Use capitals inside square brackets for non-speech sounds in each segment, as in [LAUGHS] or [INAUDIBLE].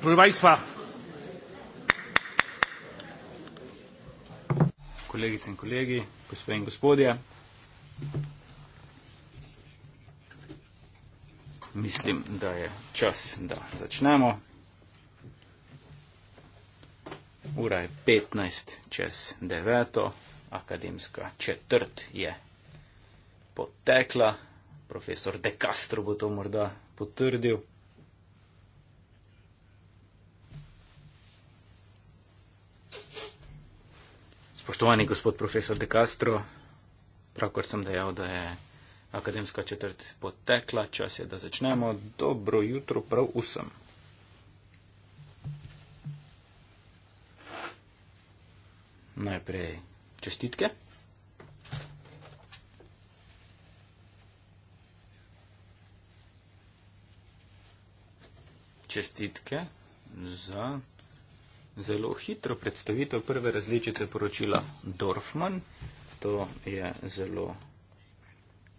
Proszę Państwa. Kolegice in kolegi, gospe in gospodje. Mislim, da je čas, da začnemo. Ura je 15 čez 9, akademska četrt je potekla. Profesor De Castro bo to morda potrdil. Spoštovani gospod profesor De Castro, pravkar sem dejal, da je akademska četrt potekla, čas je, da začnemo. Dobro jutro prav vsem. Najprej čestitke. Čestitke za zelo hitro predstavitev prve različice poročila Dorfman. To je zelo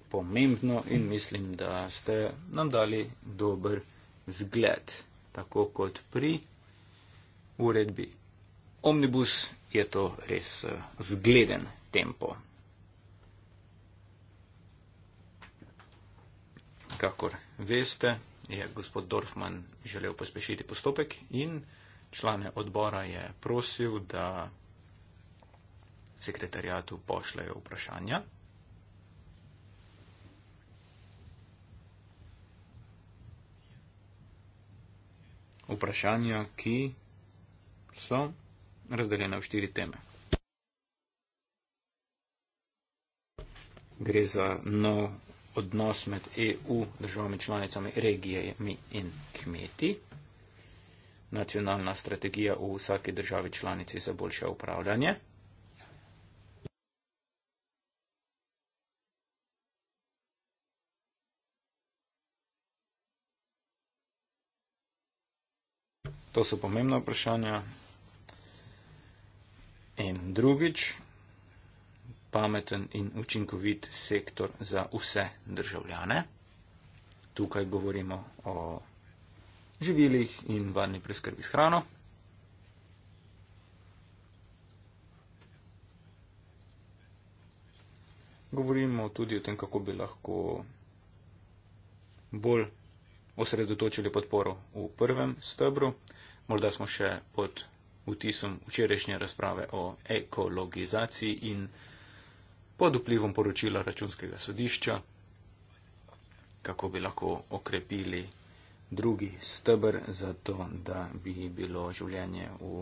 pomembno in mislim, da ste nam dali dober zgled, tako kot pri uredbi Omnibus je to res eh, zgleden tempo. Kakor veste, je gospod Dorfman želel pospešiti postopek in člane odbora je prosil, da sekretarijatu pošljajo vprašanja. Vprašanja, ki so razdeljena v štiri teme. Gre za nov odnos med EU, državami članicami, regijami in kmeti nacionalna strategija v vsaki državi članici za boljše upravljanje. To so pomembna vprašanja. In drugič, pameten in učinkovit sektor za vse državljane. Tukaj govorimo o živilih in varni preskrbi s hrano. Govorimo tudi o tem, kako bi lahko bolj osredotočili podporo v prvem stebru. Morda smo še pod vtisom včerajšnje razprave o ekologizaciji in pod vplivom poročila računskega sodišča, kako bi lahko okrepili drugi stebr za to, da bi bilo življenje v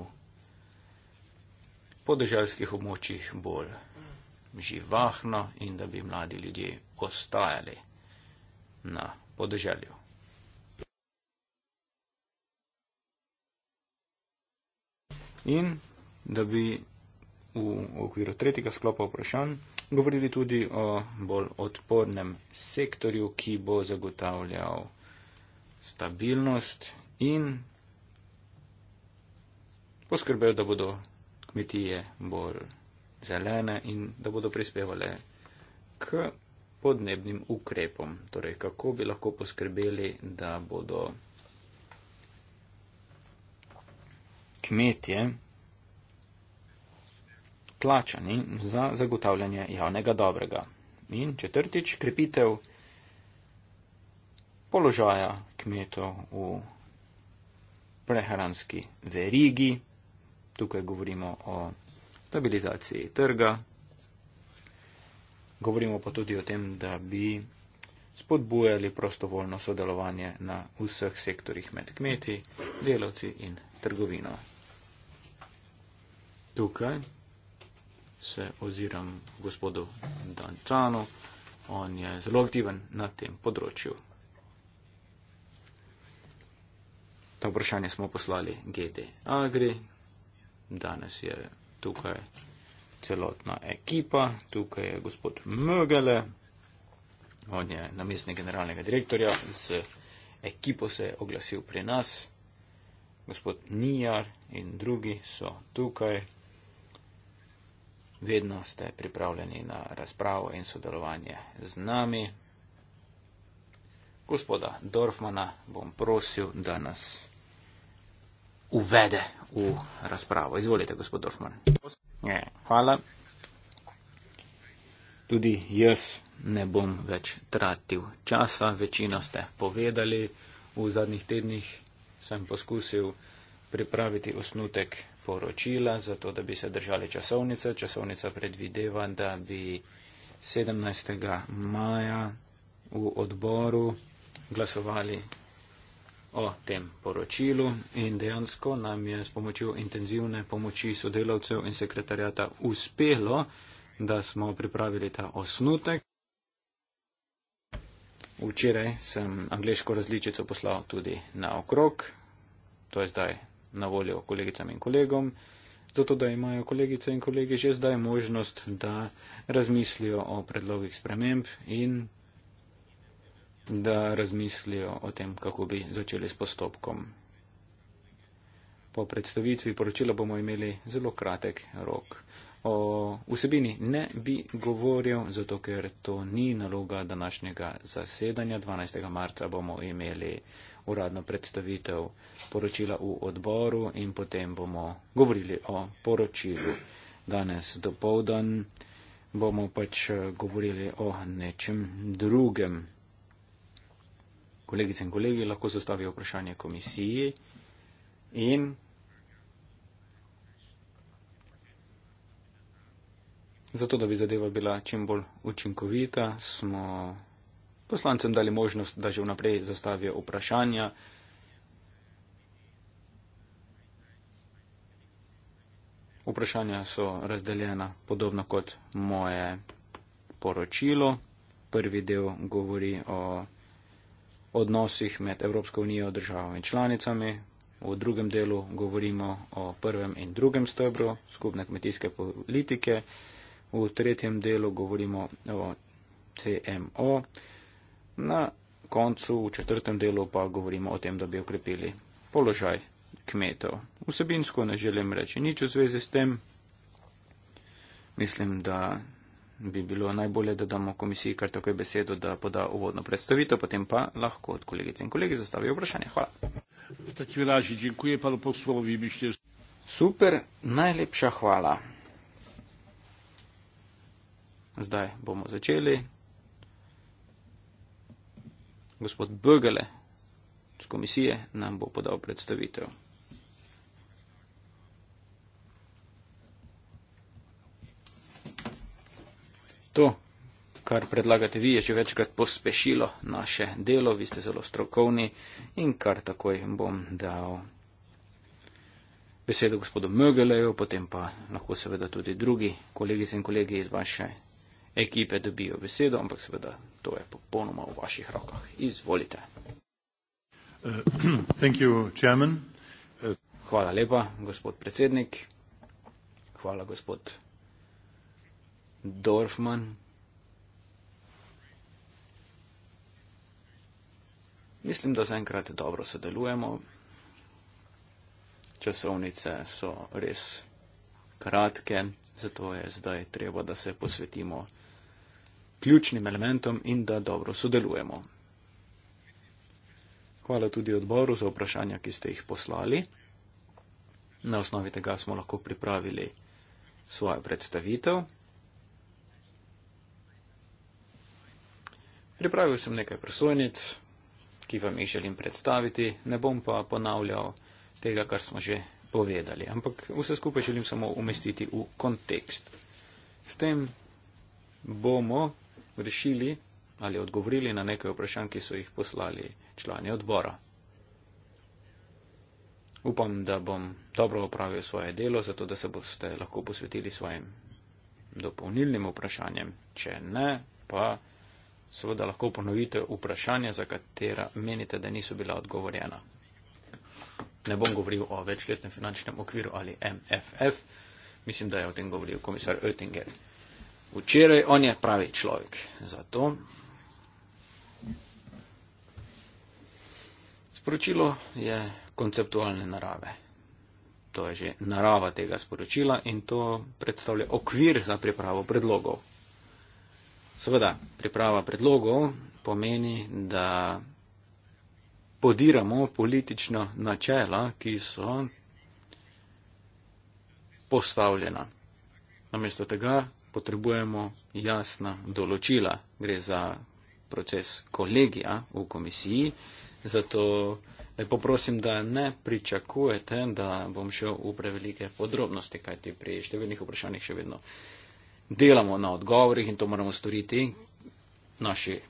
podeželskih območjih bolj živahno in da bi mladi ljudje ostajali na podeželju. In da bi v okviru tretjega sklopa vprašanj govorili tudi o bolj odpornem sektorju, ki bo zagotavljal stabilnost in poskrbel, da bodo kmetije bolj zelene in da bodo prispevale k podnebnim ukrepom. Torej, kako bi lahko poskrbeli, da bodo kmetje plačani za zagotavljanje javnega dobrega. In četrtič, krepitev položaja kmetov v prehranski verigi. Tukaj govorimo o stabilizaciji trga. Govorimo pa tudi o tem, da bi spodbujali prostovoljno sodelovanje na vseh sektorjih med kmeti, delavci in trgovino. Tukaj se oziram gospodu Dančanu, on je zelo aktiven na tem področju. To vprašanje smo poslali GD Agri, danes je tukaj celotna ekipa, tukaj je gospod Mögele, on je namestnik generalnega direktorja, z ekipo se je oglasil pri nas, gospod Nijar in drugi so tukaj. Vedno ste pripravljeni na razpravo in sodelovanje z nami. Gospoda Dorfmana bom prosil, da nas uvede v razpravo. Izvolite, gospod Dorfman. Je, hvala. Tudi jaz ne bom več tratil časa, večino ste povedali. V zadnjih tednih sem poskusil pripraviti osnutek poročila, zato da bi se držali časovnice. Časovnica predvideva, da bi 17. maja v odboru glasovali o tem poročilu in dejansko nam je s pomočjo intenzivne pomoči sodelavcev in sekretarjata uspelo, da smo pripravili ta osnutek. Včeraj sem angliško različico poslal tudi na okrog, to je zdaj na voljo kolegicam in kolegom, zato da imajo kolegice in kolegi že zdaj možnost, da razmislijo o predlogih sprememb in da razmislijo o tem, kako bi začeli s postopkom. Po predstavitvi poročila bomo imeli zelo kratek rok. O vsebini ne bi govoril, zato ker to ni naloga današnjega zasedanja. 12. marca bomo imeli uradno predstavitev poročila v odboru in potem bomo govorili o poročilu. Danes do povdan bomo pač govorili o nečem drugem kolegice in kolegi lahko zastavijo vprašanje komisiji in zato, da bi zadeva bila čim bolj učinkovita, smo poslancem dali možnost, da že vnaprej zastavijo vprašanja. Vprašanja so razdeljena podobno kot moje poročilo. Prvi del govori o odnosih med Evropsko unijo in državami članicami. V drugem delu govorimo o prvem in drugem stebru skupne kmetijske politike. V tretjem delu govorimo o CMO. Na koncu, v četrtem delu, pa govorimo o tem, da bi okrepili položaj kmetov. Vsebinsko ne želim reči nič v zvezi s tem. Mislim, da bi bilo najbolje, da damo komisiji kar takoj besedo, da poda uvodno predstavitev, potem pa lahko od kolegice in kolegi zastavijo vprašanje. Hvala. Super, najlepša hvala. Zdaj bomo začeli. Gospod Bögele z komisije nam bo podal predstavitev. to, kar predlagate vi, je že večkrat pospešilo naše delo, vi ste zelo strokovni in kar takoj bom dal besedo gospodu Mögeleju, potem pa lahko seveda tudi drugi kolegice in kolegi iz vaše ekipe dobijo besedo, ampak seveda to je popolnoma v vaših rokah. Izvolite. Uh, Hvala lepa, gospod predsednik. Hvala, gospod. Dorfman. Mislim, da zaenkrat dobro sodelujemo. Časovnice so res kratke, zato je zdaj treba, da se posvetimo ključnim elementom in da dobro sodelujemo. Hvala tudi odboru za vprašanja, ki ste jih poslali. Na osnovi tega smo lahko pripravili svojo predstavitev. Pripravil sem nekaj prosojnic, ki vam jih želim predstaviti, ne bom pa ponavljal tega, kar smo že povedali, ampak vse skupaj želim samo umestiti v kontekst. S tem bomo rešili ali odgovorili na nekaj vprašanj, ki so jih poslali člani odbora. Upam, da bom dobro opravil svoje delo, zato da se boste lahko posvetili svojim dopolnilnim vprašanjem. Če ne, pa seveda lahko ponovite vprašanja, za katera menite, da niso bila odgovorjena. Ne bom govoril o večletnem finančnem okviru ali MFF, mislim, da je o tem govoril komisar Oettinger. Včeraj on je pravi človek za to. Sporočilo je konceptualne narave. To je že narava tega sporočila in to predstavlja okvir za pripravo predlogov. Seveda, priprava predlogov pomeni, da podiramo politično načela, ki so postavljena. Namesto tega potrebujemo jasna določila. Gre za proces kolegija v komisiji, zato lepo prosim, da ne pričakujete, da bom šel v prevelike podrobnosti, kajti pri številnih vprašanjih še vedno delamo na odgovorih in to moramo storiti. Naši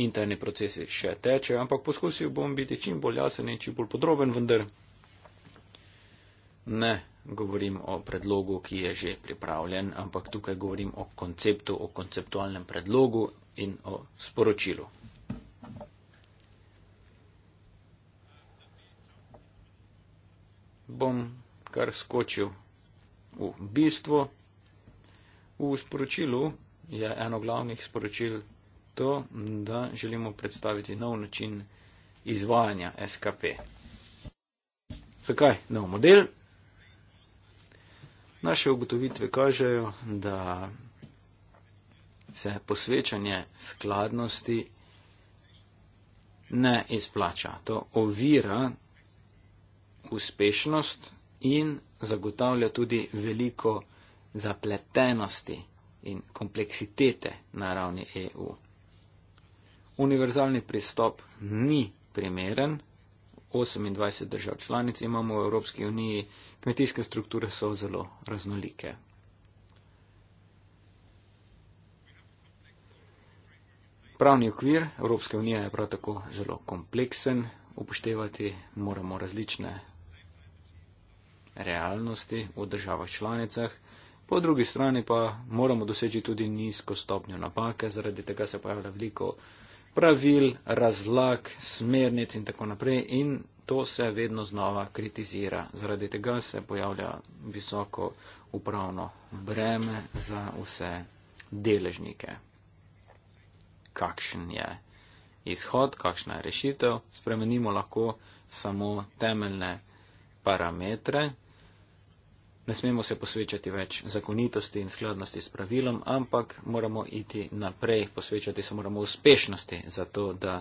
interni procesi še tečejo, ampak poskusil bom biti čim bolj jasen in čim bolj podroben, vendar ne govorim o predlogu, ki je že pripravljen, ampak tukaj govorim o konceptu, o konceptualnem predlogu in o sporočilu. Bom kar skočil v bistvo. V sporočilu je eno glavnih sporočil to, da želimo predstaviti nov način izvajanja SKP. Zakaj nov model? Naše ugotovitve kažejo, da se posvečanje skladnosti ne izplača. To ovira uspešnost in zagotavlja tudi veliko zapletenosti in kompleksitete na ravni EU. Univerzalni pristop ni primeren. 28 držav članic imamo v Evropski uniji, kmetijske strukture so zelo raznolike. Pravni okvir Evropske unije je prav tako zelo kompleksen, upoštevati moramo različne realnosti v državah članicah. Po drugi strani pa moramo doseči tudi nizko stopnjo napake, zaradi tega se pojavlja veliko pravil, razlag, smernic in tako naprej in to se vedno znova kritizira. Zaradi tega se pojavlja visoko upravno breme za vse deležnike. Kakšen je izhod, kakšna je rešitev? Spremenimo lahko samo temeljne parametre, Ne smemo se posvečati več zakonitosti in skladnosti s pravilom, ampak moramo iti naprej, posvečati se moramo uspešnosti, zato da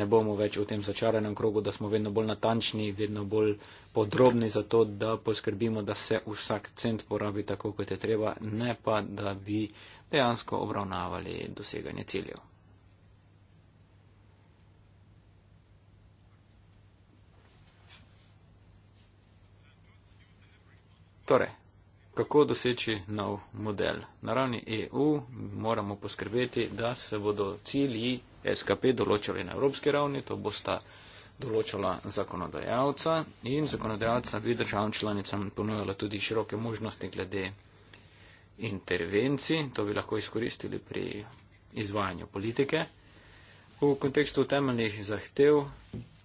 ne bomo več v tem začaranem krogu, da smo vedno bolj natančni, vedno bolj podrobni, zato da poskrbimo, da se vsak cent porabi tako, kot je treba, ne pa da bi dejansko obravnavali doseganje ciljev. Torej, kako doseči nov model? Na ravni EU moramo poskrbeti, da se bodo cilji SKP določili na evropski ravni, to bosta določala zakonodajalca in zakonodajalca bi državam članicam ponujala tudi široke možnosti glede intervencij, to bi lahko izkoristili pri izvajanju politike. V kontekstu temeljnih zahtev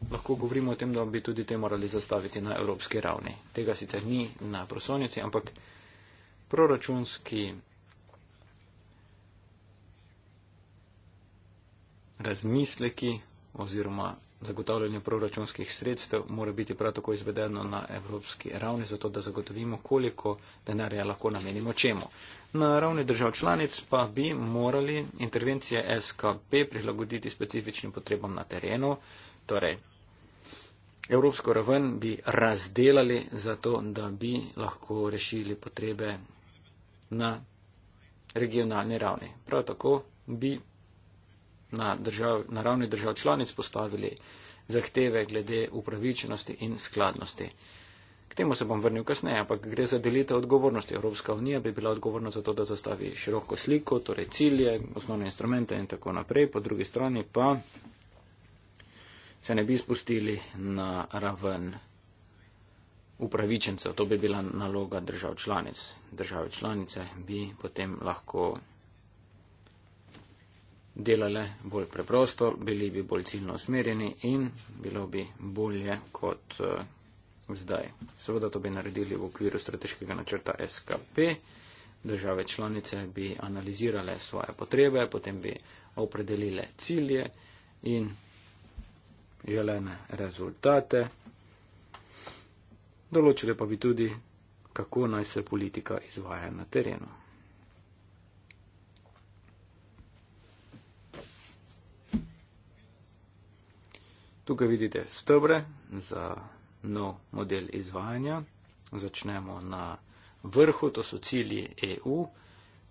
lahko govorimo o tem, da bi tudi te morali zastaviti na evropski ravni. Tega sicer ni na prosonici, ampak proračunski razmisleki oziroma zagotavljanje proračunskih sredstev mora biti prav tako izvedeno na evropski ravni, zato da zagotovimo, koliko denarja lahko namenimo čemu. Na ravni držav članic pa bi morali intervencije SKP prilagoditi specifičnim potrebam na terenu, torej evropsko raven bi razdelali, zato da bi lahko rešili potrebe na regionalni ravni. Prav tako bi na, držav, na ravni držav članic postavili zahteve glede upravičenosti in skladnosti. K temu se bom vrnil kasneje, ampak gre za delitev odgovornosti. Evropska unija bi bila odgovorna za to, da zastavi široko sliko, torej cilje, osnovne instrumente in tako naprej, po drugi strani pa se ne bi spustili na raven upravičencev. To bi bila naloga držav članic. Države članice bi potem lahko delale bolj preprosto, bili bi bolj ciljno usmerjeni in bilo bi bolje kot eh, zdaj. Seveda to bi naredili v okviru strateškega načrta SKP. Države članice bi analizirale svoje potrebe, potem bi opredelile cilje in želene rezultate, določile pa bi tudi, kako naj se politika izvaja na terenu. Tukaj vidite stebre za nov model izvajanja. Začnemo na vrhu, to so cilji EU,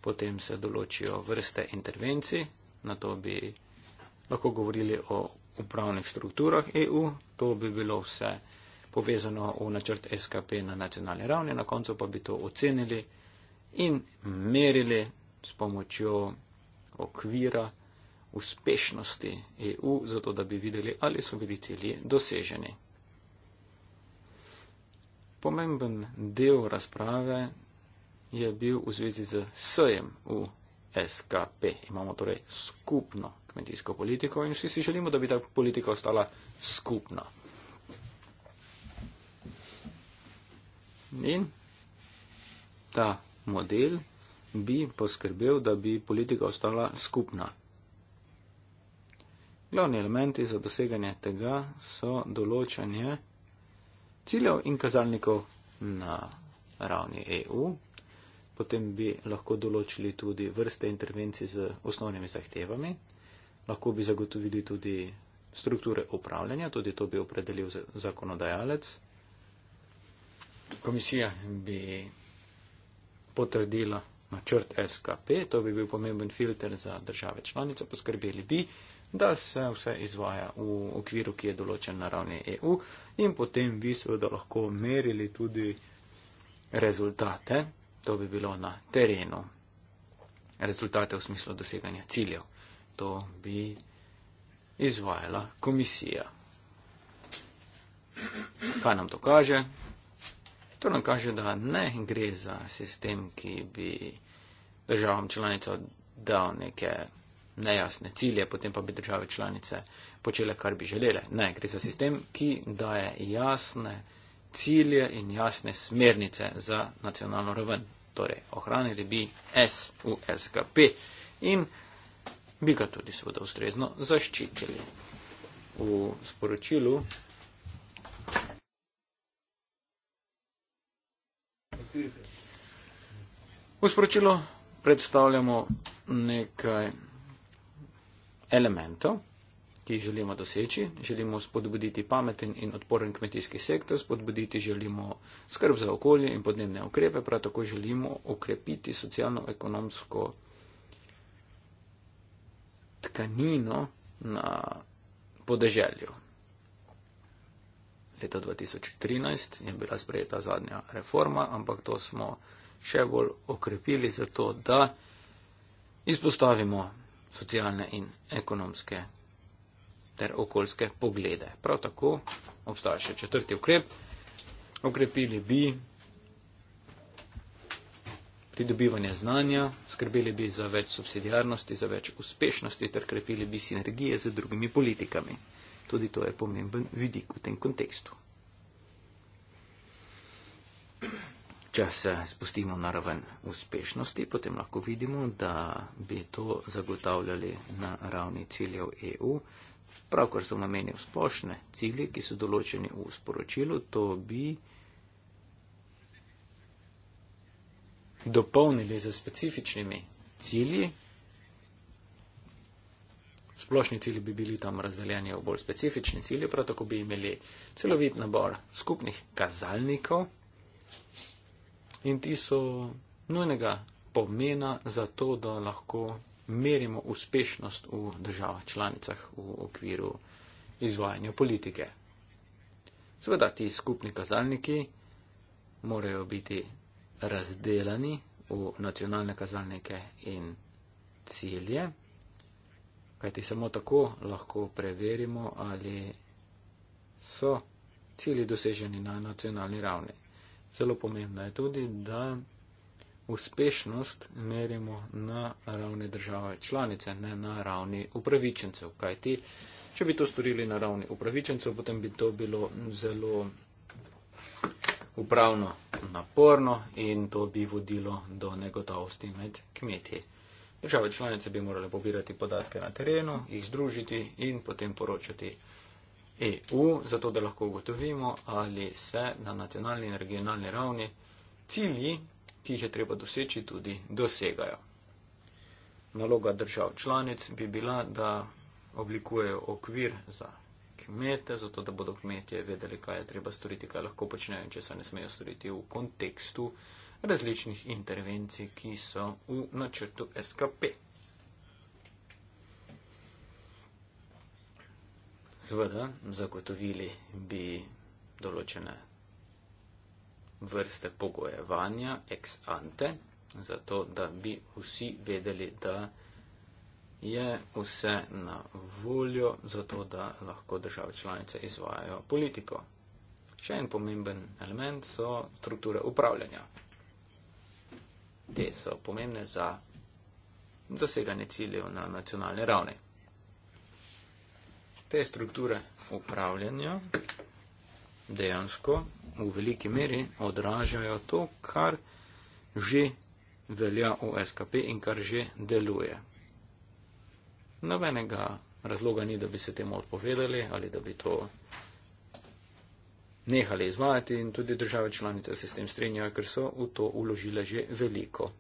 potem se določijo vrste intervencij, na to bi lahko govorili o upravnih strukturah EU. To bi bilo vse povezano v načrt SKP na nacionalni ravni, na koncu pa bi to ocenili in merili s pomočjo okvira uspešnosti EU, zato da bi videli, ali so bili cilji doseženi. Pomemben del razprave je bil v zvezi z sejem v SKP. Imamo torej skupno kmetijsko politiko in vsi si želimo, da bi ta politika ostala skupna. In ta model bi poskrbel, da bi politika ostala skupna. Glavni elementi za doseganje tega so določanje ciljev in kazalnikov na ravni EU, potem bi lahko določili tudi vrste intervencij z osnovnimi zahtevami, lahko bi zagotovili tudi strukture upravljanja, tudi to bi opredelil zakonodajalec. Komisija bi potrdila načrt SKP, to bi bil pomemben filter za države članice, poskrbeli bi, da se vse izvaja v okviru, ki je določen na ravni EU in potem bi seveda lahko merili tudi rezultate To bi bilo na terenu rezultate v smislu doseganja ciljev. To bi izvajala komisija. Kaj nam to kaže? To nam kaže, da ne gre za sistem, ki bi državam članicam dal neke nejasne cilje, potem pa bi države članice počele, kar bi želele. Ne, gre za sistem, ki daje jasne cilje cilje in jasne smernice za nacionalno raven. Torej, ohranili bi S v SKP in bi ga tudi seveda ustrezno zaščitili. V sporočilu. V sporočilu predstavljamo nekaj elementov, ki jih želimo doseči. Želimo spodbuditi pameten in odporen kmetijski sektor, spodbuditi želimo skrb za okolje in podnebne ukrepe, prav tako želimo okrepiti socialno-ekonomsko tkanino na podeželju. Leta 2013 je bila sprejeta zadnja reforma, ampak to smo še bolj okrepili zato, da izpostavimo socialne in ekonomske ter okoljske poglede. Prav tako obstaja še četrti ukrep. Okrepili bi pridobivanje znanja, skrbeli bi za več subsidijarnosti, za več uspešnosti ter krepili bi sinergije z drugimi politikami. Tudi to je pomemben vidik v tem kontekstu. Če se spustimo na raven uspešnosti, potem lahko vidimo, da bi to zagotavljali na ravni ciljev EU, pravkar sem namenil splošne cilje, ki so določeni v sporočilu, to bi dopolnili z specifičnimi cilji. Splošni cilji bi bili tam razdeljeni v bolj specifični cilje, prav tako bi imeli celovit nabor skupnih kazalnikov in ti so nujnega pomena za to, da lahko merimo uspešnost v državah članicah v okviru izvajanja politike. Sveda ti skupni kazalniki morajo biti razdelani v nacionalne kazalnike in cilje, kajti samo tako lahko preverimo, ali so cilji doseženi na nacionalni ravni. Zelo pomembno je tudi, da uspešnost merimo na ravni države članice, ne na ravni upravičencev. Kaj ti, če bi to storili na ravni upravičencev, potem bi to bilo zelo upravno naporno in to bi vodilo do negotovosti med kmetije. Države članice bi morale pobirati podatke na terenu, jih združiti in potem poročati EU, zato da lahko ugotovimo, ali se na nacionalni in regionalni ravni cilji ki jih je treba doseči, tudi dosegajo. Naloga držav članic bi bila, da oblikujejo okvir za kmete, zato da bodo kmetje vedeli, kaj je treba storiti, kaj lahko počnejo in če se ne smejo storiti v kontekstu različnih intervencij, ki so v načrtu SKP. Zveda, zagotovili bi določene vrste pogojevanja ex ante, zato da bi vsi vedeli, da je vse na voljo, zato da lahko države članice izvajajo politiko. Še en pomemben element so strukture upravljanja. Te so pomembne za doseganje ciljev na nacionalne ravni. Te strukture upravljanja dejansko v veliki meri odražajo to, kar že velja v SKP in kar že deluje. Nobenega razloga ni, da bi se temu odpovedali ali da bi to nehali izvajati in tudi države članice se s tem strinjajo, ker so v to uložile že veliko.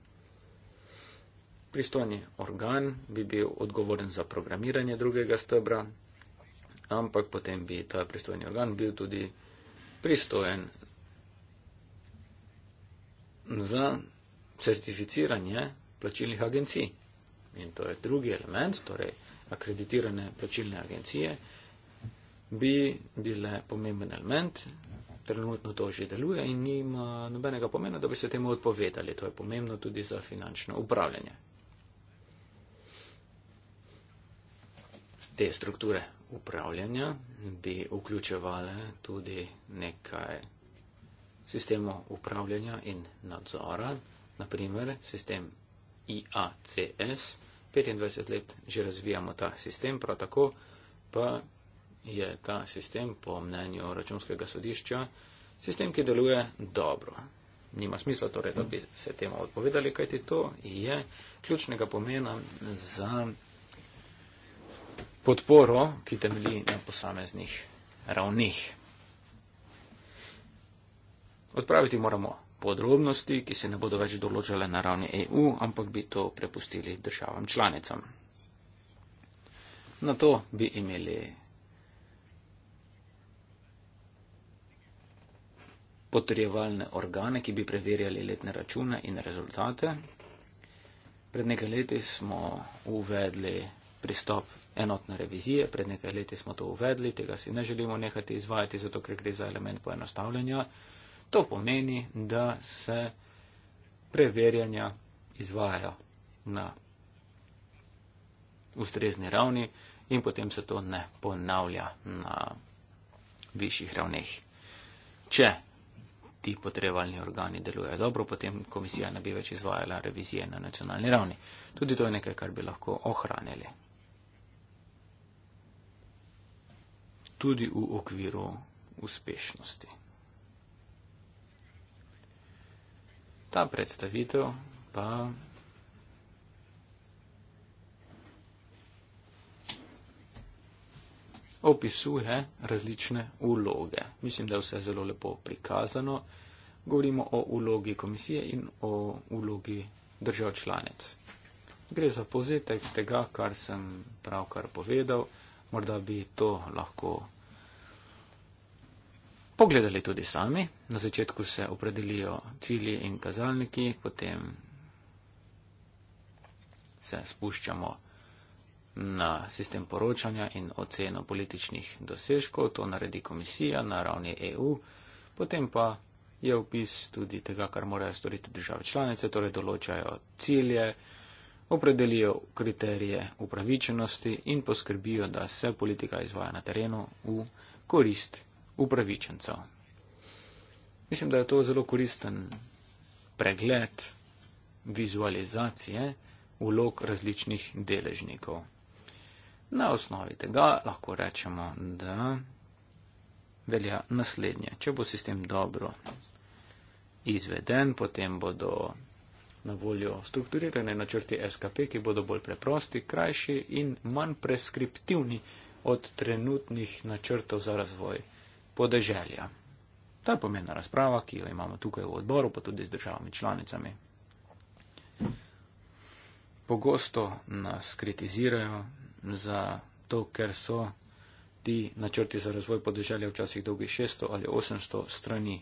Pristojni organ bi bil odgovoren za programiranje drugega stebra, ampak potem bi ta pristojni organ bil tudi pristojen za certificiranje plačilnih agencij. In to je drugi element, torej akreditirane plačilne agencije bi bile pomemben element, trenutno to že deluje in nima nobenega pomena, da bi se temu odpovedali. To je pomembno tudi za finančno upravljanje te strukture upravljanja bi vključevale tudi nekaj sistemov upravljanja in nadzora, naprimer sistem IACS. 25 let že razvijamo ta sistem, prav tako pa je ta sistem po mnenju računskega sodišča sistem, ki deluje dobro. Nima smisla torej, da bi se temu odpovedali, kajti to je ključnega pomena za podporo, ki temelji na posameznih ravnih. Odpraviti moramo podrobnosti, ki se ne bodo več določale na ravni EU, ampak bi to prepustili državam članicam. Na to bi imeli potrjevalne organe, ki bi preverjali letne račune in rezultate. Pred nekaj leti smo uvedli pristop enotne revizije. Pred nekaj leti smo to uvedli, tega si ne želimo nehati izvajati, zato ker gre za element poenostavljanja. To pomeni, da se preverjanja izvajajo na ustrezni ravni in potem se to ne ponavlja na višjih ravneh. Če ti potrebalni organi delujejo dobro, potem komisija ne bi več izvajala revizije na nacionalni ravni. Tudi to je nekaj, kar bi lahko ohranili. tudi v okviru uspešnosti. Ta predstavitev pa opisuje različne uloge. Mislim, da je vse zelo lepo prikazano. Govorimo o ulogi komisije in o ulogi držav članic. Gre za povzetek tega, kar sem pravkar povedal morda bi to lahko pogledali tudi sami. Na začetku se opredelijo cilji in kazalniki, potem se spuščamo na sistem poročanja in oceno političnih dosežkov, to naredi komisija na ravni EU, potem pa je opis tudi tega, kar morajo storiti države članice, torej določajo cilje, opredelijo kriterije upravičenosti in poskrbijo, da se politika izvaja na terenu v korist upravičencev. Mislim, da je to zelo koristen pregled vizualizacije vlog različnih deležnikov. Na osnovi tega lahko rečemo, da velja naslednje. Če bo sistem dobro izveden, potem bodo na voljo strukturirane načrti SKP, ki bodo bolj preprosti, krajši in manj preskriptivni od trenutnih načrtov za razvoj podeželja. To je pomena razprava, ki jo imamo tukaj v odboru, pa tudi z državami članicami. Pogosto nas kritizirajo za to, ker so ti načrti za razvoj podeželja včasih dolgi 600 ali 800 strani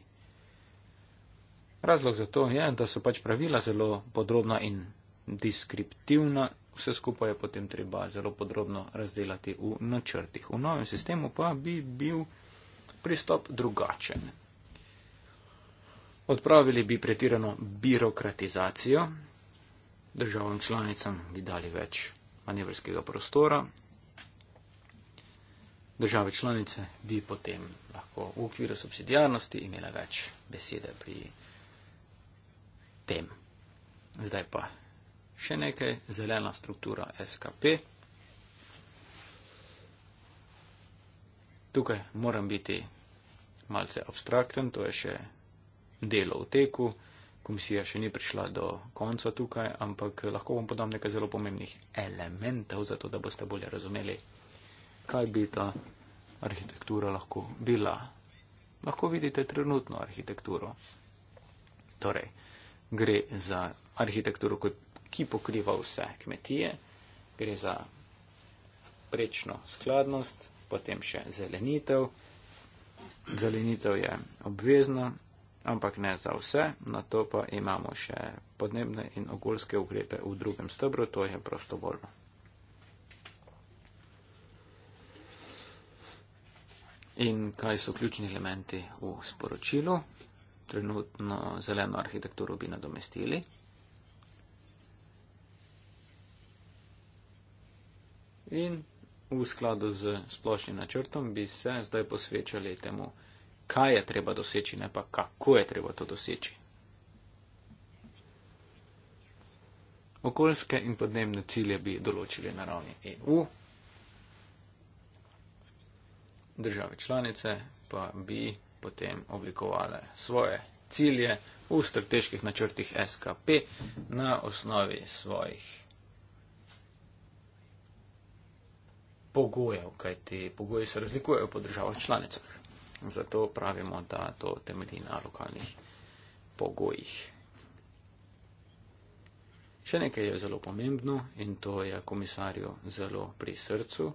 Razlog za to je, da so pač pravila zelo podrobna in deskriptivna, vse skupaj je potem treba zelo podrobno razdelati v načrtih. V novem sistemu pa bi bil pristop drugačen. Odpravili bi pretirano birokratizacijo, državam članicam bi dali več manevrskega prostora, države članice bi potem lahko v okviru subsidijarnosti imele več besede pri tem. Zdaj pa še nekaj, zelena struktura SKP. Tukaj moram biti malce abstrakten, to je še delo v teku, komisija še ni prišla do konca tukaj, ampak lahko vam podam nekaj zelo pomembnih elementov, zato da boste bolje razumeli, kaj bi ta arhitektura lahko bila. Lahko vidite trenutno arhitekturo. Torej, gre za arhitekturo, ki pokriva vse kmetije, gre za prečno skladnost, potem še zelenitev. Zelenitev je obvezna, ampak ne za vse, na to pa imamo še podnebne in okoljske ukrepe v drugem stebru, to je prostovoljno. In kaj so ključni elementi v sporočilu? trenutno zeleno arhitekturo bi nadomestili. In v skladu z splošnim načrtom bi se zdaj posvečali temu, kaj je treba doseči, ne pa kako je treba to doseči. Okoljske in podnebne cilje bi določili na ravni EU, države članice pa bi potem oblikovale svoje cilje v strateških načrtih SKP na osnovi svojih pogojev, kajti pogoji se razlikujejo po državah članicah. Zato pravimo, da to temelji na lokalnih pogojih. Še nekaj je zelo pomembno in to je komisarju zelo pri srcu.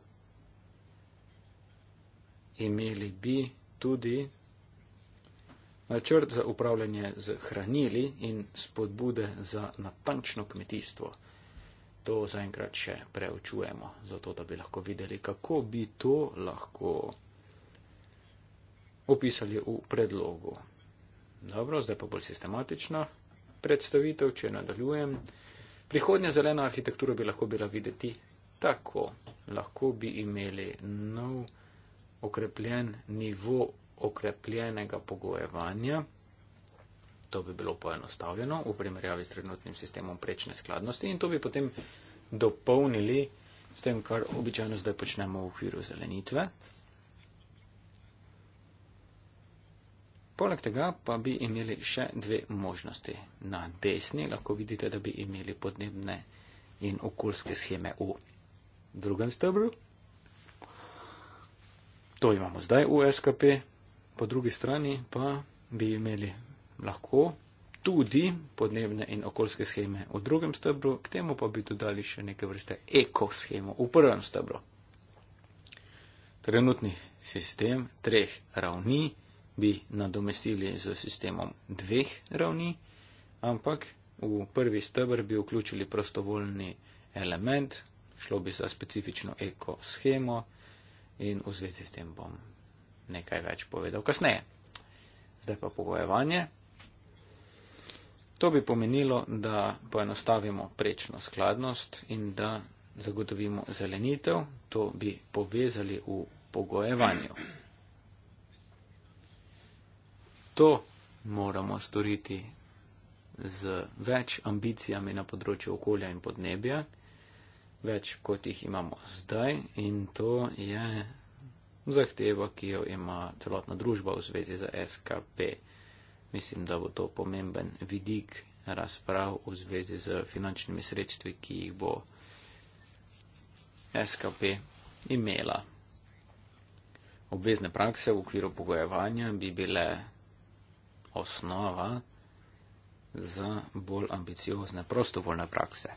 Imeli bi tudi načrt za upravljanje z hranili in spodbude za natančno kmetijstvo. To zaenkrat še preučujemo, zato da bi lahko videli, kako bi to lahko opisali v predlogu. Dobro, zdaj pa bolj sistematična predstavitev, če nadaljujem. Prihodnja zelena arhitektura bi lahko bila videti tako. Lahko bi imeli nov okrepljen nivo okrepljenega pogojevanja, to bi bilo poenostavljeno v primerjavi s trenutnim sistemom prečne skladnosti in to bi potem dopolnili s tem, kar običajno zdaj počnemo v okviru zelenitve. Poleg tega pa bi imeli še dve možnosti. Na desni lahko vidite, da bi imeli podnebne in okoljske scheme v drugem stebru. To imamo zdaj v SKP po drugi strani pa bi imeli lahko tudi podnebne in okoljske scheme v drugem stebru, k temu pa bi dodali še neke vrste ekoschemo v prvem stebru. Trenutni sistem treh ravni bi nadomestili z sistemom dveh ravni, ampak v prvi stebr bi vključili prostovoljni element, šlo bi za specifično ekoschemo in v zvezi s tem bom nekaj več povedal kasneje. Zdaj pa pogojevanje. To bi pomenilo, da poenostavimo prečno skladnost in da zagotovimo zelenitev. To bi povezali v pogojevanju. To moramo storiti z več ambicijami na področju okolja in podnebja, več kot jih imamo zdaj in to je zahtevo, ki jo ima celotna družba v zvezi z SKP. Mislim, da bo to pomemben vidik razprav v zvezi z finančnimi sredstvi, ki jih bo SKP imela. Obvezne prakse v okviru pogojevanja bi bile osnova za bolj ambiciozne prostovoljne prakse.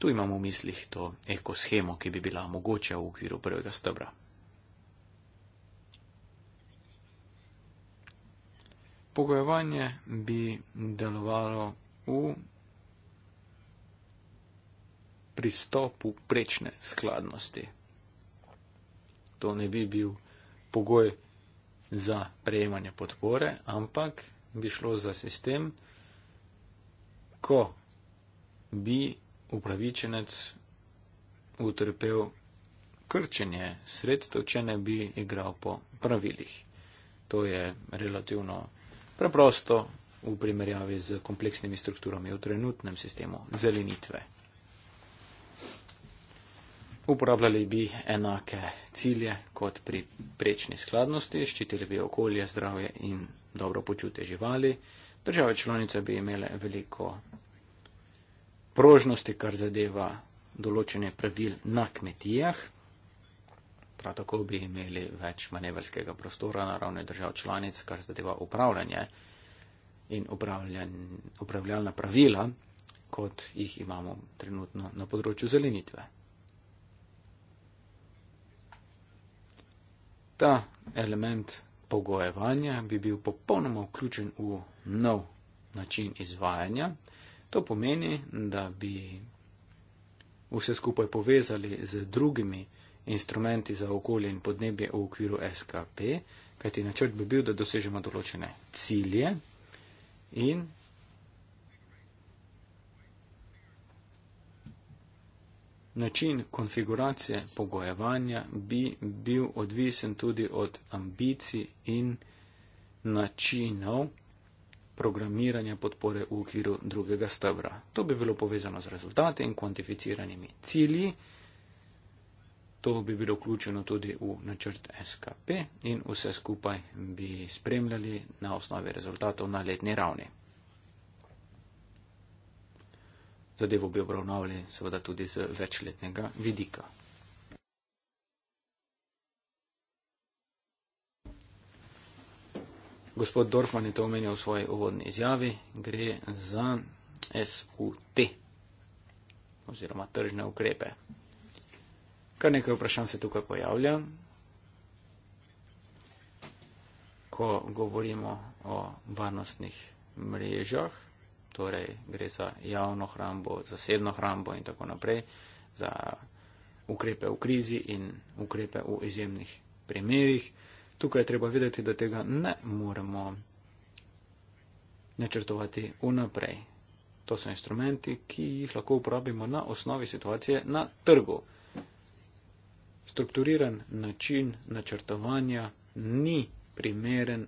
Tu imamo v mislih to ekoshemo, ki bi bila mogoče v okviru prvega stebra. Pogojevanje bi delovalo v pristopu prečne skladnosti. To ne bi bil pogoj za prejemanje podpore, ampak bi šlo za sistem, ko bi upravičenec utrpel krčenje sredstev, če ne bi igral po pravilih. To je relativno preprosto v primerjavi z kompleksnimi strukturami v trenutnem sistemu zelenitve. Uporabljali bi enake cilje kot pri prečni skladnosti, ščitili bi okolje, zdravje in dobro počutje živali. Države članice bi imele veliko prožnosti, kar zadeva določene pravil na kmetijah. Prav tako bi imeli več manevrskega prostora na ravni držav članic, kar zadeva upravljanje in upravljalna pravila, kot jih imamo trenutno na področju zelenitve. Ta element pogojevanja bi bil popolnoma vključen v nov način izvajanja. To pomeni, da bi vse skupaj povezali z drugimi instrumenti za okolje in podnebje v okviru SKP, kajti načrt bi bil, da dosežemo določene cilje in način konfiguracije pogojevanja bi bil odvisen tudi od ambicij in načinov, programiranja podpore v okviru drugega stebra. To bi bilo povezano z rezultati in kvantificiranimi cilji. To bi bilo vključeno tudi v načrt SKP in vse skupaj bi spremljali na osnovi rezultatov na letni ravni. Zadevo bi obravnavali seveda tudi z večletnega vidika. Gospod Dorfman je to omenjal v svoji uvodni izjavi, gre za SUT oziroma tržne ukrepe. Kar nekaj vprašanj se tukaj pojavlja, ko govorimo o varnostnih mrežah, torej gre za javno hrambo, zasebno hrambo in tako naprej, za ukrepe v krizi in ukrepe v izjemnih primerjih tukaj je treba videti, da tega ne moremo načrtovati vnaprej. To so instrumenti, ki jih lahko uporabimo na osnovi situacije na trgu. Strukturiran način načrtovanja ni primeren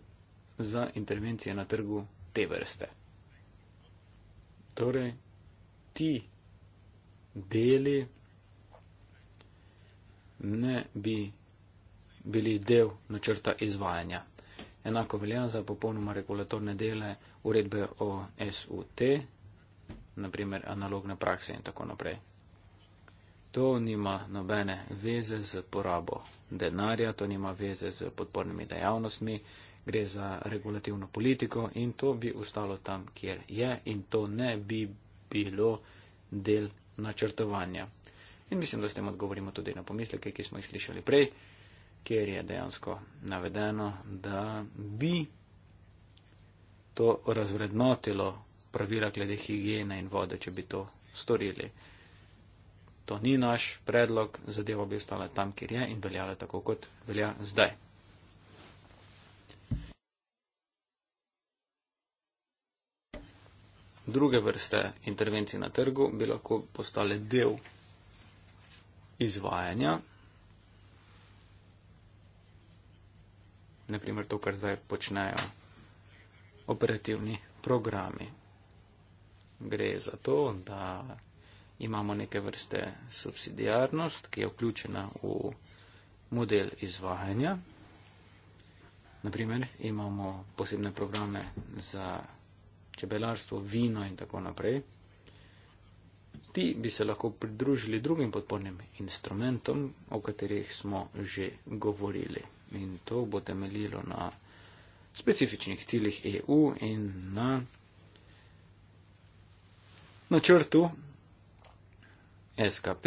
za intervencije na trgu te vrste. Torej, ti deli ne bi bili del načrta izvajanja. Enako velja za popolnoma regulatorne dele uredbe o SUT, naprimer analogne prakse in tako naprej. To nima nobene veze z porabo denarja, to nima veze z podpornimi dejavnostmi, gre za regulativno politiko in to bi ostalo tam, kjer je in to ne bi bilo del načrtovanja. In mislim, da s tem odgovorimo tudi na pomisleke, ki smo jih slišali prej kjer je dejansko navedeno, da bi to razvrednotilo pravila glede higiene in vode, če bi to storili. To ni naš predlog, zadeva bi ostala tam, kjer je in veljala tako, kot velja zdaj. Druge vrste intervencij na trgu bi lahko postale del izvajanja naprimer to, kar zdaj počnejo operativni programi. Gre za to, da imamo neke vrste subsidijarnost, ki je vključena v model izvajanja. Naprimer, imamo posebne programe za čebelarstvo, vino in tako naprej. Ti bi se lahko pridružili drugim podpornim instrumentom, o katerih smo že govorili in to bo temeljilo na specifičnih ciljih EU in na načrtu SKP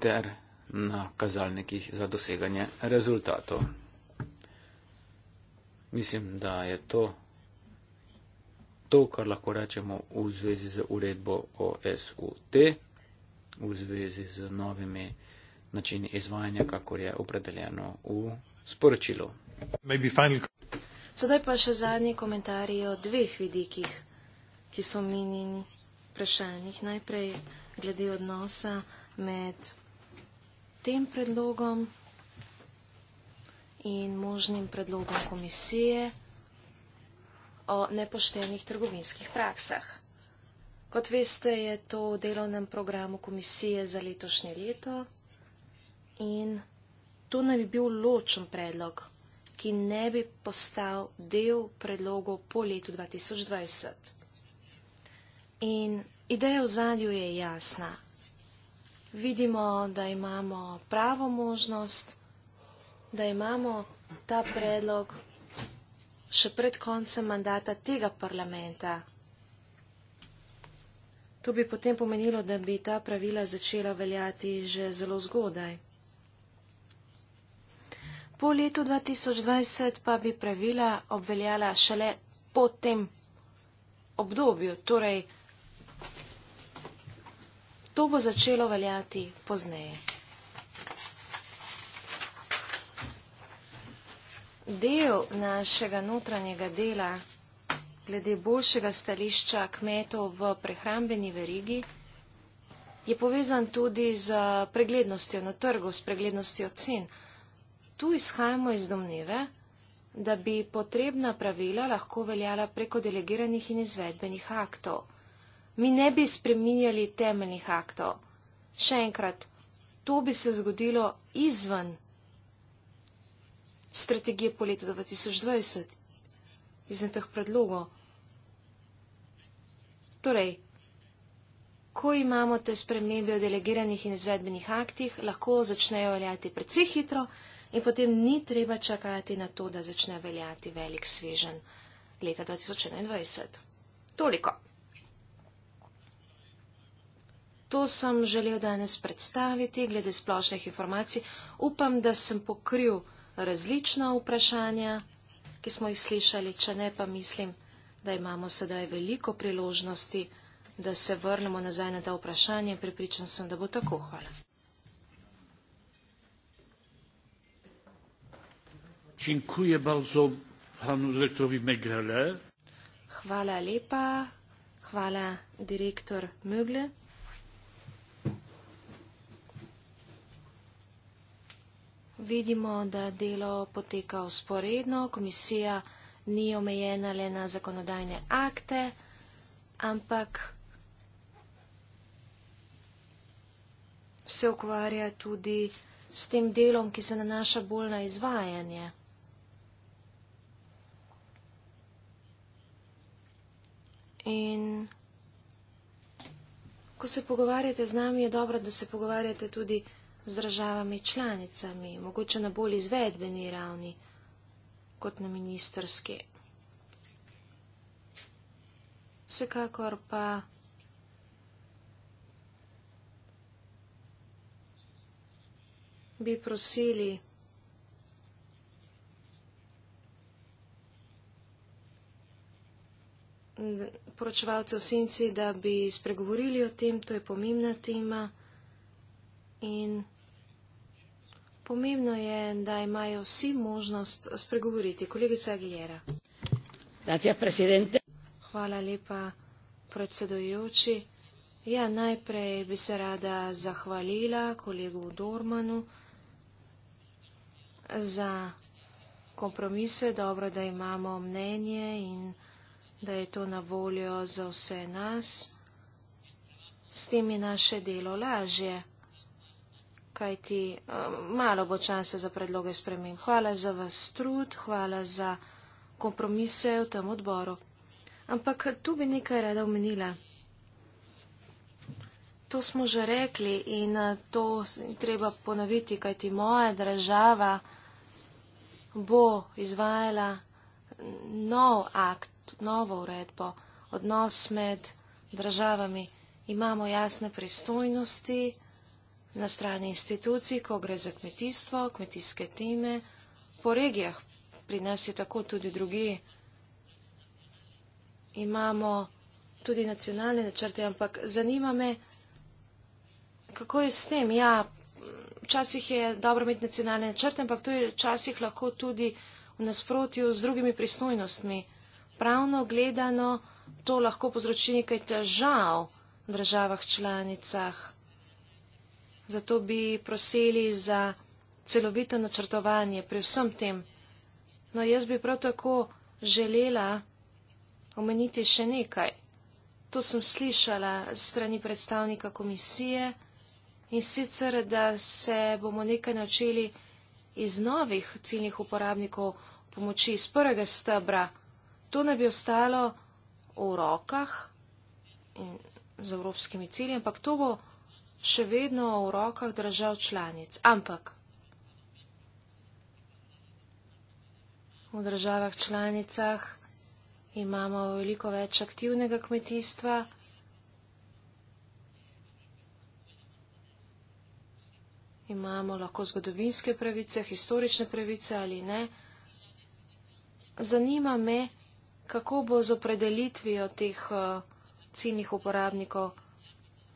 ter na kazalnikih za doseganje rezultatov. Mislim, da je to to, kar lahko rečemo v zvezi z uredbo o SUT, v zvezi z novimi načini izvajanja, kako je opredeljeno v sporočilu. Sedaj pa še zadnji komentarji o dveh vidikih, ki so minjeni vprašanjih. Najprej glede odnosa med tem predlogom in možnim predlogom komisije o nepoštenih trgovinskih praksah. Kot veste, je to v delovnem programu komisije za letošnje leto in to naj bi bil ločen predlog, ki ne bi postal del predlogov po letu 2020. In ideja v zadju je jasna. Vidimo, da imamo pravo možnost, da imamo ta predlog še pred koncem mandata tega parlamenta. To bi potem pomenilo, da bi ta pravila začela veljati že zelo zgodaj. Po letu 2020 pa bi pravila obveljala šele po tem obdobju, torej to bo začelo veljati pozneje. Del našega notranjega dela glede boljšega stališča kmetov v prehrambeni verigi je povezan tudi z preglednostjo na trgu, s preglednostjo cen. Tu izhajamo iz domneve, da bi potrebna pravila lahko veljala preko delegiranih in izvedbenih aktov. Mi ne bi spreminjali temeljnih aktov. Še enkrat, to bi se zgodilo izven strategije po letu 2020, izven teh predlogov. Torej, ko imamo te spremembe o delegiranih in izvedbenih aktih, lahko začnejo veljati predvsej hitro, in potem ni treba čakati na to, da začne veljati velik svežen leta 2021. Toliko. To sem želel danes predstaviti glede splošnih informacij. Upam, da sem pokril različna vprašanja, ki smo jih slišali, če ne pa mislim, da imamo sedaj veliko priložnosti, da se vrnemo nazaj na ta vprašanje. Pripričan sem, da bo tako. Hvala. Dziękuję bardzo panu dyrektorowi Megele. Chwala lepa, chwala dyrektor Mögle. Vidimo, da delo poteka usporedno. Komisija ni omejena le na zakonodajne akte, ampak se ukvarja tudi s tem delom, ki se nanaša bolj na izvajanje. In ko se pogovarjate z nami, je dobro, da se pogovarjate tudi z državami članicami, mogoče na bolj izvedbeni ravni kot na ministerske. Vsekakor pa. bi prosili, da poročevalce v senci, da bi spregovorili o tem, to je pomembna tema. In pomembno je, da imajo vsi možnost spregovoriti. Kolegica Aguilera. Hvala lepa, predsedojoči. Ja, najprej bi se rada zahvalila kolegu Dormanu za kompromise. Dobro, da imamo mnenje in da je to na voljo za vse nas. S tem je naše delo lažje, kajti eh, malo bo časa za predloge spremen. Hvala za vas trud, hvala za kompromise v tem odboru. Ampak tu bi nekaj rada omenila. To smo že rekli in eh, to treba ponoviti, kajti moja država bo izvajala nov akt novo uredbo, odnos med državami. Imamo jasne pristojnosti na strani institucij, ko gre za kmetijstvo, kmetijske teme, po regijah, pri nas je tako tudi drugi. Imamo tudi nacionalne načrte, ampak zanima me, kako je s tem. Ja, včasih je dobro imeti nacionalne načrte, ampak to je včasih lahko tudi v nasprotju z drugimi pristojnostmi pravno gledano to lahko povzroči nekaj težav v državah članicah. Zato bi prosili za celovito načrtovanje pri vsem tem. No, jaz bi prav tako želela omeniti še nekaj. To sem slišala strani predstavnika komisije in sicer, da se bomo nekaj naučili iz novih ciljnih uporabnikov pomoči iz prvega stebra to ne bi ostalo v rokah in z evropskimi cilji, ampak to bo še vedno v rokah držav članic. Ampak v državah članicah imamo veliko več aktivnega kmetijstva. Imamo lahko zgodovinske pravice, historične pravice ali ne. Zanima me, kako bo z opredelitvijo teh uh, ciljnih uporabnikov?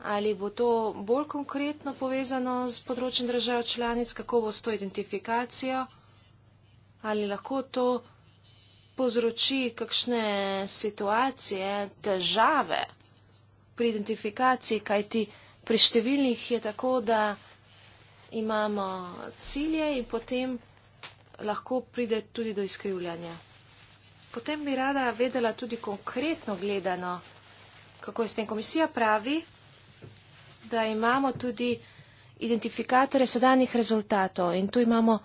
Ali bo to bolj konkretno povezano z področjem držav članic, kako bo s to identifikacijo? Ali lahko to povzroči kakšne situacije, težave pri identifikaciji, kajti pri številnih je tako, da imamo cilje in potem lahko pride tudi do izkrivljanja. Potem bi rada vedela tudi konkretno gledano, kako je s tem. Komisija pravi, da imamo tudi identifikatore sedanjih rezultatov in tu imamo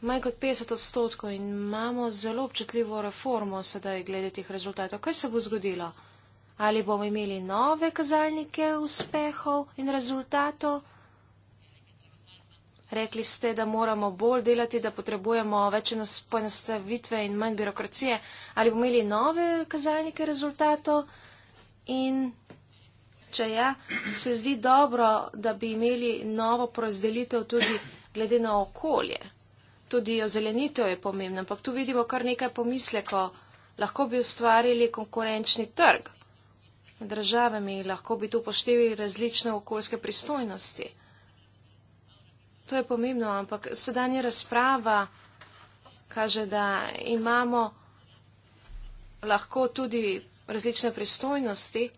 manj kot 50 odstotkov in imamo zelo občutljivo reformo sedaj glede teh rezultatov. Kaj se bo zgodilo? Ali bomo imeli nove kazalnike uspehov in rezultatov? Rekli ste, da moramo bolj delati, da potrebujemo več poenostavitve in manj birokracije. Ali bomo imeli nove kazalnike rezultatov? In če ja, se zdi dobro, da bi imeli novo porazdelitev tudi glede na okolje. Tudi ozelenitev je pomembna, ampak tu vidimo kar nekaj pomisleko. Lahko bi ustvarili konkurenčni trg. Državami lahko bi tu poštevili različne okoljske pristojnosti. To je pomembno, ampak sedanja razprava kaže, da imamo lahko tudi različne pristojnosti.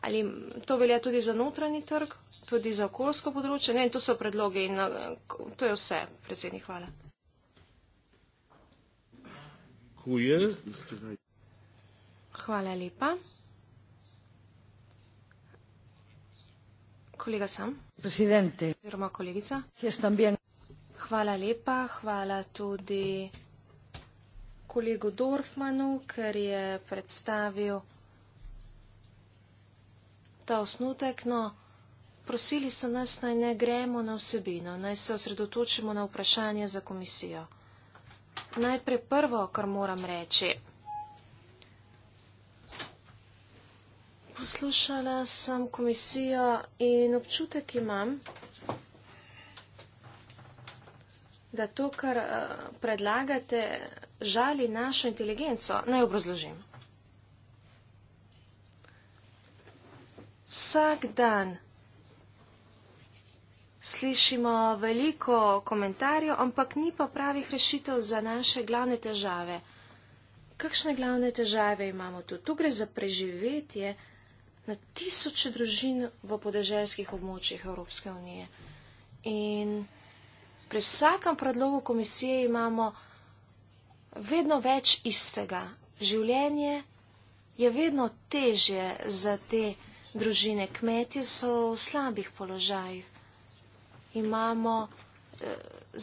Ali to velja tudi za notranji trg, tudi za okoljsko področje? Ne, to so predloge in eh, to je vse, predsednik, hvala. Hvala lepa. Kolega sam presidente oziroma kolegica. Hvala lepa, hvala tudi kolegu Dorfmanu, ker je predstavil ta osnutek. No, prosili so nas, naj ne gremo na vsebino, naj se osredotočimo na vprašanje za komisijo. Najprej prvo, kar moram reči, poslušala sem komisijo in občutek imam, da to, kar eh, predlagate, žali našo inteligenco. Naj obrazložim. Vsak dan slišimo veliko komentarjev, ampak ni pa pravih rešitev za naše glavne težave. Kakšne glavne težave imamo tu? Tu gre za preživetje na tisoče družin v podeželskih območjih Evropske unije. In pri vsakem predlogu komisije imamo vedno več istega. Življenje je vedno težje za te družine. Kmetje so v slabih položajih. Imamo eh,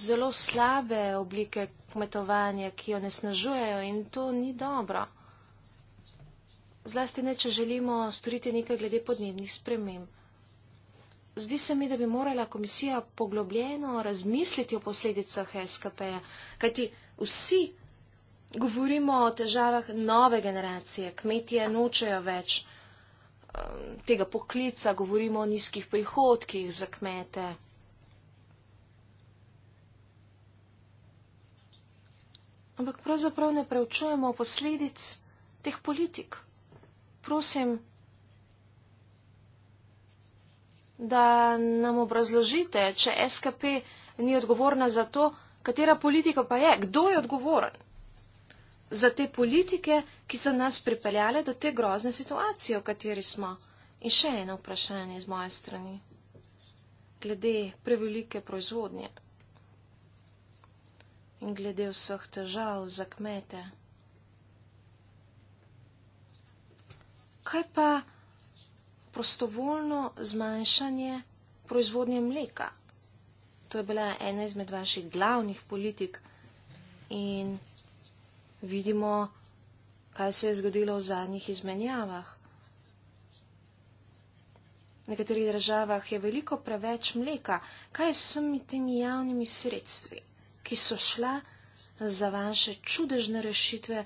zelo slabe oblike kmetovanja, ki jo nesnažujejo in to ni dobro zlasti ne, če želimo storiti nekaj glede podnebnih sprememb. Zdi se mi, da bi morala komisija poglobljeno razmisliti o posledicah SKP-ja, kajti vsi govorimo o težavah nove generacije, kmetije nočejo več um, tega poklica, govorimo o nizkih prihodkih za kmete. Ampak pravzaprav ne preučujemo posledic teh politik prosim, da nam obrazložite, če SKP ni odgovorna za to, katera politika pa je, kdo je odgovoren za te politike, ki so nas pripeljale do te grozne situacije, v kateri smo. In še eno vprašanje z moje strani, glede prevelike proizvodnje in glede vseh težav za kmete. kaj pa prostovoljno zmanjšanje proizvodnje mleka? To je bila ena izmed vaših glavnih politik in vidimo, kaj se je zgodilo v zadnjih izmenjavah. V nekaterih državah je veliko preveč mleka. Kaj s vsemi temi javnimi sredstvi, ki so šla za vaše čudežne rešitve?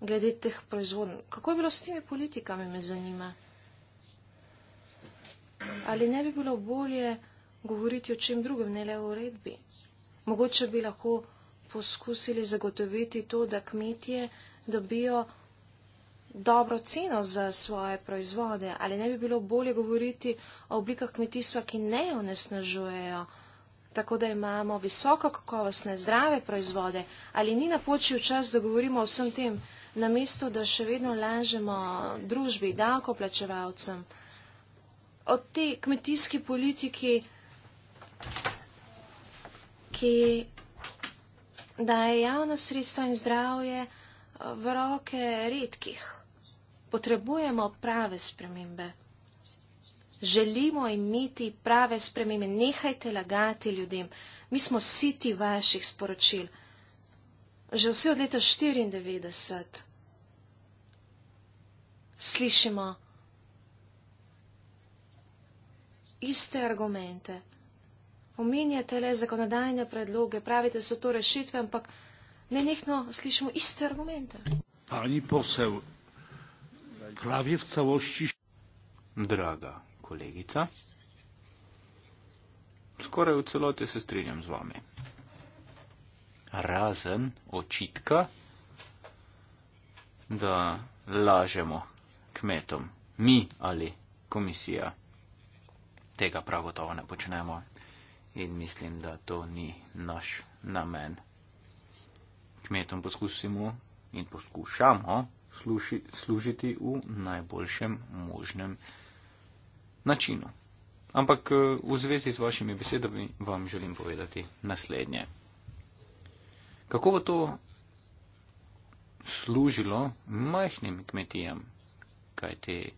glede teh proizvodn. Kako je bilo s temi politikami, me zanima? Ali ne bi bilo bolje govoriti o čem drugem, ne le o uredbi? Mogoče bi lahko poskusili zagotoviti to, da kmetje dobijo dobro ceno za svoje proizvode. Ali ne bi bilo bolje govoriti o oblikah kmetijstva, ki ne onesnažujejo, tako da imamo visoko kakovostne zdrave proizvode? Ali ni napočil čas, da govorimo o vsem tem? namesto da še vedno lažemo družbi, davkoplačevalcem, od te kmetijske politike, ki daje javna sredstva in zdravje eh, v roke redkih. Potrebujemo prave spremembe. Želimo imeti prave spremembe. Nehajte lagati ljudem. Mi smo siti vaših sporočil že vse od leta 94 slišimo iste argumente. Omenjate le zakonodajne predloge, pravite so to rešitve, ampak nenehno slišimo iste argumente. Pani posel, pravi v celosti. Draga kolegica, skoraj v celoti se strinjam z vami razen očitka, da lažemo kmetom, mi ali komisija. Tega prav gotovo ne počnemo in mislim, da to ni naš namen. Kmetom poskusimo in poskušamo služi, služiti v najboljšem možnem načinu. Ampak eh, v zvezi z vašimi besedami vam želim povedati naslednje. Kako bo to služilo majhnim kmetijam? Kajti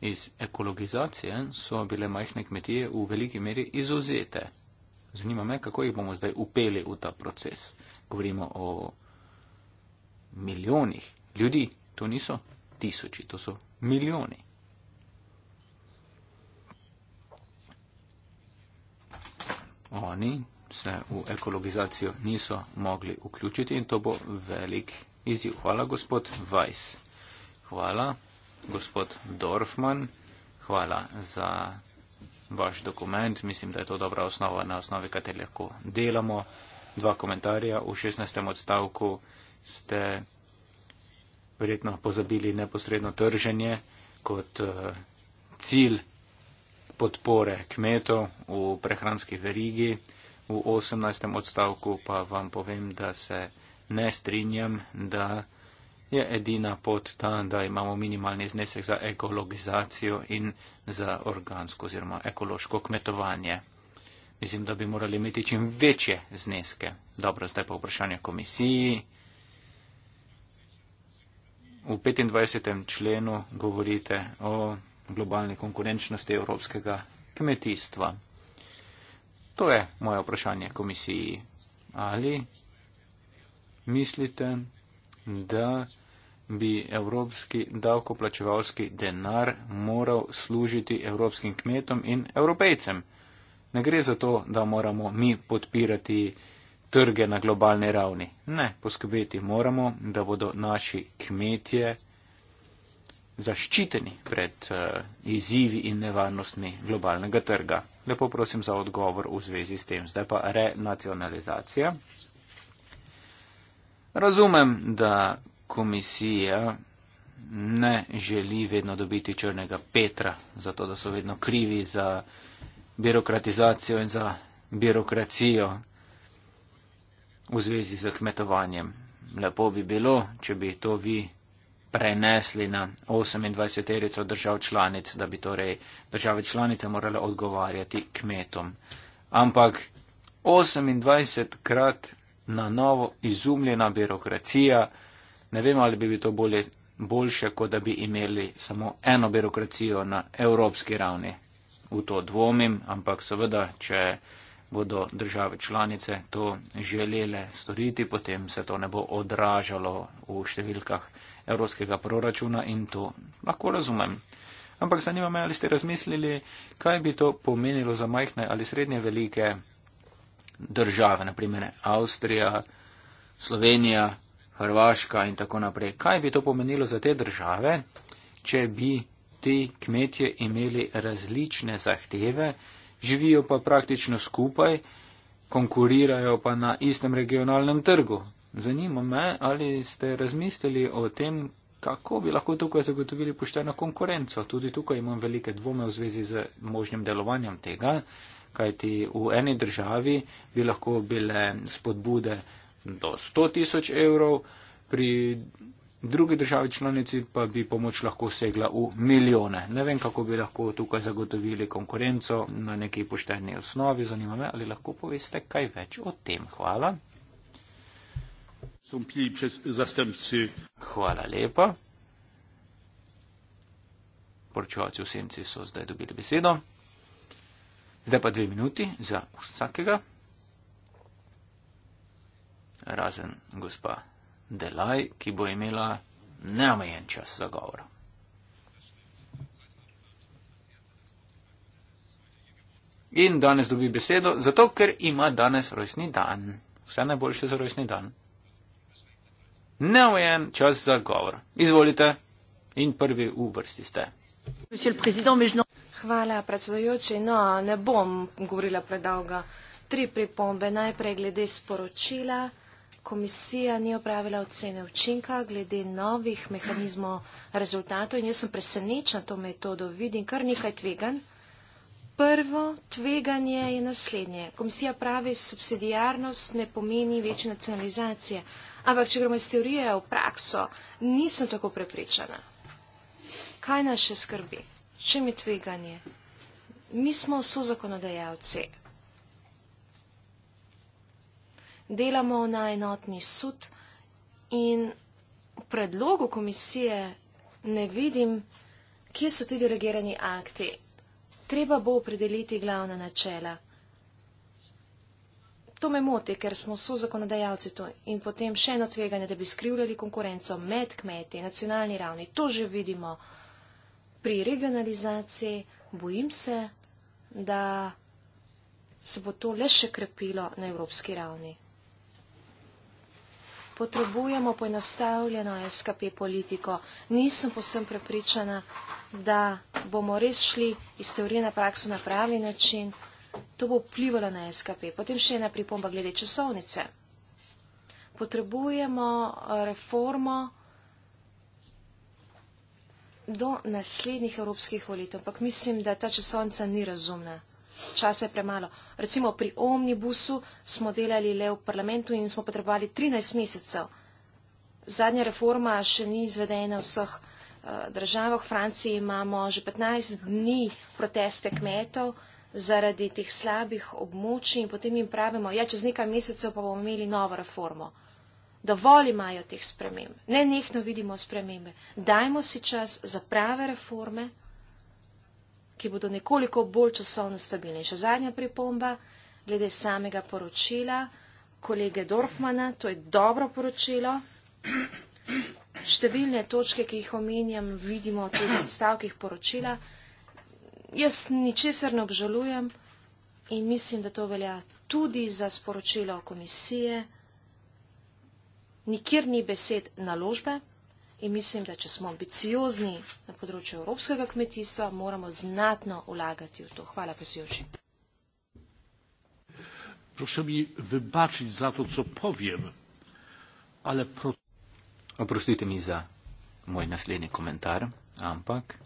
iz ekologizacije so bile majhne kmetije v veliki meri izuzete. Zanima me, kako jih bomo zdaj upeli v ta proces. Govorimo o milijonih ljudi, to niso tisoči, to so milijoni. Oni se v ekologizacijo niso mogli vključiti in to bo velik izziv. Hvala, gospod Weiss. Hvala, gospod Dorfman. Hvala za vaš dokument. Mislim, da je to dobra osnova, na osnovi kateri lahko delamo. Dva komentarja. V 16. odstavku ste verjetno pozabili neposredno trženje kot eh, cilj podpore kmetov v prehranski verigi v 18. odstavku pa vam povem, da se ne strinjam, da je edina pot ta, da imamo minimalni znesek za ekologizacijo in za organsko oziroma ekološko kmetovanje. Mislim, da bi morali imeti čim večje zneske. Dobro, zdaj pa vprašanje komisiji. V 25. členu govorite o globalni konkurenčnosti evropskega kmetijstva. To je moje vprašanje komisiji. Ali mislite, da bi evropski davkoplačevalski denar moral služiti evropskim kmetom in evropejcem? Ne gre za to, da moramo mi podpirati trge na globalni ravni. Ne, poskrbeti moramo, da bodo naši kmetje zaščiteni pred uh, izzivi in nevarnostmi globalnega trga. Lepo prosim za odgovor v zvezi s tem. Zdaj pa renacionalizacija. Razumem, da komisija ne želi vedno dobiti črnega Petra, zato da so vedno krivi za birokratizacijo in za birokracijo v zvezi z kmetovanjem. Lepo bi bilo, če bi to vi prenesli na 28-erico držav članic, da bi torej države članice morale odgovarjati kmetom. Ampak 28-krat na novo izumljena birokracija, ne vem, ali bi bilo to bolje, boljše, kot da bi imeli samo eno birokracijo na evropski ravni. V to dvomim, ampak seveda, če bodo države članice to želele storiti, potem se to ne bo odražalo v številkah evropskega proračuna in to lahko razumem. Ampak zanima me, ali ste razmislili, kaj bi to pomenilo za majhne ali srednje velike države, naprimer Avstrija, Slovenija, Hrvaška in tako naprej. Kaj bi to pomenilo za te države, če bi ti kmetje imeli različne zahteve, živijo pa praktično skupaj, konkurirajo pa na istem regionalnem trgu, Zanima me, ali ste razmislili o tem, kako bi lahko tukaj zagotovili pošteno konkurenco. Tudi tukaj imam velike dvome v zvezi z možnim delovanjem tega, kajti v eni državi bi lahko bile spodbude do 100 tisoč evrov, pri drugi državi članici pa bi pomoč lahko segla v milijone. Ne vem, kako bi lahko tukaj zagotovili konkurenco na neki pošteni osnovi. Zanima me, ali lahko poveste kaj več o tem. Hvala stopili pred zastavci. Hvala lepa. Poročevalci v senci so zdaj dobili besedo. Zdaj pa dve minuti za vsakega. Razen gospa Delaj, ki bo imela neomejen čas za govor. In danes dobi besedo, zato ker ima danes rojstni dan. Vse najboljše za rojstni dan neomejen čas za govor. Izvolite in prvi v vrsti ste. Hvala, predsedojoči. No, ne bom govorila predolgo. Tri pripombe. Najprej glede sporočila. Komisija ni opravila ocene učinka glede novih mehanizmov rezultatov in jaz sem presenečena to metodo. Vidim kar nekaj tvegan. Prvo tveganje je naslednje. Komisija pravi, subsidijarnost ne pomeni večje nacionalizacije. Ampak, če gremo iz teorije v prakso, nisem tako prepričana. Kaj nas še skrbi? Čem je tveganje? Mi smo so zakonodajalci. Delamo na enotni sud in v predlogu komisije ne vidim, kje so ti delegirani akti. Treba bo opredeliti glavna načela. To me moti, ker smo so zakonodajalci to in potem še eno tveganje, da bi skrivljali konkurenco med kmeti, nacionalni ravni. To že vidimo pri regionalizaciji. Bojim se, da se bo to le še krepilo na evropski ravni. Potrebujemo poenostavljeno SKP politiko. Nisem posem prepričana, da bomo res šli iz teorije na prakso na pravi način to bo vplivalo na SKP. Potem še ena pripomba glede časovnice. Potrebujemo eh, reformo do naslednjih evropskih volitev, ampak mislim, da ta časovnica ni razumna. Čas je premalo. Recimo pri omnibusu smo delali le v parlamentu in smo potrebovali 13 mesecev. Zadnja reforma še ni izvedena v vseh eh, državah. V Franciji imamo že 15 dni proteste kmetov zaradi teh slabih območij in potem jim pravimo, ja, čez nekaj mesecev pa bomo imeli novo reformo. Dovolj imajo teh sprememb. Ne nekno vidimo spremembe. Dajmo si čas za prave reforme, ki bodo nekoliko bolj časovno stabilne. Še zadnja pripomba, glede samega poročila kolege Dorfmana, to je dobro poročilo. Številne točke, ki jih omenjam, vidimo tudi v stavkih poročila jaz ničesar ne obžalujem in mislim, da to velja tudi za sporočilo komisije. Nikjer ni besed naložbe in mislim, da če smo ambiciozni na področju evropskega kmetijstva, moramo znatno ulagati v to. Hvala, predsedujoči. Prosim mi vbačiti za to, co povem, ampak. Oprostite mi za moj naslednji komentar, ampak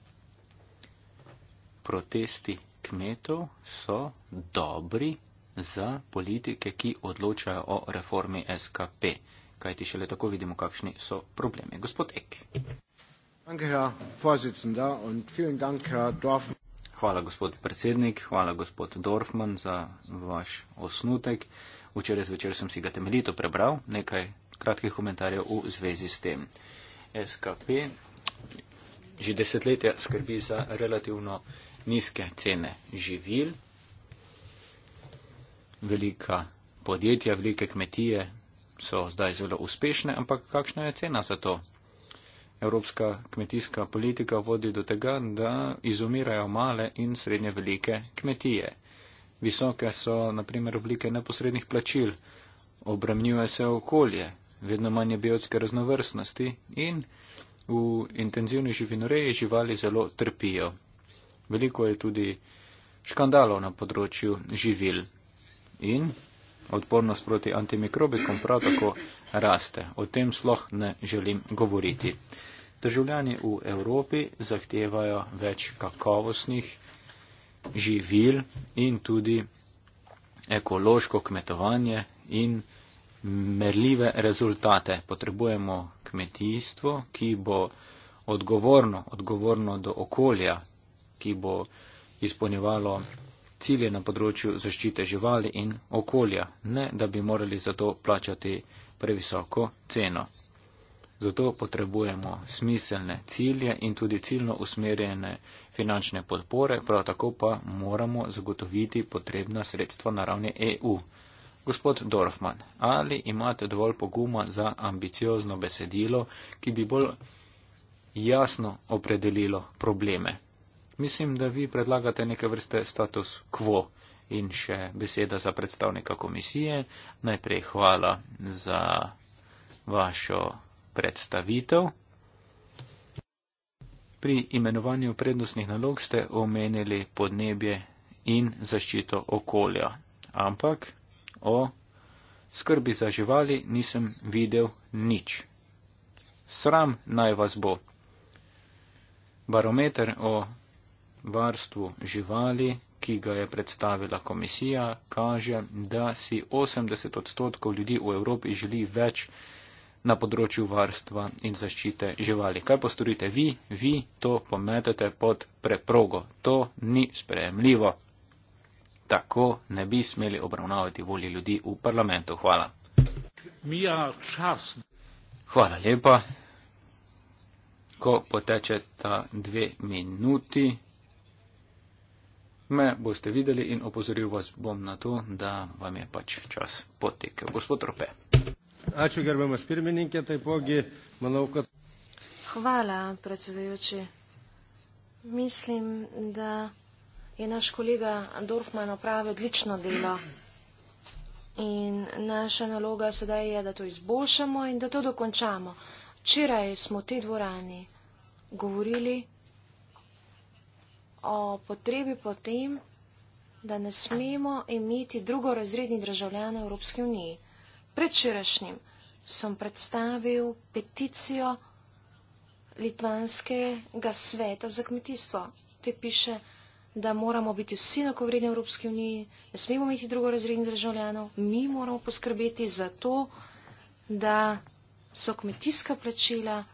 protesti kmetov so dobri za politike, ki odločajo o reformi SKP. Kaj ti šele tako vidimo, kakšni so problemi. Gospod Ek. Hvala, gospod predsednik, hvala, gospod Dorfman, za vaš osnutek. Včeraj zvečer sem si ga temeljito prebral, nekaj kratkih komentarjev v zvezi s tem. SKP že desetletja skrbi za relativno nizke cene živil, velika podjetja, velike kmetije so zdaj zelo uspešne, ampak kakšna je cena za to? Evropska kmetijska politika vodi do tega, da izumirajo male in srednje velike kmetije. Visoke so, na primer, oblike neposrednih plačil, obremnjuje se okolje, vedno manj je biotske raznovrstnosti in v intenzivni živinoreji živali zelo trpijo veliko je tudi škandalov na področju živil. In odpornost proti antimikrobikom prav tako raste. O tem sloh ne želim govoriti. Državljani v Evropi zahtevajo več kakovostnih živil in tudi ekološko kmetovanje in merljive rezultate. Potrebujemo kmetijstvo, ki bo odgovorno, odgovorno do okolja, ki bo izpolnjevalo cilje na področju zaščite živali in okolja, ne da bi morali za to plačati previsoko ceno. Zato potrebujemo smiselne cilje in tudi ciljno usmerjene finančne podpore, prav tako pa moramo zagotoviti potrebna sredstva na ravni EU. Gospod Dorfman, ali imate dovolj poguma za ambiciozno besedilo, ki bi bolj jasno opredelilo probleme? Mislim, da vi predlagate neke vrste status quo in še beseda za predstavnika komisije. Najprej hvala za vašo predstavitev. Pri imenovanju prednostnih nalog ste omenili podnebje in zaščito okolja, ampak o skrbi za živali nisem videl nič. Sram naj vas bo. Barometer o varstvu živali, ki ga je predstavila komisija, kaže, da si 80 odstotkov ljudi v Evropi želi več na področju varstva in zaščite živali. Kaj postorite vi? Vi to pometete pod preprogo. To ni sprejemljivo. Tako ne bi smeli obravnavati volje ljudi v parlamentu. Hvala. Hvala lepa. Ko poteče ta dve minuti me boste videli in opozoril vas bom na to, da vam je pač čas potekel. Gospod Rope. Ačiū gerbiamas pirmininkė, taipogi manau, kad. Hvala, predsedajoči. Mislim, da je naš kolega Dorfman opravil odlično delo. In naša naloga sedaj je, da to izboljšamo in da to dokončamo. Včeraj smo v tej dvorani govorili o potrebi potem, da ne smemo imeti drugorazredni državljane Evropske unije. Predčerašnjim sem predstavil peticijo Litvanskega sveta za kmetijstvo. Te piše, da moramo biti vsi nakovredni Evropske unije, ne smemo imeti drugorazrednih državljanov, mi moramo poskrbeti za to, da so kmetijska plačila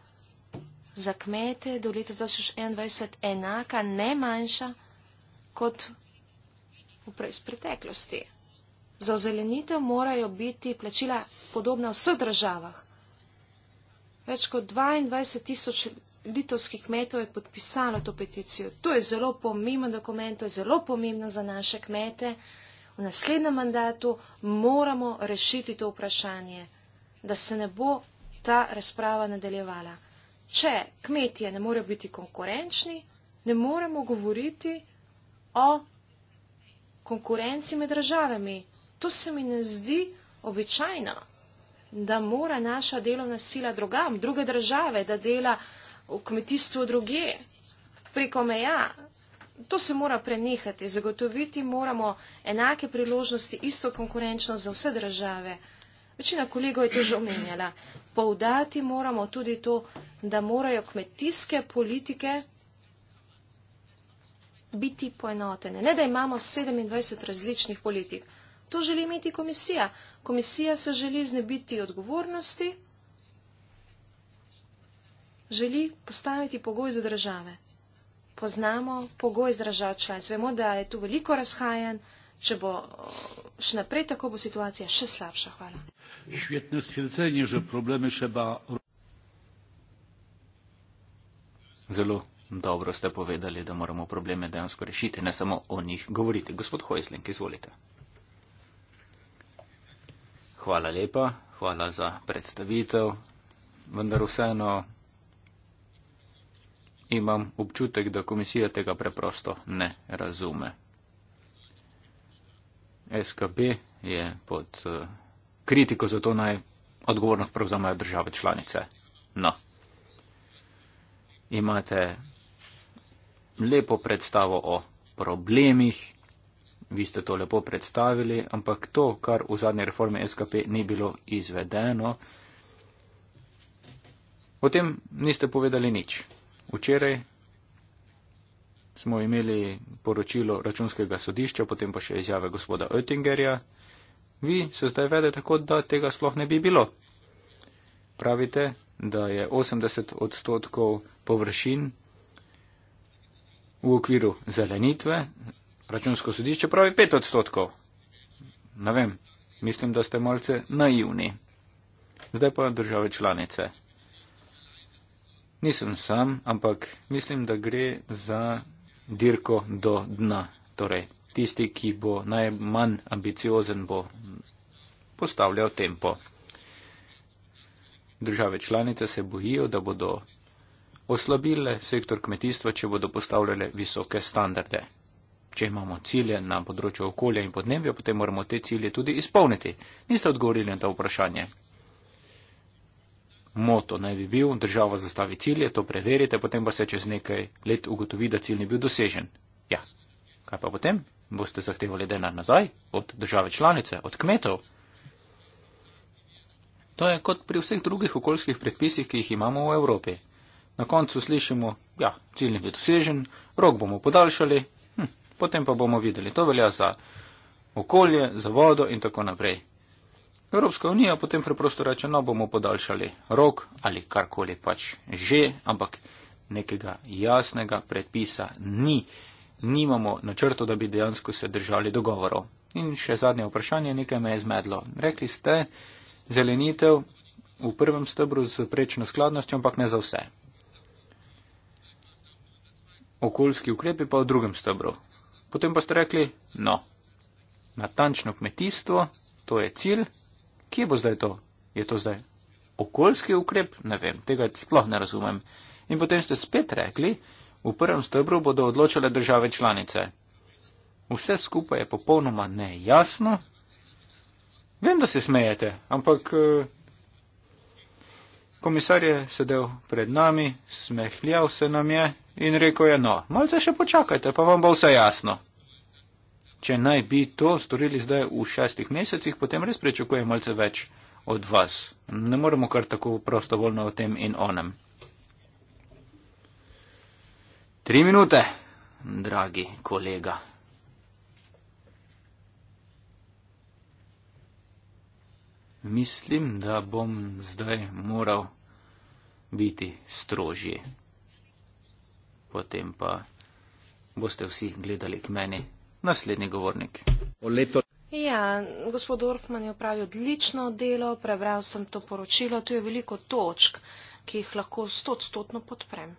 za kmete do leta 2021 enaka, ne manjša, kot v preteklosti. Za ozelenitev morajo biti plačila podobna v vseh državah. Več kot 22 tisoč litovskih kmetov je podpisalo to peticijo. To je zelo pomemben dokument, to je zelo pomembno za naše kmete. V naslednjem mandatu moramo rešiti to vprašanje, da se ne bo ta razprava nadaljevala če kmetije ne morejo biti konkurenčni, ne moremo govoriti o konkurenci med državami. To se mi ne zdi običajno, da mora naša delovna sila drugam, druge države, da dela v kmetijstvu druge, preko meja. To se mora prenehati, zagotoviti moramo enake priložnosti, isto konkurenčnost za vse države. Večina kolegov je to že omenjala povdati moramo tudi to, da morajo kmetijske politike biti poenotene. Ne, da imamo 27 različnih politik. To želi imeti komisija. Komisija se želi znebiti odgovornosti, želi postaviti pogoj za države. Poznamo pogoj za države članice. Vemo, da je tu veliko razhajanj če bo eh, še naprej tako, bo situacija še slabša. Hvala. Zelo dobro ste povedali, da moramo probleme dejansko rešiti, ne samo o njih govoriti. Gospod Hojzlink, izvolite. Hvala lepa, hvala za predstavitev. Vendar vseeno imam občutek, da komisija tega preprosto ne razume. SKB je pod eh, kritiko za to naj odgovornost prevzamejo države članice. No. Imate lepo predstavo o problemih, vi ste to lepo predstavili, ampak to, kar v zadnji reformi SKP ni bilo izvedeno, o tem niste povedali nič. Včeraj smo imeli poročilo računskega sodišča, potem pa še izjave gospoda Oettingerja. Vi se zdaj vede tako, da tega sploh ne bi bilo. Pravite, da je 80 odstotkov površin v okviru zelenitve, računsko sodišče pravi 5 odstotkov. Ne vem, mislim, da ste malce naivni. Zdaj pa države članice. Nisem sam, ampak mislim, da gre za dirko do dna. Torej, tisti, ki bo najmanj ambiciozen, bo postavljal tempo. Države članice se bojijo, da bodo oslabile sektor kmetijstva, če bodo postavljale visoke standarde. Če imamo cilje na področju okolja in podnebja, potem moramo te cilje tudi izpolniti. Niste odgovorili na to vprašanje moto naj bi bil, država zastavi cilje, to preverite, potem pa se čez nekaj let ugotovi, da cilj ni bil dosežen. Ja, kaj pa potem? Boste zahtevali denar nazaj od države članice, od kmetov? To je kot pri vseh drugih okoljskih predpisih, ki jih imamo v Evropi. Na koncu slišimo, ja, cilj ni bil dosežen, rok bomo podaljšali, hm, potem pa bomo videli. To velja za okolje, za vodo in tako naprej. Evropska unija potem preprosto reče, no bomo podaljšali rok ali karkoli pač že, ampak nekega jasnega predpisa ni. Nimamo načrto, da bi dejansko se držali dogovorov. In še zadnje vprašanje, nekaj me je zmedlo. Rekli ste, zelenitev v prvem stebru z prečno skladnostjo, ampak ne za vse. Okoljski ukrepi pa v drugem stebru. Potem pa ste rekli, no, natančno kmetijstvo, to je cilj, Kje bo zdaj to? Je to zdaj okoljski ukrep? Ne vem, tega sploh ne razumem. In potem ste spet rekli, v prvem stebru bodo odločale države članice. Vse skupaj je popolnoma nejasno. Vem, da se smejete, ampak. Eh, komisar je sedel pred nami, smehljal se nam je in rekel je, no, malce še počakajte, pa vam bo vse jasno če naj bi to storili zdaj v šestih mesecih, potem res prečakujem malce več od vas. Ne moremo kar tako prostovoljno o tem in onem. Tri minute, dragi kolega. Mislim, da bom zdaj moral biti strožji. Potem pa boste vsi gledali k meni naslednji govornik. Ja, gospod Orfman je opravil odlično delo, prebral sem to poročilo, tu je veliko točk, ki jih lahko stotstotno podprem.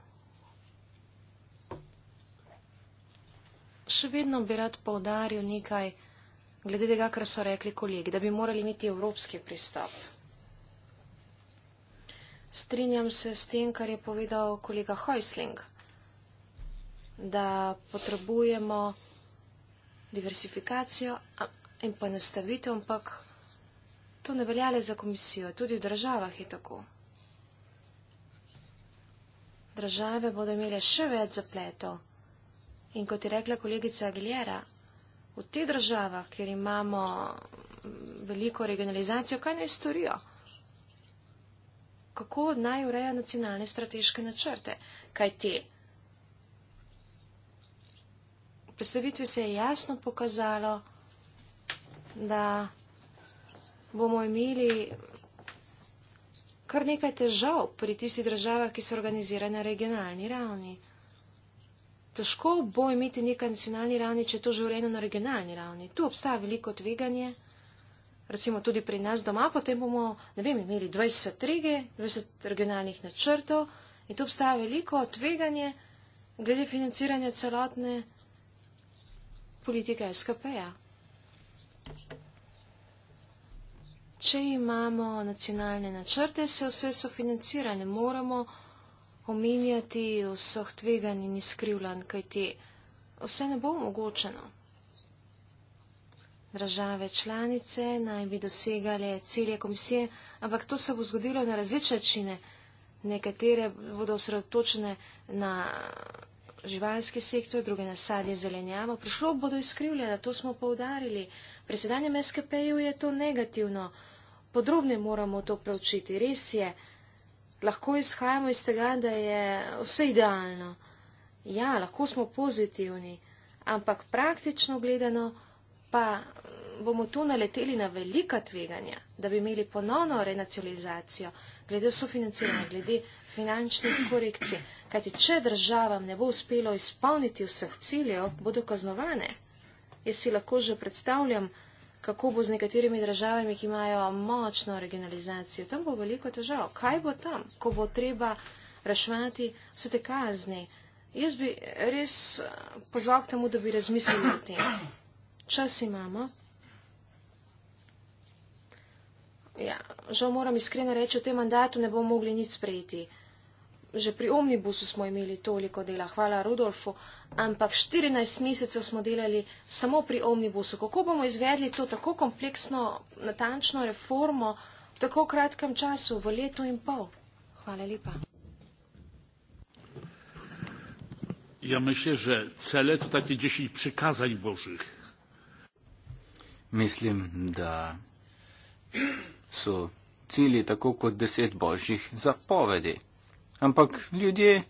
Še vedno bi rad povdaril nekaj, glede tega, kar so rekli kolegi, da bi morali imeti evropski pristop. Strinjam se s tem, kar je povedal kolega Heusling, da potrebujemo diversifikacijo in pa nastavitev, ampak to ne velja le za komisijo, tudi v državah je tako. Države bodo imele še več zapletov in kot je rekla kolegica Aguilera, v teh državah, kjer imamo veliko regionalizacijo, kaj naj storijo? Kako naj urejo nacionalne strateške načrte? Kaj te? predstavitvi se je jasno pokazalo, da bomo imeli kar nekaj težav pri tisti državah, ki so organizirane na regionalni ravni. Težko bo imeti nekaj nacionalni ravni, če je to že urejeno na regionalni ravni. Tu obstaja veliko tveganje, recimo tudi pri nas doma, potem bomo, ne vem, imeli 20 regij, 20 regionalnih načrtov in tu obstaja veliko tveganje glede financiranja celotne politika SKP-ja. Če imamo nacionalne načrte, se vse sofinancira, ne moramo omenjati vseh tveganj in izkrivljanj, kajti vse ne bo omogočeno. Države članice naj bi dosegale cilje komisije, ampak to se bo zgodilo na različne čine. Nekatere bodo osredotočene na živalski sektor, druge na sadje, zelenjavo. Prišlo bodo izkrivljena, to smo poudarili. Pri sedanjem SKP-ju je to negativno. Podrobne moramo to preučiti. Res je, lahko izhajamo iz tega, da je vse idealno. Ja, lahko smo pozitivni, ampak praktično gledano pa bomo tu naleteli na velika tveganja, da bi imeli ponovno renacionalizacijo, glede sofinanciranja, glede finančnih korekcij kajti če državam ne bo uspelo izpolniti vseh ciljev, bodo kaznovane. Jaz si lahko že predstavljam, kako bo z nekaterimi državami, ki imajo močno regionalizacijo. Tam bo veliko težav. Kaj bo tam, ko bo treba rešvati vse te kazni? Jaz bi res pozval k temu, da bi razmislili o tem. Čas imamo. Ja, žal moram iskreno reči, v tem mandatu ne bomo mogli nič sprejeti že pri omnibusu smo imeli toliko dela, hvala Rudolfu, ampak 14 mesecev smo delali samo pri omnibusu. Kako bomo izvedli to tako kompleksno, natančno reformo v tako kratkem času, v letu in pol? Hvala lepa. Ja, mislim, že cele to taki 10 prikazanj božjih. Mislim, da so cilji tako kot 10 božjih zapovedi. Ampak ljudje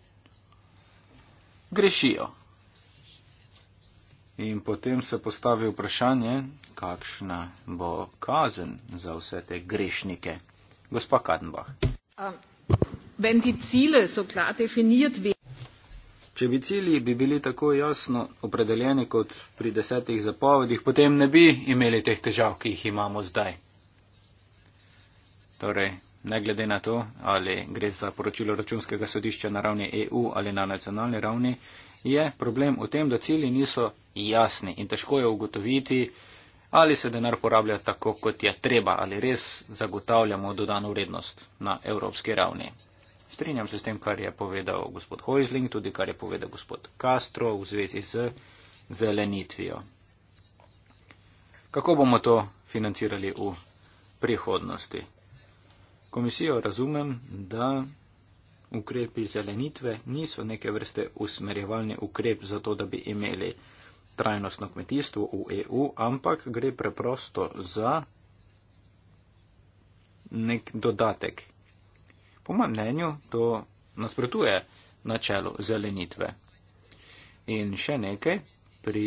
grešijo. In potem se postavi vprašanje, kakšna bo kazen za vse te grešnike. Gospa Kadenbach. Um, Če bi cilji bi bili tako jasno opredeljeni kot pri desetih zapovedih, potem ne bi imeli teh težav, ki jih imamo zdaj. Torej, ne glede na to, ali gre za poročilo računskega sodišča na ravni EU ali na nacionalni ravni, je problem v tem, da cilji niso jasni in težko je ugotoviti, ali se denar porablja tako, kot je treba, ali res zagotavljamo dodano vrednost na evropski ravni. Strinjam se s tem, kar je povedal gospod Hojzling, tudi kar je povedal gospod Castro v zvezi z zelenitvijo. Kako bomo to financirali v prihodnosti? Komisijo razumem, da ukrepi zelenitve niso neke vrste usmerjevalni ukrep za to, da bi imeli trajnostno kmetijstvo v EU, ampak gre preprosto za nek dodatek. Po mojem mnenju to nasprotuje načelu zelenitve. In še nekaj pri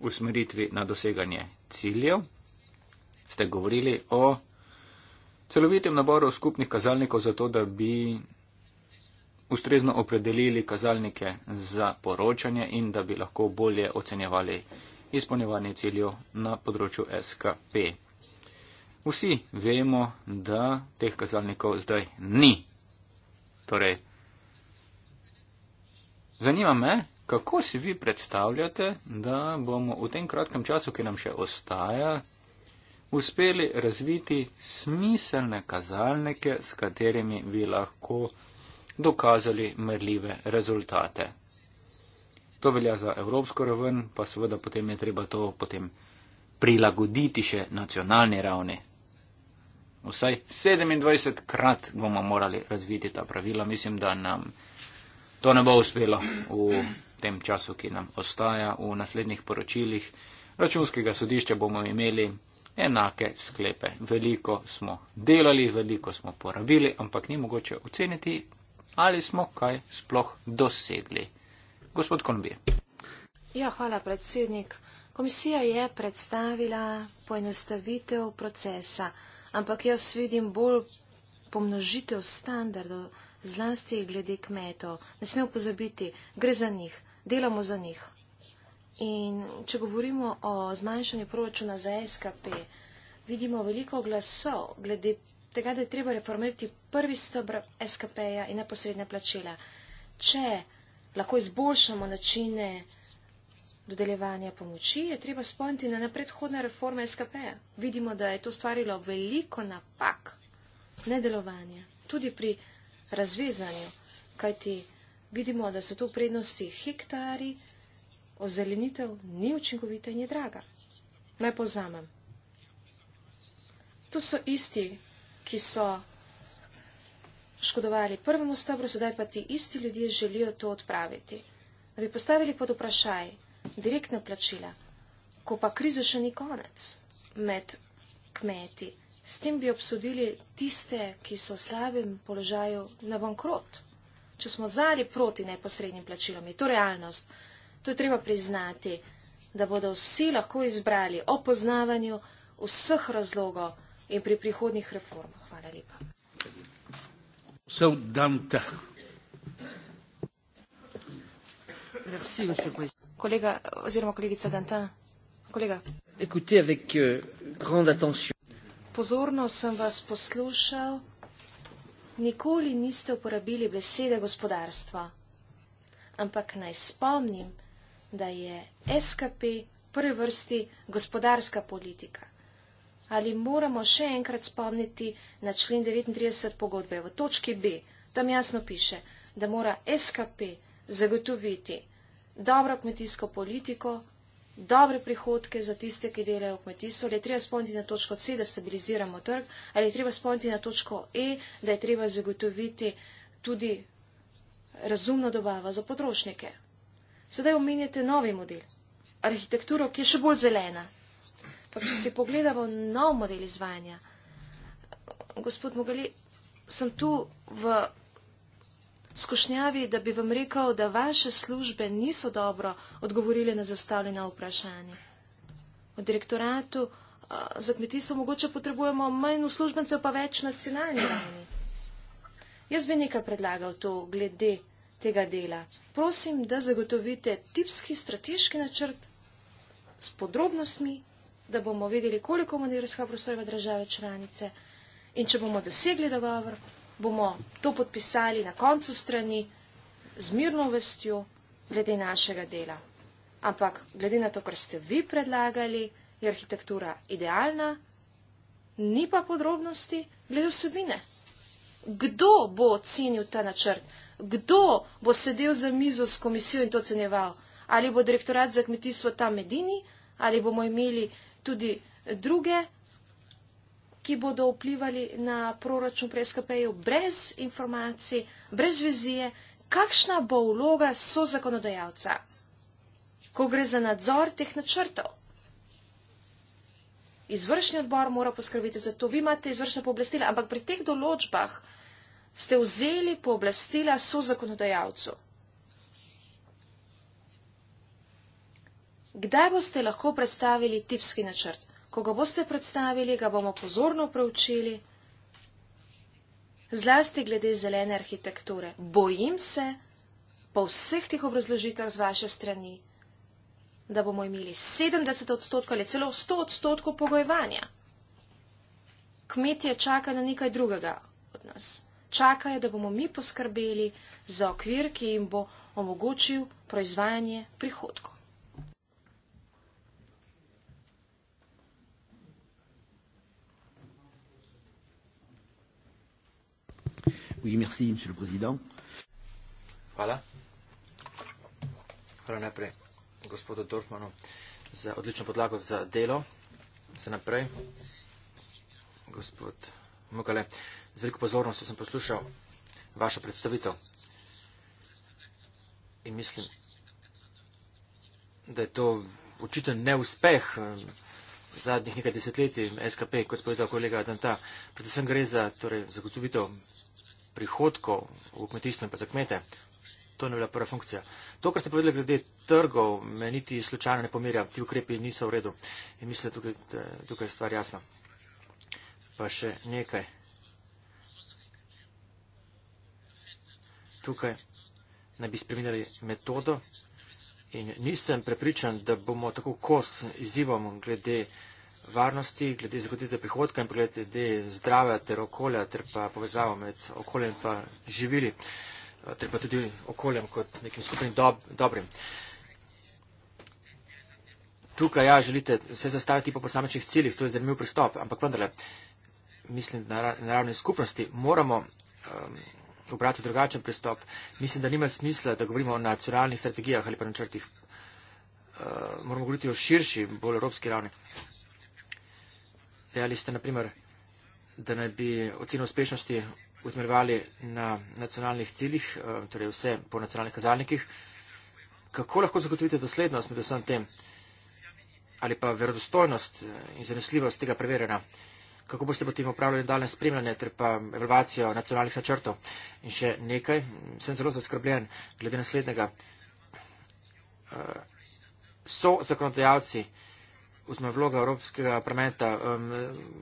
usmeritvi na doseganje ciljev. Ste govorili o celovitem naboru skupnih kazalnikov za to, da bi ustrezno opredelili kazalnike za poročanje in da bi lahko bolje ocenjevali izpolnjevanje ciljev na področju SKP. Vsi vemo, da teh kazalnikov zdaj ni. Torej, zanima me, kako si vi predstavljate, da bomo v tem kratkem času, ki nam še ostaja, uspeli razviti smiselne kazalnike, s katerimi bi lahko dokazali merljive rezultate. To velja za evropsko raven, pa seveda potem je treba to potem prilagoditi še nacionalni ravni. Vsaj 27 krat bomo morali razviti ta pravila. Mislim, da nam to ne bo uspelo v tem času, ki nam ostaja. V naslednjih poročilih računskega sodišča bomo imeli enake sklepe. Veliko smo delali, veliko smo porabili, ampak ni mogoče oceniti, ali smo kaj sploh dosegli. Gospod Konbije. Ja, hvala, predsednik. Komisija je predstavila poenostavitev procesa, ampak jaz vidim bolj pomnožitev standardov, zlasti glede kmetov. Ne smemo pozabiti, gre za njih, delamo za njih. In če govorimo o zmanjšanju proračuna za SKP, vidimo veliko glasov glede tega, da je treba reformirati prvi stebr SKP-ja in neposredne plačila. Če lahko izboljšamo načine dodeljevanja pomoči, je treba spomniti na predhodne reforme SKP-ja. Vidimo, da je to stvarilo veliko napak nedelovanja, tudi pri razvezanju, kajti vidimo, da so tu prednosti hektari, ozelenitev ni učinkovita in je draga. Naj povzamem. Tu so isti, ki so škodovali prvemu stebru, sedaj pa ti isti ljudje želijo to odpraviti. Da bi postavili pod vprašaj direktna plačila, ko pa krize še ni konec med kmeti, s tem bi obsodili tiste, ki so v slabem položaju na bankrot. Če smo zali proti neposrednim plačilom, je to realnost. To je treba priznati, da bodo vsi lahko izbrali o poznavanju vseh razlogov in pri prihodnih reformah. Hvala lepa. Kolega oziroma kolegica Danta, kolega. Ecoutez avec euh, grande attention. Pozorno sem vas poslušal. Nikoli niste uporabili besede gospodarstva. Ampak naj spomnim, da je SKP v prvi vrsti gospodarska politika. Ali moramo še enkrat spomniti na člen 39 pogodbe v točki B? Tam jasno piše, da mora SKP zagotoviti dobro kmetijsko politiko, dobre prihodke za tiste, ki delajo v kmetijstvu, ali je treba spomniti na točko C, da stabiliziramo trg, ali je treba spomniti na točko E, da je treba zagotoviti tudi razumno dobavo za potrošnike. Sedaj omenjate novi model, arhitekturo, ki je še bolj zelena. Pa če si pogledamo nov model izvajanja, gospod Mogali, sem tu v skušnjavi, da bi vam rekel, da vaše službe niso dobro odgovorile na zastavljena vprašanja. V direktoratu za kmetijstvo mogoče potrebujemo manj uslužbencev, pa več nacionalnih. Jaz bi nekaj predlagal to glede tega dela prosim, da zagotovite tipski strateški načrt s podrobnostmi, da bomo vedeli, koliko manevrskega prostora ima države članice in če bomo dosegli dogovor, bomo to podpisali na koncu strani z mirno vestjo glede našega dela. Ampak glede na to, kar ste vi predlagali, je arhitektura idealna, ni pa podrobnosti glede vsebine. Kdo bo ocenil ta načrt? kdo bo sedel za mizo s komisijo in to ceneval. Ali bo direktorat za kmetijstvo tam edini, ali bomo imeli tudi druge, ki bodo vplivali na proračun pri SKP-ju brez informacij, brez vizije, kakšna bo vloga so zakonodajalca, ko gre za nadzor teh načrtov. Izvršni odbor mora poskrbeti za to. Vi imate izvršne pooblastila, ampak pri teh določbah, ste vzeli pooblastila so zakonodajalcu. Kdaj boste lahko predstavili tipski načrt? Ko ga boste predstavili, ga bomo pozorno preučili, zlasti glede zelene arhitekture. Bojim se, po vseh tih obrazložitvah z vaše strani, da bomo imeli 70 odstotkov ali celo 100 odstotkov pogojevanja. Kmetje čakajo na nekaj drugega od nas čakajo, da bomo mi poskrbeli za okvir, ki jim bo omogočil proizvajanje prihodkov. Oui, merci, monsieur le président. Hvala. Hvala najprej gospodu Dorfmanu za odlično podlago za delo. Se naprej. Gospod Mugale. Z veliko pozornosti sem poslušal vašo predstavitev in mislim, da je to očiten neuspeh eh, zadnjih nekaj desetletij SKP, kot je povedal kolega Danta. Predvsem gre za torej, zagotovitev prihodkov v kmetijstvu in pa za kmete. To ne bila prva funkcija. To, kar ste povedali glede trgov, me niti slučajno ne pomirja. Ti ukrepi niso v redu. In mislim, da tukaj, tukaj je stvar jasna pa še nekaj. Tukaj naj bi spremenili metodo in nisem prepričan, da bomo tako kos izzivom glede varnosti, glede zagotovitve prihodka in glede zdravja ter okolja ter pa povezavo med okoljem pa živili eh, ter pa tudi okoljem kot nekim skupnim dob, dobrim. Tukaj ja, želite vse zastaviti po posamečnih ciljih, to je zanimiv pristop, ampak vendarle mislim, naravne skupnosti, moramo um, obrati drugačen pristop. Mislim, da nima smisla, da govorimo o nacionalnih strategijah ali pa načrtih. Uh, moramo govoriti o širši, bolj evropski ravni. Dejali ste, naprimer, da naj bi oceno uspešnosti usmerjevali na nacionalnih ciljih, uh, torej vse po nacionalnih kazalnikih. Kako lahko zagotovite doslednost med vsem tem? Ali pa verodostojnost in zanesljivost tega preverjena? Uh, kako boste potem upravljali daljne spremljanje ter pa evalvacijo nacionalnih načrtov. In še nekaj, sem zelo zaskrbljen glede naslednjega. Eh, so zakonodajalci vzme vloga Evropskega parlamenta. Um,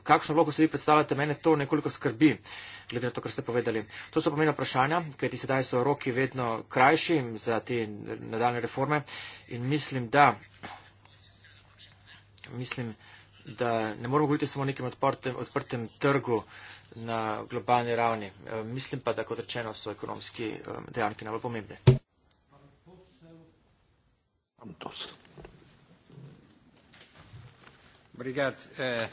kakšno vlogo se vi predstavljate? Mene to nekoliko skrbi, glede na to, kar ste povedali. To so pomembna vprašanja, kajti sedaj so roki vedno krajši za te nadaljne reforme in mislim, da mislim, da da ne moramo govoriti samo o nekem odprtem, odprtem trgu na globalni ravni. E, mislim pa, da kot rečeno so ekonomski e, dejavniki najbolj pomembni. Eh,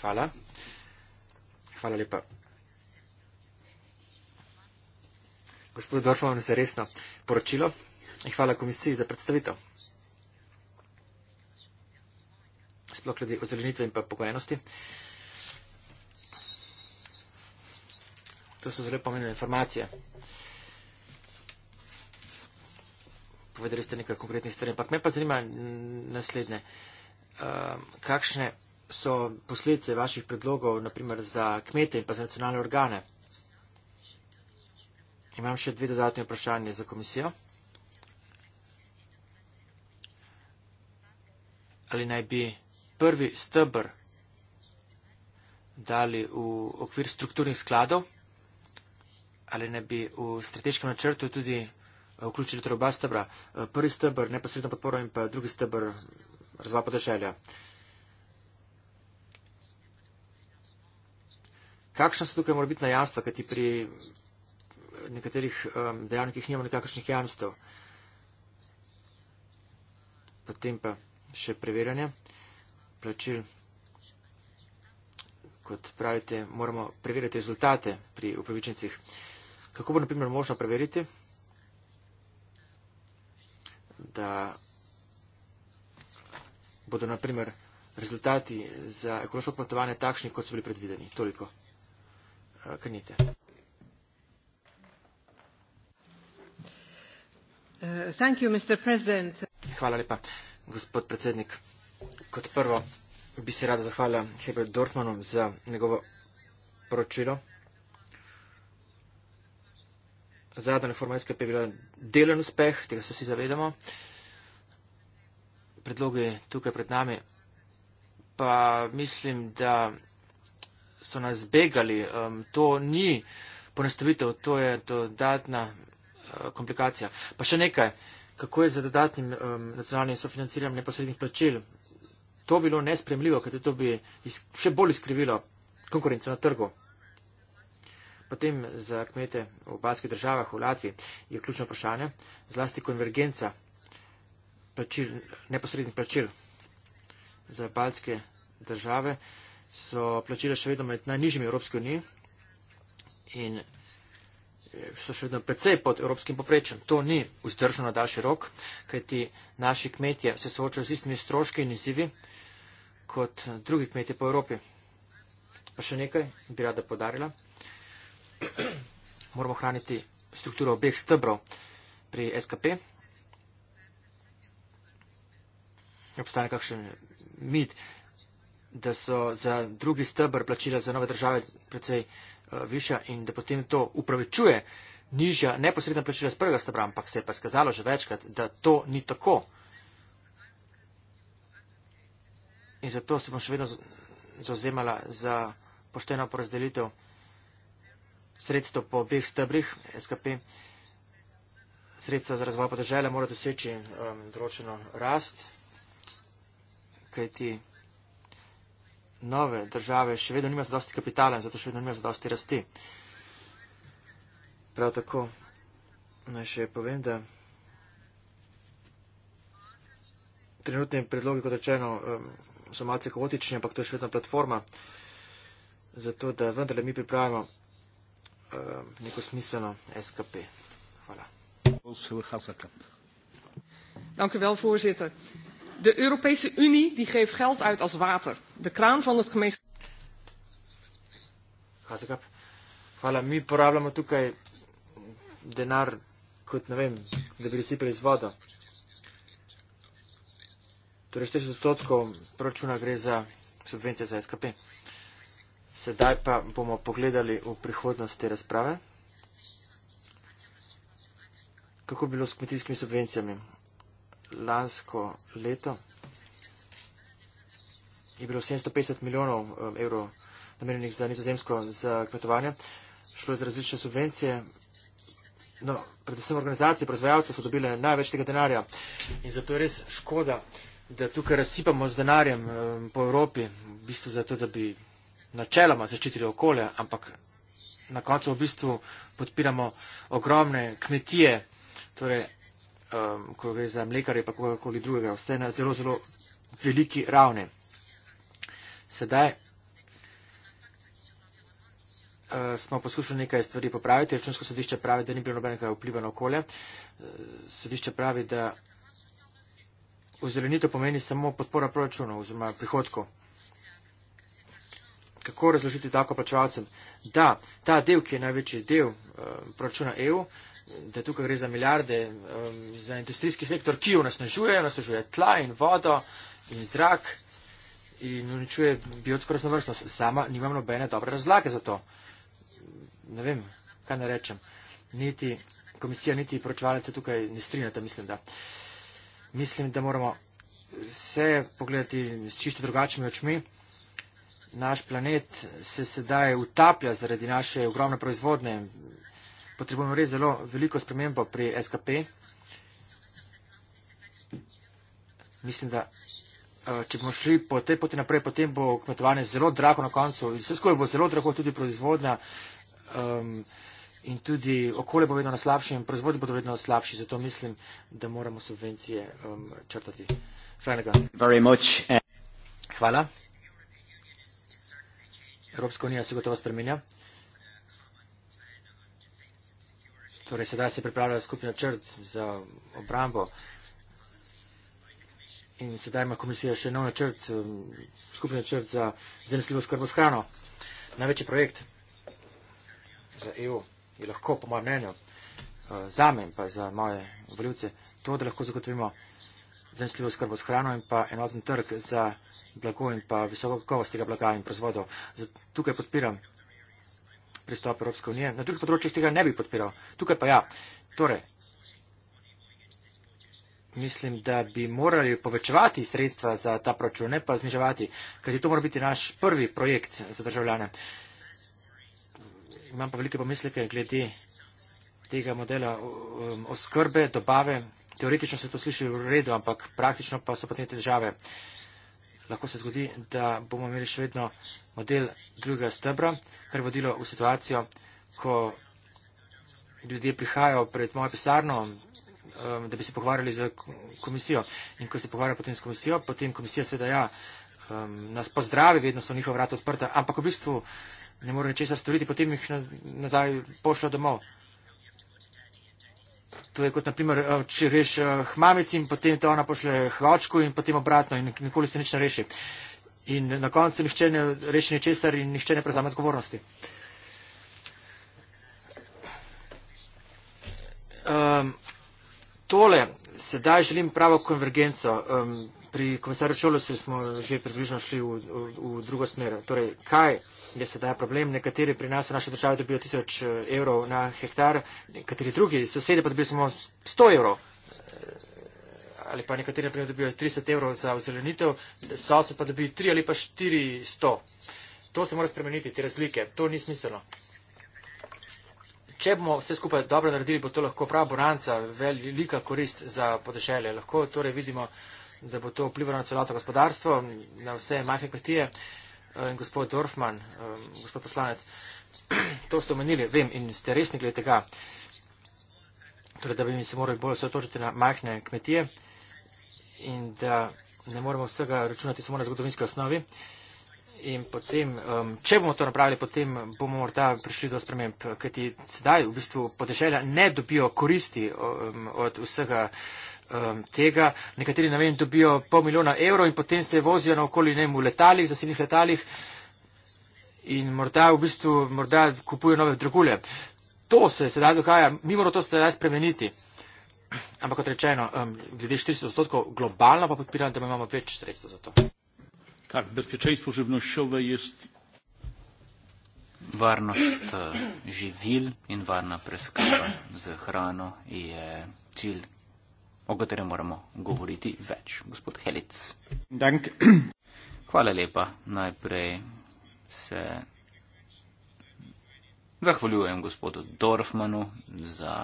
Hvala. Hvala lepa. Gospod Dorfman, zaresno poročilo. In hvala komisiji za predstavitev. Sploh glede ozelenitve in pa pogojenosti. To so zelo pomembne informacije. Povedali ste nekaj konkretnih stvari, ampak me pa zanima naslednje. Ehm, kakšne so posledice vaših predlogov, naprimer za kmete in pa za nacionalne organe? Imam še dve dodatne vprašanje za komisijo. ali naj bi prvi stebr dali v okvir strukturnih skladov, ali naj bi v strateškem načrtu tudi eh, vključili torej oba stebra, eh, prvi stebr neposredno podporo in pa drugi stebr razvoj podeželja. Kakšno so tukaj morbitna jamstva, kajti pri eh, nekaterih um, dejavnikih nimamo nekakšnih jamstv? Potem pa še preverjanje. Plačil, kot pravite, moramo preverjati rezultate pri upravičencih. Kako bo, na primer, možno preveriti, da bodo, na primer, rezultati za ekološko platovanje takšni, kot so bili predvideni? Toliko. Eh, Krnite. Eh, thank you, Mr. President. Hvala lepa gospod predsednik. Kot prvo bi se rada zahvalila Hebert Dorfmanu za njegovo poročilo. Zadnja reforma SKP je bila delen uspeh, tega se vsi zavedamo. Predlogi tukaj pred nami. Pa mislim, da so nas begali. Um, to ni ponestavitev, to je dodatna uh, komplikacija. Pa še nekaj. Uh, kako je za dodatnim um, nacionalnim sofinanciranjem neposrednih plačil. To bilo nespremljivo, ker to bi še bolj izkrivilo konkurenco na trgu. Potem za kmete v balskih državah, v Latviji, je ključno vprašanje, zlasti konvergenca plačil, neposrednih plačil za balske države so plačila še vedno med najnižjimi Evropske unije in so še vedno precej pod evropskim poprečjem. To ni vzdržno na daljši rok, kajti naši kmetje se soočajo z istimi stroški in izzivi kot drugi kmetje po Evropi. Pa še nekaj bi rada podarila. [CLEARS THROAT] Moramo hraniti strukturo obeh stebrov pri SKP. Obstane kakšen mit, da so za drugi stebr plačila za nove države precej. Eh, višja in da potem to upravičuje nižja neposredna plačila z prvega stebra, ampak se je pa skazalo že večkrat, da to ni tako. In zato se bom še vedno zauzemala za pošteno porazdelitev sredstev po obeh stebrih SKP. Sredstva za razvoj podržele mora doseči um, določeno rast, kajti nove države še vedno nima zadosti kapitala in zato še vedno nima zadosti rasti. Prav tako naj še povem, da trenutni predlogi, kot rečeno, so malce kaotični, ampak to je še vedno platforma, zato da vendarle mi pripravimo neko smiselno SKP. Hvala. Dankjewel, voorzitter de europese unie die geeft geld uit als water. De kraan van het gemeenschap. Hvala, mi porabljamo tukaj denar, kot ne vem, da bi sipali z vodo. Torej, 40 odstotkov proračuna gre za subvencije za SKP. Sedaj pa bomo pogledali v prihodnost te razprave. Kako bi bilo s kmetijskimi subvencijami? lansko leto je bilo 750 milijonov um, evrov namenjenih za nizozemsko za kmetovanje. Šlo je za različne subvencije. No, predvsem organizacije, proizvajalce so dobile največ tega denarja. In zato je res škoda, da tukaj razsipamo z denarjem um, po Evropi, v bistvu zato, da bi načeloma zaščitili okolje, ampak na koncu v bistvu podpiramo ogromne kmetije, torej um, ko gre za mlekarje, pa kakorkoli drugega, vse na zelo, zelo veliki ravni. Sedaj uh, smo poskušali nekaj stvari popraviti. Računsko sodišče pravi, da ni bilo nobenega vpliva na okolje. Uh, sodišče pravi, da ozelenitev pomeni samo podpora proračunov oziroma prihodkov. Kako razložiti tako plačevalcem? Da, ta del, ki je največji del uh, proračuna EU, uh, da tukaj gre za milijarde um, za industrijski sektor, ki onesnažuje, onesnažuje tla in vodo in zrak in uničuje biotsko raznovrstnost. Sama nimam nobene dobre razlage za to. Ne vem, kaj ne rečem. Niti komisija, niti poročevalec se tukaj ne strinjata, mislim da. Mislim, da moramo vse pogledati s čisto drugačnimi očmi. Naš planet se sedaj utaplja zaradi naše ogromne proizvodne potrebujemo res zelo veliko spremembo pri SKP. Mislim, da eh, če bomo šli po tej poti naprej, potem bo kmetovanje zelo drago na koncu. Vse skupaj bo zelo drago, tudi proizvodnja um, in tudi okolje bo vedno na slabšem, proizvodnje bodo vedno slabši. Zato mislim, da moramo subvencije um, črtati. Hvala. Evropska unija se gotovo spremenja. Torej, sedaj se pripravlja skupni načrt za obrambo. In sedaj ima komisija še nov načrt, um, skupni načrt za zanesljivo skrbo s hrano. Največji projekt za EU je lahko, po mojem mnenju, uh, za me in pa za moje voljivce, to, da lahko zagotovimo zanesljivo skrbo s hrano in pa enoten trg za blago in pa visoko kakovost tega blaga in proizvodov. Tukaj podpiram pristop Evropske unije. Na drugih področjih tega ne bi podpiral. Tukaj pa ja. Torej, mislim, da bi morali povečevati sredstva za ta proračun, ne pa zniževati, kajti to mora biti naš prvi projekt za državljane. Imam pa velike pomisleke glede tega modela um, oskrbe, dobave. Teoretično se to sliši v redu, ampak praktično pa so potem težave lahko se zgodi, da bomo imeli še vedno model drugega stebra, kar je vodilo v situacijo, ko ljudje prihajajo pred mojo pisarno, um, da bi se pogovarjali z komisijo. In ko se pogovarjajo potem s komisijo, potem komisija seveda ja, um, nas pozdravi, vedno so njihova vrata odprta, ampak v bistvu ne morejo ničesar storiti, potem jih nazaj pošljo domov. To je kot, naprimer, eh, če reš eh, hmamici in potem te ona pošle hočku in potem obratno in nikoli se nič ne reši. In na koncu nihče ne reši ničesar in nihče ne prezame odgovornosti. Um, tole sedaj želim pravo konvergenco. Um, pri komisarju Čolosu smo že približno šli v, v, v drugo smer. Torej, kaj je sedaj problem? Nekateri pri nas v naši državi dobijo 1000 eh, evrov na hektar, nekateri drugi sosedje pa dobijo samo 100 evrov. Eh, ali pa nekateri naprimer dobijo 30 evrov za ozelenitev, sosed pa dobijo 3 ali pa 400. To se mora spremeniti, te razlike. To ni smiselno. Če bomo vse skupaj dobro naredili, bo to lahko prava boranca, velika korist za podeželje. Lahko torej vidimo da bo to vplivalo na celoto gospodarstvo, na vse majhne kmetije. Eh, in gospod Dorfman, eh, gospod poslanec, [CLEARS THROAT] to ste omenili, vem, in ste resni glede tega, torej, da bi mi se morali bolj osredotočiti na majhne kmetije in da ne moremo vsega računati samo na zgodovinske osnovi. In potem, če bomo to napravili, potem bomo morda prišli do sprememb, kajti sedaj v bistvu podeželja ne dobijo koristi od vsega um, tega. Nekateri na meni dobijo pol milijona evrov in potem se vozijo naokoli ne v letalih, zasilnih letalih in morda v bistvu morda kupujo nove drugule. To se sedaj dogaja, mi moramo to sedaj spremeniti. Ampak kot rečeno, um, glede 400 odstotkov globalno pa podpiram, da imamo več sredstev za to. Tak, Varnost eh, živil in varna preskrba z hrano je cilj, o katerem moramo govoriti več. Gospod Helic. Dank. Hvala lepa. Najprej se zahvaljujem gospodu Dorfmanu za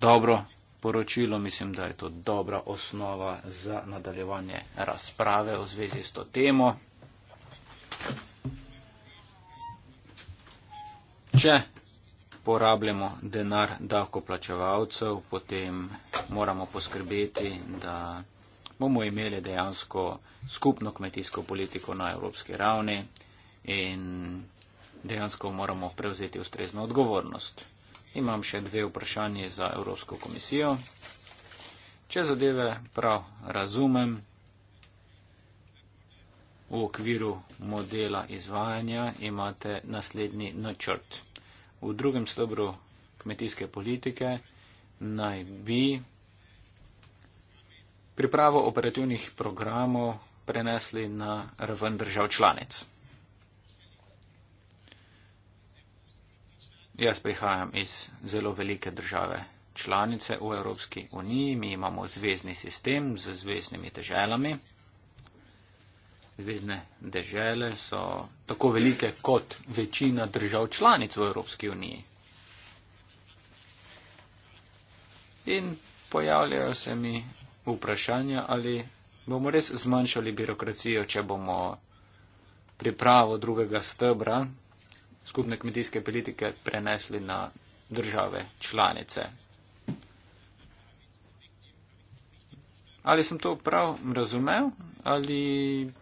dobro poročilo. Mislim, da je to dobra osnova za nadaljevanje razprave v zvezi s to temo. Če porabljamo denar davkoplačevalcev, potem moramo poskrbeti, da bomo imeli dejansko skupno kmetijsko politiko na evropski ravni in dejansko moramo prevzeti ustrezno odgovornost. Imam še dve vprašanje za Evropsko komisijo. Če zadeve prav razumem, v okviru modela izvajanja imate naslednji načrt. Na v drugem stebru kmetijske politike naj bi pripravo operativnih programov prenesli na raven držav članic. Jaz prihajam iz zelo velike države članice v Evropski uniji, mi imamo zvezdni sistem z zvezdnimi težavami zvezdne dežele so tako velike kot večina držav članic v Evropski uniji. In pojavljajo se mi vprašanja, ali bomo res zmanjšali birokracijo, če bomo pripravo drugega stebra skupne kmetijske politike prenesli na države članice. Ali sem to prav razumel, ali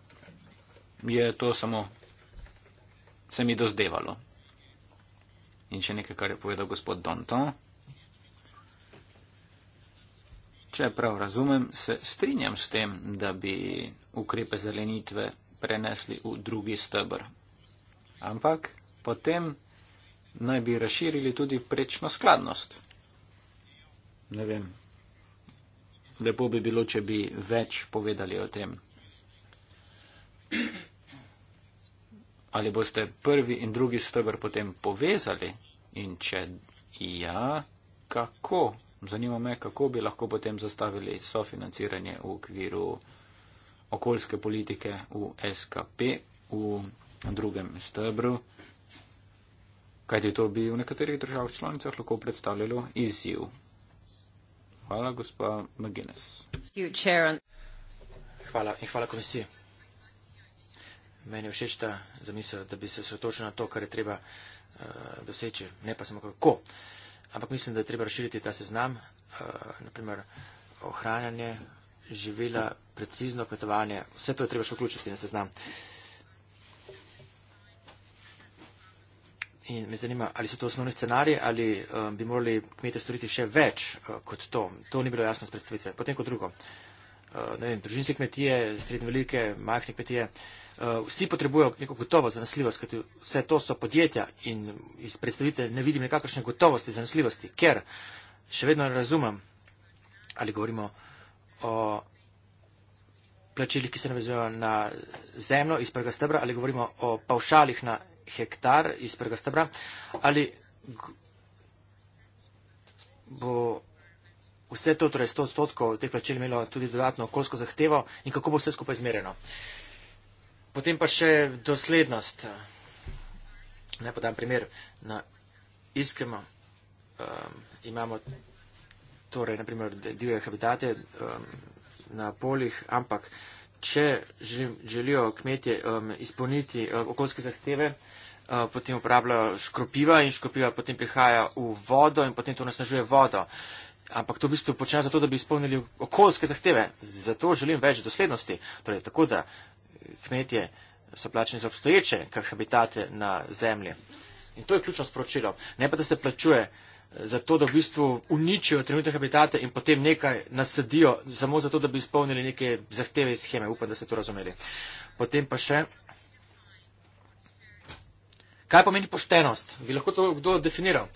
je to samo, se mi dozdevalo. In še nekaj, kar je povedal gospod Danton. Če prav razumem, se strinjam s tem, da bi ukrepe zelenitve prenesli v drugi stebr. Ampak potem naj bi razširili tudi prečno skladnost. Ne vem. Lepo bi bilo, če bi več povedali o tem. Ali boste prvi in drugi stebr potem povezali in če ja, kako? Zanima me, kako bi lahko potem zastavili sofinanciranje v okviru okoljske politike v SKP v drugem stebru, kajti to bi v nekaterih državah članicah lahko predstavljalo izziv. Hvala, gospa McGuinness. Hvala in hvala komisiji. Meni je všeč ta zamisel, da bi se osredotočil na to, kar je treba uh, doseči, ne pa samo kako. Ampak mislim, da je treba razširiti ta seznam, uh, eh, naprimer ohranjanje živila, precizno kmetovanje, vse to je treba še vključiti na seznam. In me zanima, ali so to osnovni scenariji, ali um, bi morali kmete storiti še več uh, kot to. To ni bilo jasno z predstavitve. Potem kot drugo, uh, ne vem, družinske kmetije, srednje velike, majhne kmetije, uh, Eh, vsi potrebujejo neko gotovo zanesljivost, kajti vse to so podjetja in iz predstavitev ne vidim nekakršne gotovosti zanesljivosti, ker še vedno ne razumem, ali govorimo o plačilih, ki se navezujejo na zemljo iz prvega stebra, ali govorimo o pavšalih na hektar iz prvega stebra, ali bo vse to, torej 100 odstotkov teh plačil, imelo tudi dodatno okoljsko zahtevo in kako bo vse skupaj izmerjeno. Potem pa še doslednost. Naj podam primer. Na iskremo um, imamo torej, naprimer, divje habitate um, na poljih, ampak če želim, želijo kmetje um, izpolniti um, okoljske zahteve, um, potem uporabljajo škropiva in škropiva potem prihaja v vodo in potem to nasnažuje vodo. Ampak to v bistvu počnejo zato, da bi izpolnili okoljske zahteve. Zato želim več doslednosti. Torej, tako da kmetje so plačeni za obstoječe habitate na zemlji. In to je ključno sporočilo. Ne pa, da se plačuje za to, da v bistvu uničijo trenutne habitate in potem nekaj nasadijo, samo zato, da bi izpolnili neke zahteve iz scheme. Upam, da ste to razumeli. Potem pa še. Kaj pomeni poštenost? Bi lahko to kdo definiral?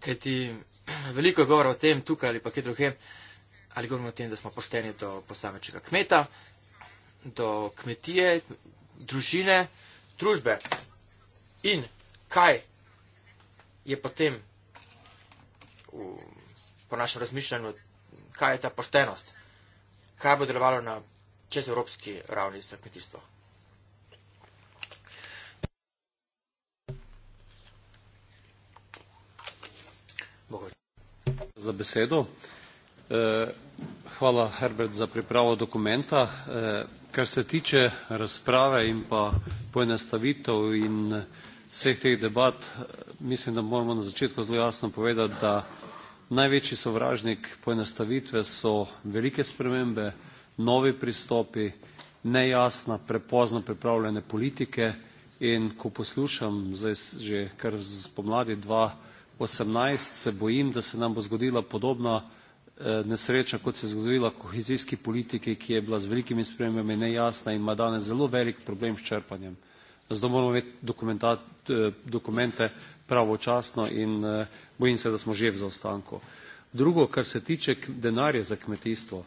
Ker ti [CLEARS THROAT] veliko je govora o tem tukaj ali pa kje druge, ali govorimo o tem, da smo pošteni do posamečnega kmeta, do kmetije, družine, družbe. In kaj je potem v, po našem razmišljanju, kaj je ta poštenost, kaj bo delovalo na čez evropski ravni za kmetijstvo. Za besedo. Eh, hvala, Herbert, za pripravo dokumenta. Eh, kar se tiče razprave in pa poenostavitev in eh, vseh teh debat eh, mislim da moramo na začetku zelo jasno povedati da največji sovražnik poenostavitve so velike spremembe novi pristopi nejasna prepozno pripravljene politike in ko poslušam zdaj že kar spomladi dva osemnajst se bojim da se nam bo zgodila podobna Eh, nesreča, kot se je zgodila kohezijski politiki, ki je bila z velikimi spremembami nejasna in ima danes zelo velik problem s črpanjem. Zato moramo imeti eh, dokumente pravočasno in eh, bojim se, da smo že v zaostanku. Drugo, kar se tiče denarja za kmetijstvo,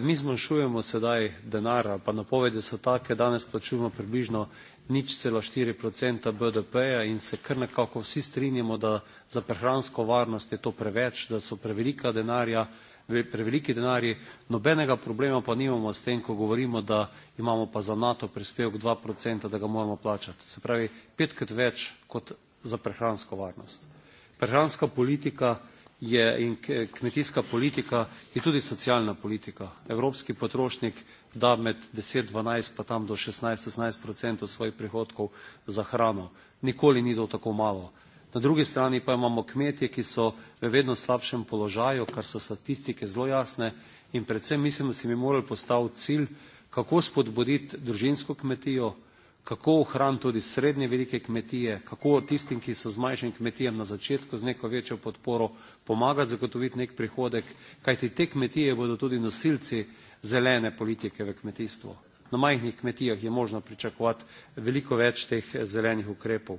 mi zmanjšujemo sedaj denar, pa napovedi so take, danes plačujemo približno nič cela štiri procenta BDP-ja in se kar nekako vsi strinjamo, da za prehransko varnost je to preveč, da so prevelika denarja, preveliki denarji, nobenega problema pa nimamo s tem, ko govorimo, da imamo pa za NATO prispevk 2 procenta, da ga moramo plačati. Se pravi, petkrat več kot za prehransko varnost. Prehranska politika je in kmetijska politika je tudi socialna politika. Evropski potrošnik da med deset dvanajst pa tam do šestnajst osemnajst odstotkov svojih prihodkov za hrano nikoli ni dal tako malo na drugi strani pa imamo kmetje ki so v vedno slabšem položaju kar so statistike zelo jasne in predvsem mislim da si bi morali postaviti cilj kako spodbuditi družinsko kmetijo kako ohraniti tudi srednje velike kmetije kako tistim ki so z manjšim kmetijam na začetku z neko večjo podporo pomagati zagotoviti nek prihodek kajti te kmetije bodo tudi nosilci zelene politike v kmetijstvu. Na majhnih kmetijah je možno pričakovati veliko več teh eh, zelenih ukrepov.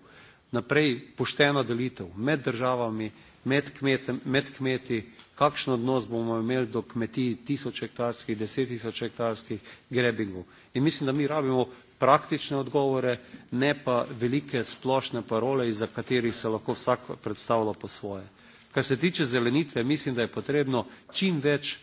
Naprej poštena delitev med državami, med, kmetem, med kmeti, kakšen odnos bomo imeli do kmetij tisoč hektarskih, deset tisoč hektarskih grebingov. In mislim, da mi rabimo praktične odgovore, ne pa velike splošne parole, iz katerih se lahko vsak predstavlja po svoje. Kar se tiče zelenitve, mislim, da je potrebno čim več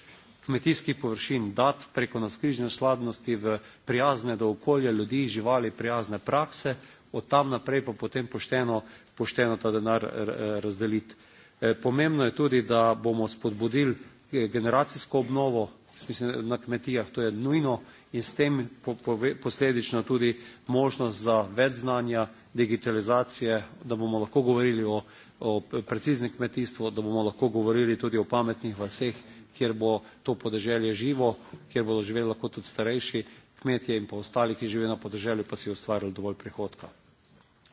kmetijskih površin dati preko navzkrižne skladnosti v prijazne do okolja ljudi, živali, prijazne prakse, od tam naprej pa potem pošteno, pošteno ta denar eh, razdeliti. Eh, pomembno je tudi, da bomo spodbudili eh, generacijsko obnovo mislim, na kmetijah, to je nujno in s tem po, po, posledično tudi možnost za več znanja, digitalizacije, da bomo lahko govorili o, o preciznem kmetijstvu, da bomo lahko govorili tudi o pametnih vaseh kjer bo to podeželje živo, kjer bodo živeli lahko tudi starejši kmetje in pa ostali, ki živijo na podeželju, pa si ustvarjali dovolj prihodka.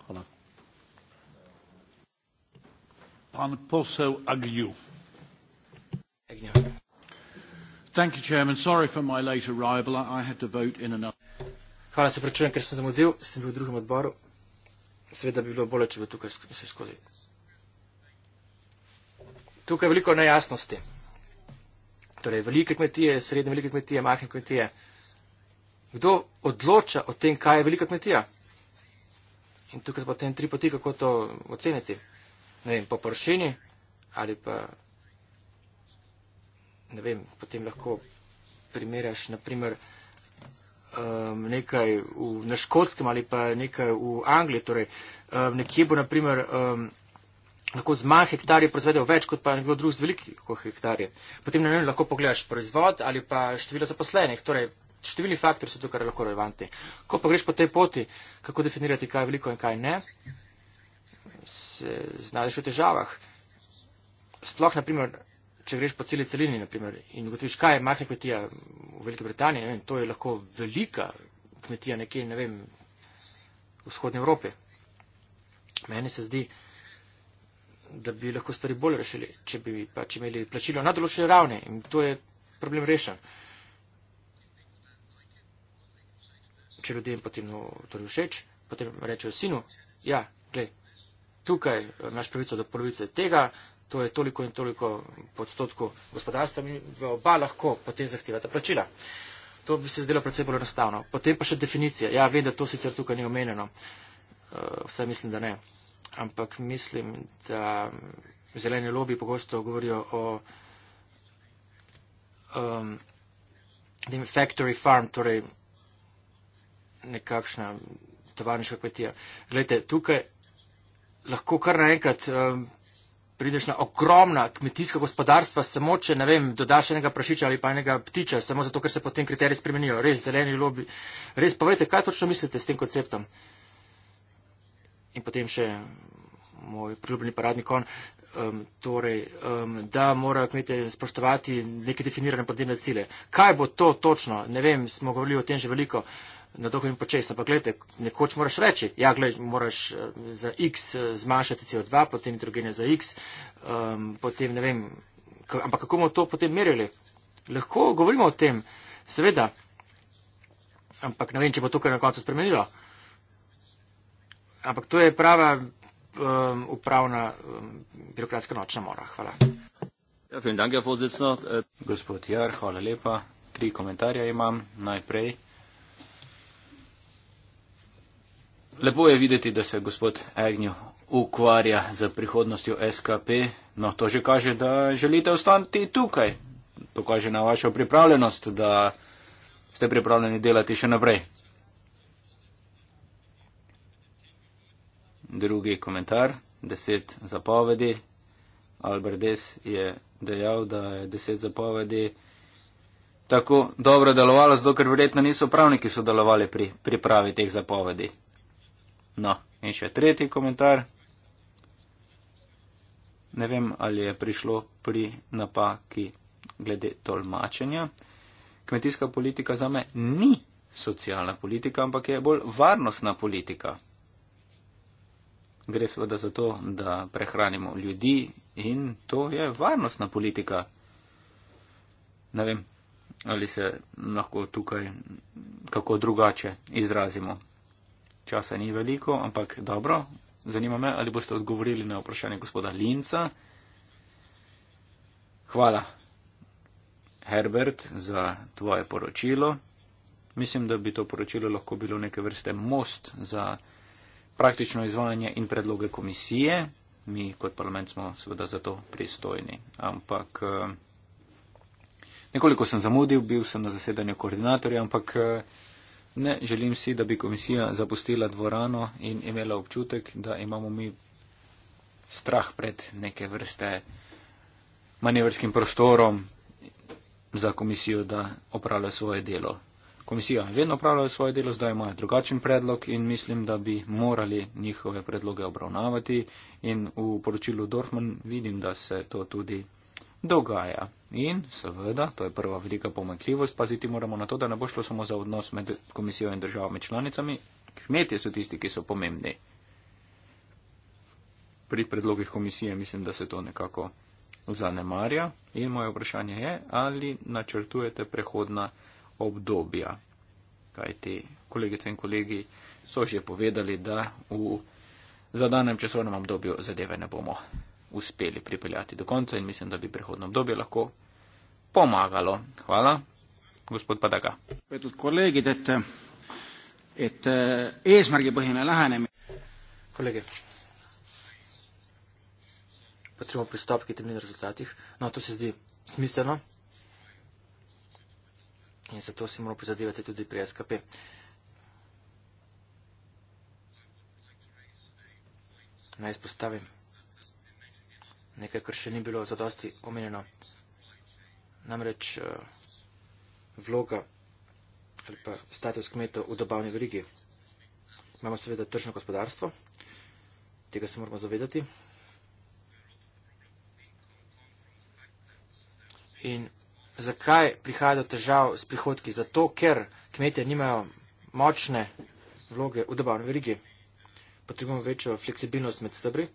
Hvala. Pan posel Agju. Thank you, Chairman. Sorry for my late arrival. I had to vote in another. Hvala se prečujem, ker sem zamudil. Sem bil v drugem odboru. Seveda bi bilo bolje, če bi tukaj se skozi. Tukaj je veliko nejasnosti torej velike kmetije, srednje velike kmetije, majhne kmetije. Kdo odloča o tem, kaj je velika kmetija? In tukaj so potem tri poti, kako to oceniti. Ne vem, po površini ali pa, ne vem, potem lahko primerjaš, naprimer, um, nekaj v, na škotskem ali pa nekaj v Angliji, torej um, nekje bo, naprimer, um, lahko z manj hektarji proizvedel več, kot pa je nekdo drug z veliko hektarji. Potem na njem lahko pogledaš proizvod ali pa število zaposlenih. Torej, številni faktori so tukaj lahko relevantni. Ko pa greš po tej poti, kako definirati, kaj je veliko in kaj ne, se znaš v težavah. Sploh, naprimer, če greš po celi celini naprimer, in ugotoviš, kaj je majhna kmetija v Veliki Britaniji, vem, to je lahko velika kmetija nekje, ne vem, v vzhodnji Evropi. Meni se zdi, da bi lahko stvari bolj rešili, če bi pač imeli plačilo na določene ravni in to je problem rešen. Če ljudem potem no, torej všeč, potem rečejo sinu, ja, gled, tukaj eh, imaš pravico do polovice tega, to je toliko in toliko podstotkov gospodarstva in oba lahko potem zahtevata plačila. To bi se zdelo predvsej bolj enostavno. Potem pa še definicija. Ja, vem, da to sicer tukaj ni omenjeno. Uh, eh, vse mislim, da ne ampak mislim, da zeleni lobi pogosto govorijo o um, factory farm, torej nekakšna tovarniška kmetija. Glejte, tukaj lahko kar naenkrat um, prideš na ogromna kmetijska gospodarstva, samo če, ne vem, dodaš enega prašiča ali pa enega ptiča, samo zato, ker se potem kriteriji spremenijo. Res, zeleni lobi. Res, povedite, kaj točno mislite s tem konceptom? Uh, in potem še moj priljubljeni paradni kon, um, torej, um, da morajo kmete spoštovati neke definirane podnebne cilje. Kaj bo to točno? Ne vem, smo govorili o tem že veliko na dolgo in počes, ampak gledajte, nekoč moraš reči, ja, gledaj, moraš eh, za X eh, zmanjšati CO2, potem hidrogene za X, um, potem ne vem, ampak kako bomo to potem merili? Lahko govorimo o tem, seveda, ampak ne vem, če bo to kaj na koncu spremenilo. Ampak to je prava um, upravna um, birokratska nočna mora. Hvala. Ja, dank, äh, Gospod Jar, hvala lepa. Tri komentarje imam najprej. Lepo je videti, da se gospod Agnjo ukvarja z prihodnostjo SKP, no to že kaže, da želite ostati tukaj. To kaže na vašo pripravljenost, da ste pripravljeni delati še naprej. drugi komentar, deset zapovedi. Albert Des je dejal, da je deset zapovedi tako dobro delovalo, zato ker verjetno niso pravniki sodelovali pri pripravi teh zapovedi. No, in še tretji komentar. Ne vem, ali je prišlo pri napaki glede tolmačenja. Kmetijska politika za me ni socialna politika, ampak je bolj varnostna politika gre seveda za to, da prehranimo ljudi in to je varnostna politika. Ne vem, ali se lahko tukaj kako drugače izrazimo. Časa ni veliko, ampak dobro, zanima me, ali boste odgovorili na vprašanje gospoda Linca. Hvala, Herbert, za tvoje poročilo. Mislim, da bi to poročilo lahko bilo neke vrste most za praktično izvajanje in predloge komisije. Mi kot parlament smo seveda za to pristojni. Ampak eh, nekoliko sem zamudil, bil sem na zasedanju koordinatorja, ampak eh, ne želim si, da bi komisija zapustila dvorano in imela občutek, da imamo mi strah pred neke vrste manevrskim prostorom za komisijo, da opravlja svoje delo komisija vedno pravljajo svoje delo, zdaj imajo drugačen predlog in mislim, da bi morali njihove predloge obravnavati in v poročilu Dorfman vidim, da se to tudi dogaja. In seveda, to je prva velika pomakljivost, paziti moramo na to, da ne bo šlo samo za odnos med komisijo in državami članicami, kmetje so tisti, ki so pomembni. Pri predlogih komisije mislim, da se to nekako zanemarja in moje vprašanje je, ali načrtujete prehodna obdobja. Kajti kolegice in kolegi so že povedali, da v zadanem časovnem obdobju zadeve ne bomo uspeli pripeljati do konca in mislim, da bi prihodno obdobje lahko pomagalo. Hvala, gospod Padaga. Kolegi, et, et, eh, kolegi. potrebujemo pristop k temeljnim rezultatih. No, to se zdi smiselno. In zato si moramo prizadevati tudi pri SKP. Naj izpostavim nekaj, kar še ni bilo zadosti omenjeno. Namreč eh, vloga ali pa status kmetov v dobavni verigi. Imamo seveda tržno gospodarstvo, tega se moramo zavedati. In zakaj prihaja do težav s prihodki? Zato, ker kmetje nimajo močne vloge v dobavni verigi. Potrebujemo večjo fleksibilnost med stebri,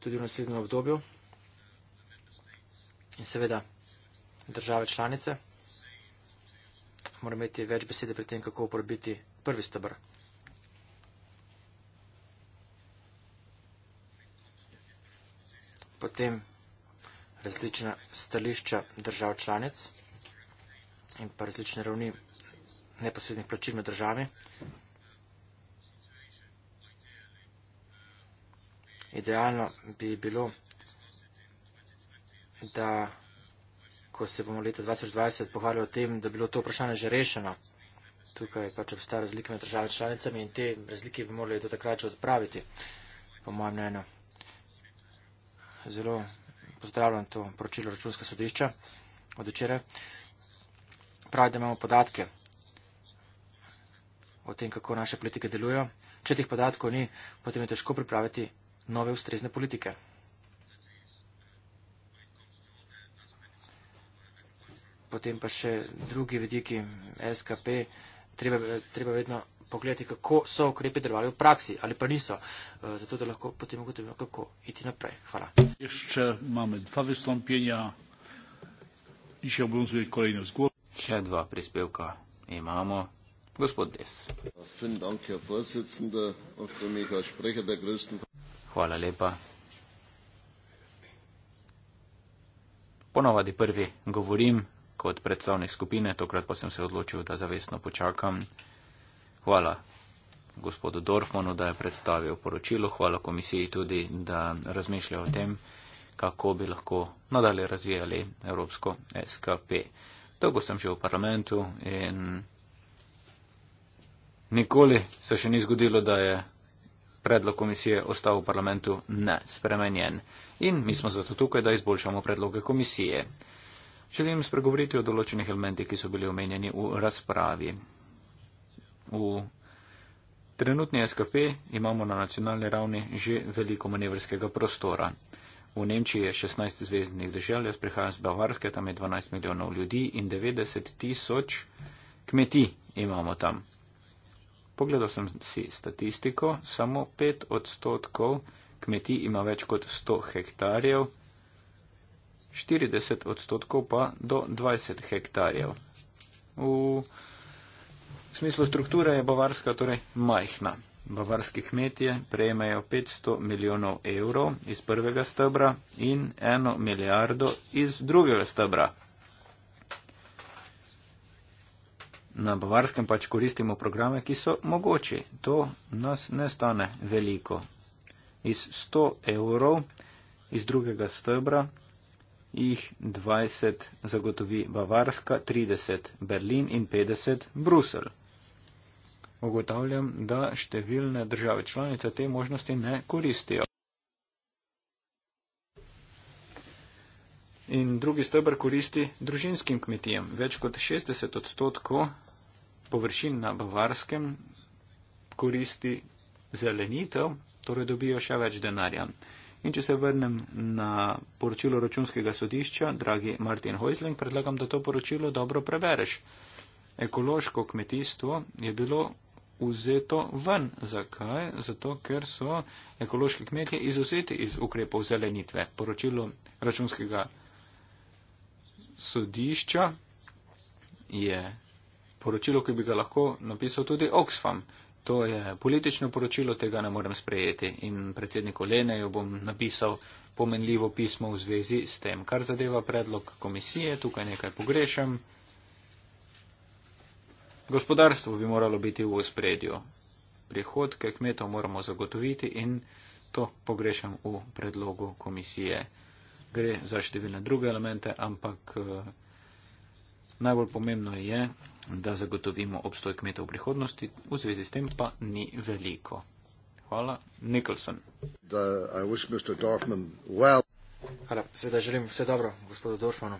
tudi v naslednjem obdobju. In seveda države članice morajo imeti več besede pri tem, kako uporabiti prvi stebr. Potem različna stališča držav članic in pa različne ravni neposrednih plačil med državami. Idealno bi bilo, da ko se bomo leta 2020 pohvalili o tem, da bi bilo to vprašanje že rešeno, tukaj pač obstaja razlike med državami članicami in te razlike bi morali do takrat že odpraviti, po mojem mnenju. Zelo pozdravljam to poročilo računske sodišča od včeraj. Pravi, da imamo podatke o tem, kako naše politike delujejo. Če teh podatkov ni, potem je težko pripraviti nove ustrezne politike. Potem pa še drugi vidiki SKP. Treba, treba vedno pogledati, kako so ukrepe delovali v praksi ali pa niso, eh, zato da lahko potem ugotovimo, kako iti naprej. Hvala. Ešte máme dva vystąpienia, ešte obrozuje kolejno zgodbo. Še dva prispevka imamo. Gospod Des. Hvala lepa. Ponovadi prvi govorim kot predstavnik skupine, tokrat pa sem se odločil, da zavestno počakam. Hvala gospodu Dorfmanu, da je predstavil poročilo. Hvala komisiji tudi, da razmišlja o tem, kako bi lahko nadalje razvijali Evropsko SKP. Dolgo sem že v parlamentu in nikoli se še ni zgodilo, da je predlog komisije ostal v parlamentu nespremenjen. In mi smo zato tukaj, da izboljšamo predloge komisije. Želim spregovoriti o določenih elementih, ki so bili omenjeni v razpravi. V trenutni SKP imamo na nacionalni ravni že veliko manevrskega prostora. V Nemčiji je 16 zvezdnih držav, jaz prihajam z Bavarske, tam je 12 milijonov ljudi in 90 tisoč kmetij imamo tam. Pogledal sem si statistiko, samo 5 odstotkov kmetij ima več kot 100 hektarjev, 40 odstotkov pa do 20 hektarjev. V V smislu strukture je Bavarska torej majhna. Bavarski kmetje prejmejo 500 milijonov evrov iz prvega stebra in eno milijardo iz drugega stebra. Na Bavarskem pač koristimo programe, ki so mogoči. To nas ne stane veliko. Iz 100 evrov iz drugega stebra jih 20 zagotovi Bavarska, 30 Berlin in 50 Bruselj ugotavljam, da številne države članice te možnosti ne koristijo. In drugi stebr koristi družinskim kmetijam. Več kot 60 odstotkov površin na Bavarskem koristi zelenitev, torej dobijo še več denarja. In če se vrnem na poročilo računskega sodišča, dragi Martin Hoisling, predlagam, da to poročilo dobro prebereš. Ekološko kmetijstvo je bilo vzeto ven. Zakaj? Zato, ker so ekološki kmetje izuzeti iz ukrepov zelenitve. Poročilo računskega sodišča je poročilo, ki bi ga lahko napisal tudi Oxfam. To je politično poročilo, tega ne morem sprejeti in predsedniku Lenejo bom napisal pomenljivo pismo v zvezi s tem, kar zadeva predlog komisije. Tukaj nekaj pogrešam. Gospodarstvo bi moralo biti v ospredju. Prihodke kmetov moramo zagotoviti in to pogrešam v predlogu komisije. Gre za številne druge elemente, ampak eh, najbolj pomembno je, da zagotovimo obstoj kmetov v prihodnosti, v zvezi s tem pa ni veliko. Hvala, Nicholson. Well. Hvala, seveda želim vse dobro gospodu Dorfmanu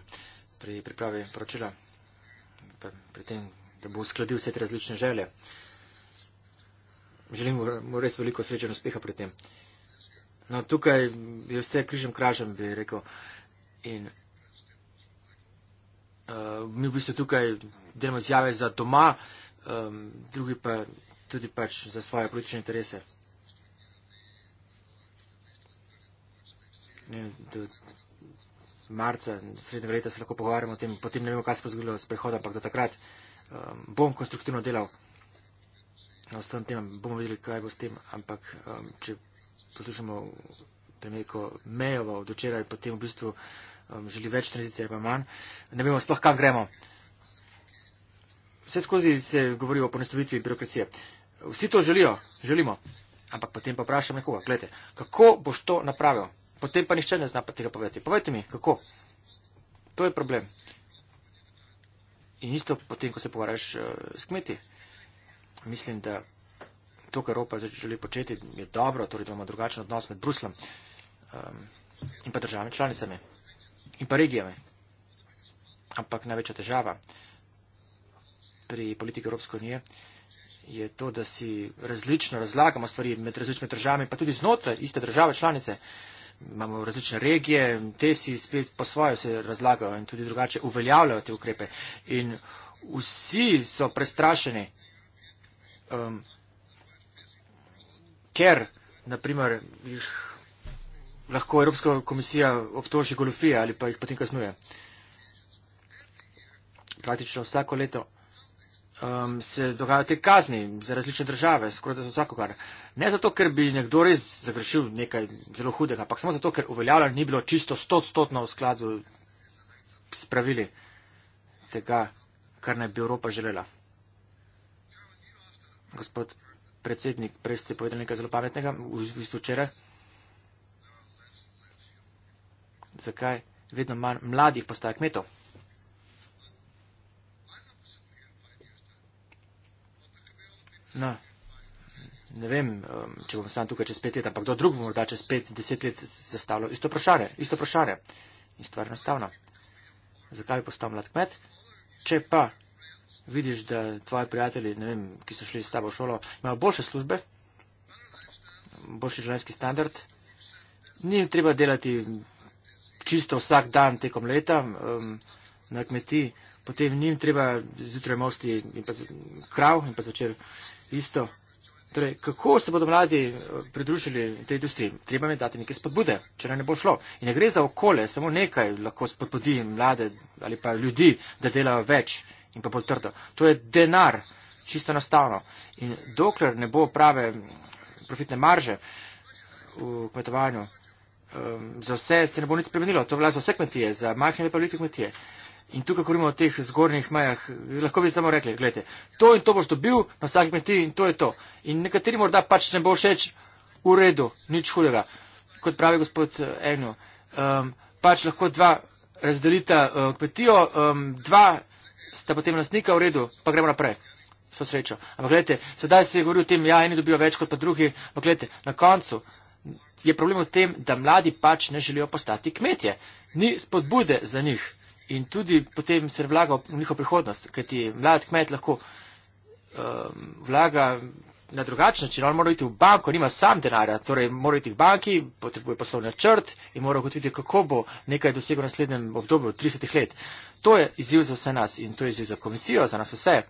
pri pripravi poročila, pri tem da bo uskladil vse te različne želje. Želim mu res veliko sreče in uspeha pri tem. No, tukaj je vse križem kražem, bi rekel. In uh, mi v bistvu tukaj delamo izjave za doma, um, drugi pa tudi pač za svoje politične interese. In do marca, srednjega leta se lahko pogovarjamo o tem, potem ne vemo, kaj se bo zgodilo s prehodom, ampak do takrat. Uh, um, bom konstruktivno delal na vsem tem, bomo videli, kaj bo s tem, ampak um, če poslušamo premijeko Mejova od včeraj, potem v bistvu um, želi več tranzicije, pa manj, ne vemo sploh, kam gremo. Vse skozi se govori o ponestavitvi birokracije. Vsi to želijo, želimo, ampak potem pa vprašam nekoga, gledajte, kako boš to napravil? Potem pa nišče ne zna pa tega povedati. Povejte mi, kako? To je problem. In isto potem, ko se pogovarjaš eh, s kmeti. Mislim, da to, kar Evropa želi početi, je dobro, torej da imamo drugačen odnos med Bruslom um, in pa državami članicami in pa regijami. Ampak največja težava pri politiki Evropske unije je to, da si različno razlagamo stvari med različnimi državami, pa tudi znotraj iste države članice. Uh, imamo različne regije, te si spet po svojo se razlagajo in tudi drugače uveljavljajo te ukrepe. In vsi so prestrašeni, um, ker, naprimer, jih lahko Evropska komisija obtoži golofije ali pa jih potem kaznuje. Praktično vsako leto um, se dogajajo te kazni za različne države, skoraj da za vsakogar. Ne zato, ker bi nekdo res zagrešil nekaj zelo hudega, ampak samo zato, ker uveljavljanje ni bilo čisto stotstotno v skladu s pravili tega, kar naj bi Evropa želela. Gospod predsednik, prej ste povedali nekaj zelo pametnega, v bistvu včeraj. Zakaj vedno manj mladih postaja kmetov? No. Ne vem, um, če bom sam tukaj čez pet let, ampak kdo drug bo morda čez pet, deset let zastavljal isto vprašanje, isto vprašanje. In stvar je enostavna. Zakaj bi postal mlad kmet? Če pa vidiš, da tvoji prijatelji, ne vem, ki so šli s tabo v šolo, imajo boljše službe, boljši življenjski standard, ni jim treba delati čisto vsak dan tekom leta um, na kmetiji, potem ni jim treba zjutraj mosti in pa krav in pa začeti isto. Torej, kako se bodo mladi eh, pridružili tej industriji? Treba mi dati neke spodbude, če ne bo šlo. In ne gre za okolje, samo nekaj lahko spodbudi mlade ali pa ljudi, da delajo več in pa bolj trdo. To je denar, čisto enostavno. In dokler ne bo prave profitne marže v kmetovanju, um, za vse se ne bo nič spremenilo. To vlada za vse kmetije, za majhne in velike kmetije. In tukaj govorimo o teh zgornjih mejah, lahko bi samo rekli, gledajte, to in to boš dobil na vsaki kmetiji in to je to. In nekateri morda pač ne bo všeč v redu, nič hudega. Kot pravi gospod eh, Enjo, um, ehm, pač lahko dva razdelita um, kmetijo, um, dva sta potem lasnika v redu, pa gremo naprej. So srečo. Ampak gledajte, sedaj se je govoril o tem, ja, eni dobijo več kot pa drugi, ampak gledajte, na koncu je problem v tem, da mladi pač ne želijo postati kmetje. Ni spodbude za njih in tudi potem se vlaga v njihovo prihodnost, kajti mlad kmet lahko um, vlaga na drugačen način, on mora iti v banko, nima sam denarja, torej mora iti v banki, potrebuje poslovni načrt in mora ugotoviti, kako bo nekaj dosegel v naslednjem obdobju 30 let. To je izziv za vse nas in to je izziv za komisijo, za nas vse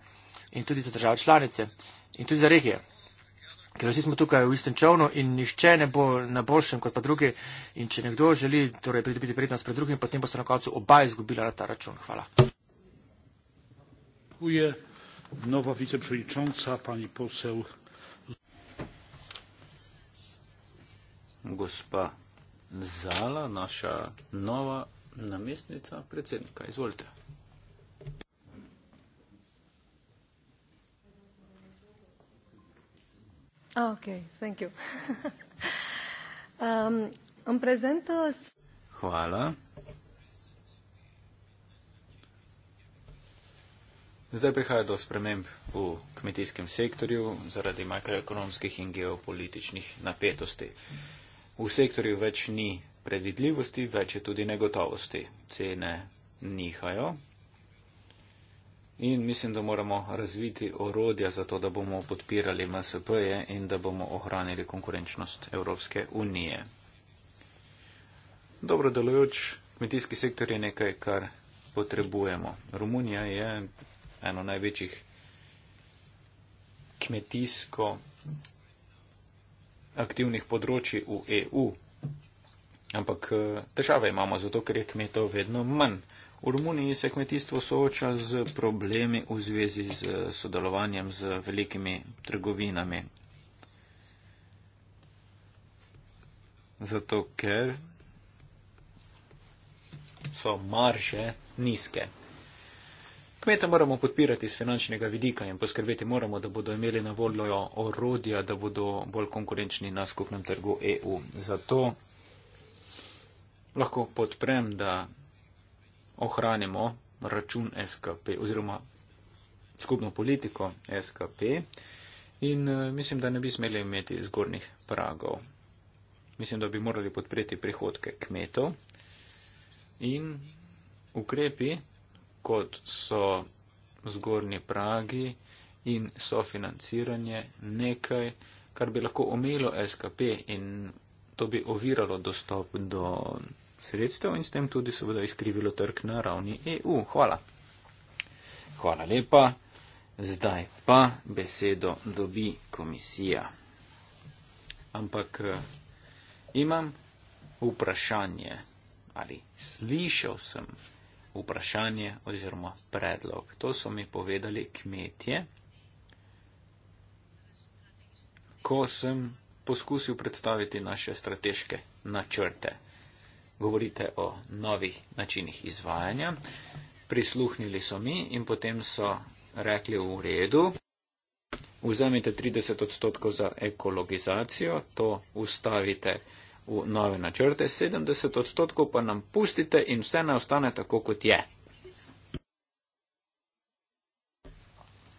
in tudi za države članice in tudi za regije. Ker vsi smo tukaj v istem čovnu in nišče ne bo na boljšem kot pa drugi. In če nekdo želi torej, pridobiti prednost pred drugim, potem bo se na koncu oba izgubila na ta račun. Hvala. Gospa Zala, naša nova namestnica predsednika. Izvolite. Ah, okay, thank you. [LAUGHS] um, un prezento... Uh, Hvala. Zdaj prihaja do sprememb v kmetijskem sektorju zaradi makroekonomskih in geopolitičnih napetosti. V sektorju več ni predvidljivosti, več je tudi negotovosti. Cene nihajo, In mislim, da moramo razviti orodja za to, da bomo podpirali MSP-je in da bomo ohranili konkurenčnost Evropske unije. Dobro delujoč kmetijski sektor je nekaj, kar potrebujemo. Romunija je eno največjih kmetijsko aktivnih področji v EU. Ampak eh, težave imamo zato, ker je kmetov vedno manj. V Romuniji se kmetijstvo sooča z problemi v zvezi z sodelovanjem z velikimi trgovinami. Zato, ker so marže nizke. Kmete moramo podpirati z finančnega vidika in poskrbeti moramo, da bodo imeli na voljo orodja, da bodo bolj konkurenčni na skupnem trgu EU. Zato lahko podprem, da ohranimo račun SKP oziroma skupno politiko SKP in eh, mislim, da ne bi smeli imeti zgornjih pragov. Mislim, da bi morali podpreti prihodke kmetov in ukrepi, kot so zgornji pragi in sofinanciranje nekaj, kar bi lahko omejilo SKP in to bi oviralo dostop do sredstev in s tem tudi seveda izkrivilo trg na ravni EU. Hvala. Hvala lepa. Zdaj pa besedo dobi komisija. Ampak eh, imam vprašanje ali slišal sem vprašanje oziroma predlog. To so mi povedali kmetje, ko sem poskusil predstaviti naše strateške načrte govorite o novih načinih izvajanja. Prisluhnili so mi in potem so rekli v redu, vzemite 30 odstotkov za ekologizacijo, to ustavite v nove načrte, 70 odstotkov pa nam pustite in vse ne ostane tako, kot je.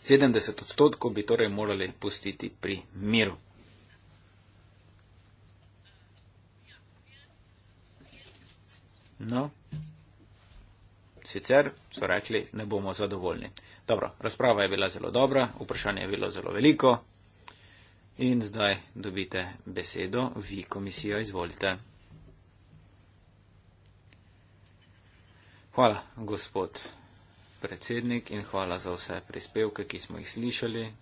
70 odstotkov bi torej morali pustiti pri miru. No, sicer so rekli, ne bomo zadovoljni. Dobro, razprava je bila zelo dobra, vprašanje je bilo zelo veliko. In zdaj dobite besedo, vi komisijo izvolite. Hvala, gospod predsednik, in hvala za vse prispevke, ki smo jih slišali.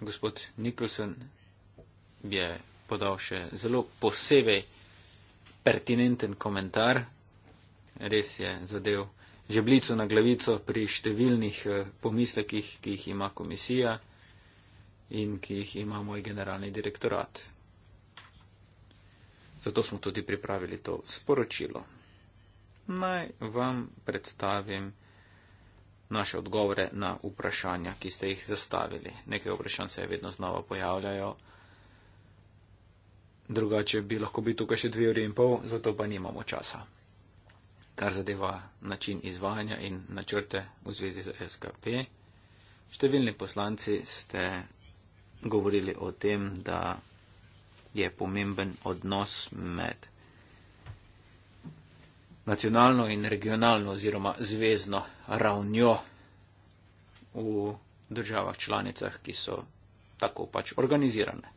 Gospod Nikolson je podal še zelo posebej pertinenten komentar. Res je zadev žeblico na glavico pri številnih eh, pomislekih, ki jih ima komisija in ki jih ima moj generalni direktorat. Zato smo tudi pripravili to sporočilo. Naj vam predstavim naše odgovore na vprašanja, ki ste jih zastavili. Nekaj vprašanj se vedno znova pojavljajo drugače bi lahko bil tukaj še dve uri in pol, zato pa nimamo časa. Kar zadeva način izvajanja in načrte v zvezi z SKP, številni poslanci ste govorili o tem, da je pomemben odnos med nacionalno in regionalno oziroma zvezdno ravnjo v državah članicah, ki so tako pač organizirane.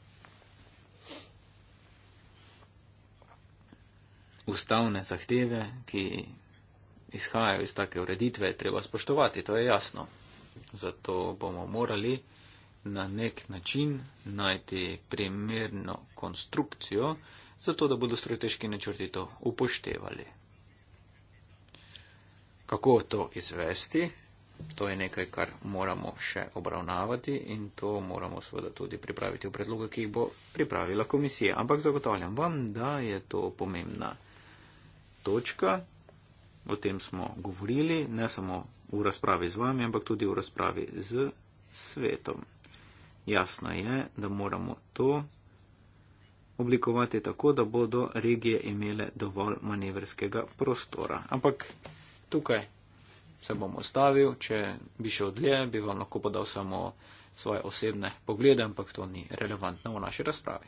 ustavne zahteve, ki izhajajo iz take ureditve, treba spoštovati, to je jasno. Zato bomo morali na nek način najti primerno konstrukcijo, zato da bodo strateški načrti to upoštevali. Kako to izvesti? To je nekaj, kar moramo še obravnavati in to moramo seveda tudi pripraviti v predlogu, ki jih bo pripravila komisija. Ampak zagotavljam vam, da je to pomembna točka, o tem smo govorili, ne samo v razpravi z vami, ampak tudi v razpravi z svetom. Jasno je, da moramo to oblikovati tako, da bodo regije imele dovolj manevrskega prostora. Ampak tukaj se bom ostavil, če bi šel dlje, bi vam lahko podal samo svoje osebne poglede, ampak to ni relevantno v naši razpravi.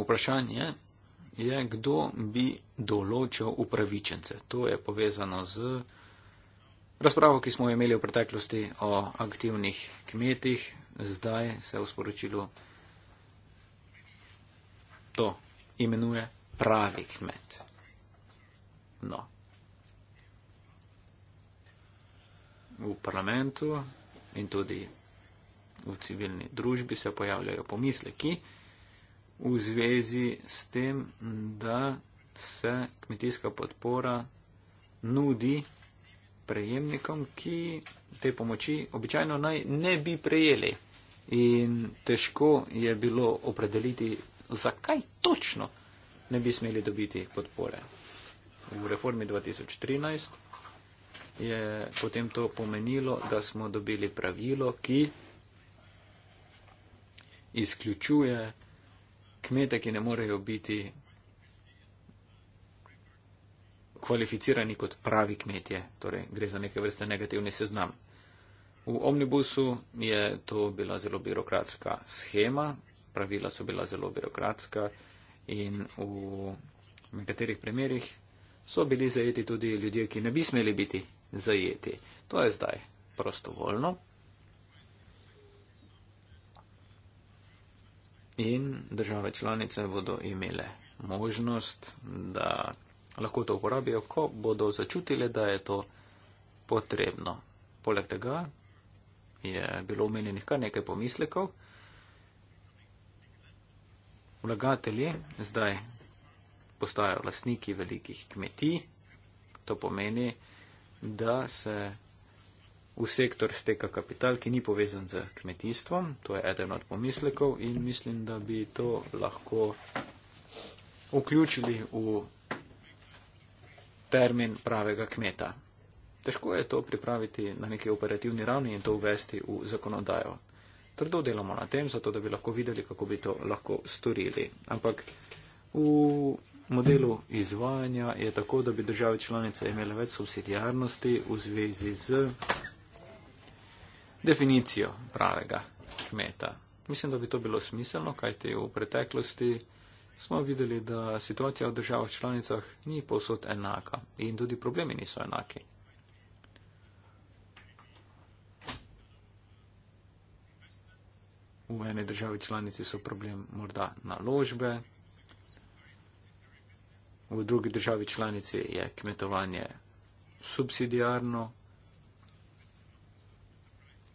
Vprašanje je, je, kdo bi določil upravičence. To je povezano z razpravo, ki smo imeli v preteklosti o aktivnih kmetih. Zdaj se v sporočilu to imenuje pravi kmet. No. V parlamentu in tudi v civilni družbi se pojavljajo pomisleki v zvezi s tem, da se kmetijska podpora nudi prejemnikom, ki te pomoči običajno naj ne bi prejeli. In težko je bilo opredeliti, zakaj točno ne bi smeli dobiti podpore. V reformi 2013 je potem to pomenilo, da smo dobili pravilo, ki izključuje kmete, ki ne morejo biti kvalificirani kot pravi kmetje, torej gre za neke vrste negativni seznam. V omnibusu je to bila zelo birokratska schema, pravila so bila zelo birokratska in v nekaterih primerjih so bili zajeti tudi ljudje, ki ne bi smeli biti zajeti. To je zdaj prostovoljno. In države članice bodo imele možnost, da lahko to uporabijo, ko bodo začutile, da je to potrebno. Poleg tega je bilo omenjenih kar nekaj pomislekov. Vlagatelji zdaj postajajo lastniki velikih kmetij. To pomeni, da se v sektor steka kapital, ki ni povezan z kmetijstvom. To je eden od pomislekov in mislim, da bi to lahko vključili v termin pravega kmeta. Težko je to pripraviti na neki operativni ravni in to uvesti v zakonodajo. Trdo delamo na tem, zato da bi lahko videli, kako bi to lahko storili. Ampak v modelu izvajanja je tako, da bi države članice imele več subsidijarnosti v zvezi z definicijo pravega kmeta. Mislim, da bi to bilo smiselno, kajti v preteklosti smo videli, da situacija v državah članicah ni povsod enaka in tudi problemi niso enaki. V eni državi članici so problem morda naložbe, v drugi državi članici je kmetovanje subsidijarno,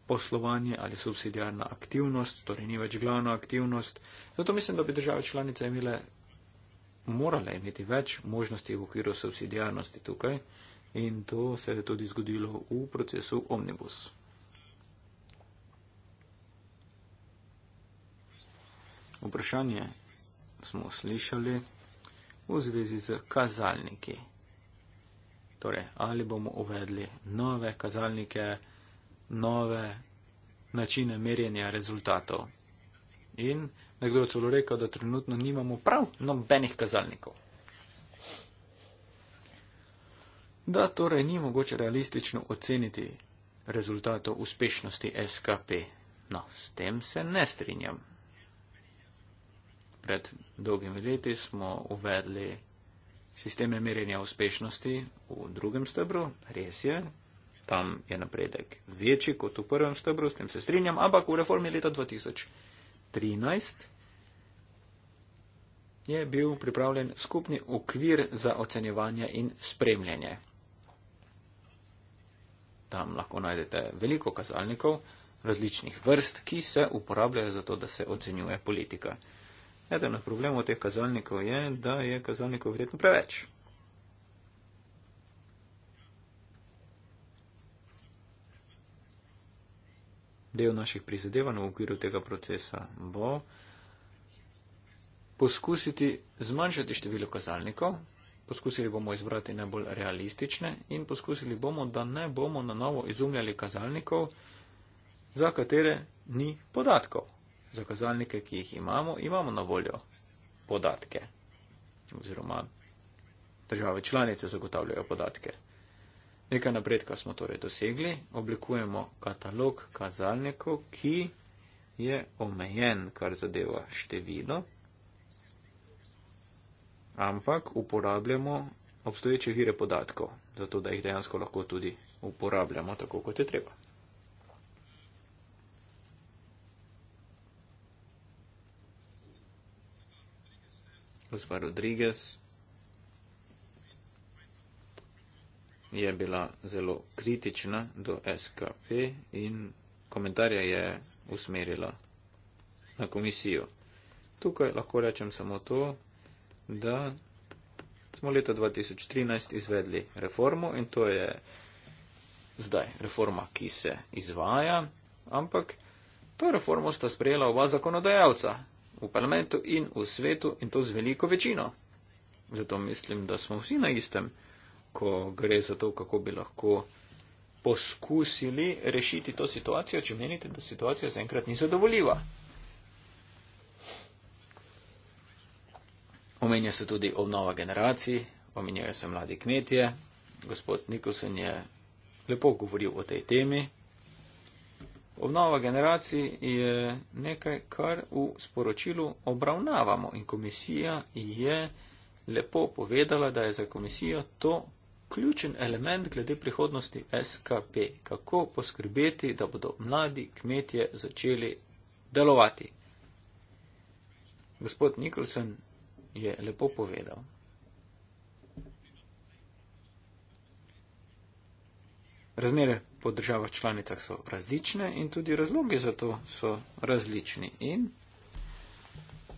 poslovanje ali subsidijarna aktivnost, torej ni več glavna aktivnost. Zato mislim, da bi države članice imele, morale imeti več možnosti v okviru subsidijarnosti tukaj in to se je tudi zgodilo v procesu omnibus. Vprašanje smo slišali v zvezi z kazalniki. Torej, ali bomo uvedli nove kazalnike, nove načine merjenja rezultatov. In nekdo je celo rekel, da trenutno nimamo prav nobenih kazalnikov. Da torej ni mogoče realistično oceniti rezultatov uspešnosti SKP. No, s tem se ne strinjam. Pred dolgimi leti smo uvedli sisteme merjenja uspešnosti v drugem stebru, res je, tam je napredek večji kot v prvem stebru, s tem se strinjam, ampak v reformi leta 2013 je bil pripravljen skupni okvir za ocenjevanje in spremljanje. Tam lahko najdete veliko kazalnikov različnih vrst, ki se uporabljajo za to, da se ocenjuje politika. Eden od problemov teh kazalnikov je, da je kazalnikov verjetno preveč. del naših prizadevanj v okviru tega procesa bo poskusiti zmanjšati število kazalnikov, poskusili bomo izbrati najbolj realistične in poskusili bomo, da ne bomo na novo izumljali kazalnikov, za katere ni podatkov. Za kazalnike, ki jih imamo, imamo na voljo podatke oziroma države članice zagotavljajo podatke. Nekaj napredka smo torej dosegli, oblikujemo katalog kazalnikov, ki je omejen, kar zadeva število, ampak uporabljamo obstoječe vire podatkov, zato da jih dejansko lahko tudi uporabljamo tako, kot je treba. Gospod Rodriguez. je bila zelo kritična do SKP in komentarje je usmerila na komisijo. Tukaj lahko rečem samo to, da smo leta 2013 izvedli reformo in to je zdaj reforma, ki se izvaja, ampak to reformo sta sprejela oba zakonodajalca v parlamentu in v svetu in to z veliko večino. Zato mislim, da smo vsi na istem ko gre za to, kako bi lahko poskusili rešiti to situacijo, če menite, da situacija zaenkrat ni zadovoljiva. Omenja se tudi obnova generacij, omenjajo se mladi kmetje. Gospod Nikolsen je lepo govoril o tej temi. Obnova generacij je nekaj, kar v sporočilu obravnavamo in komisija je lepo povedala, da je za komisijo to ključen element glede prihodnosti SKP, kako poskrbeti, da bodo mladi kmetje začeli delovati. Gospod Nikolsen je lepo povedal. Razmere po državah članicah so različne in tudi razlogi za to so različni. In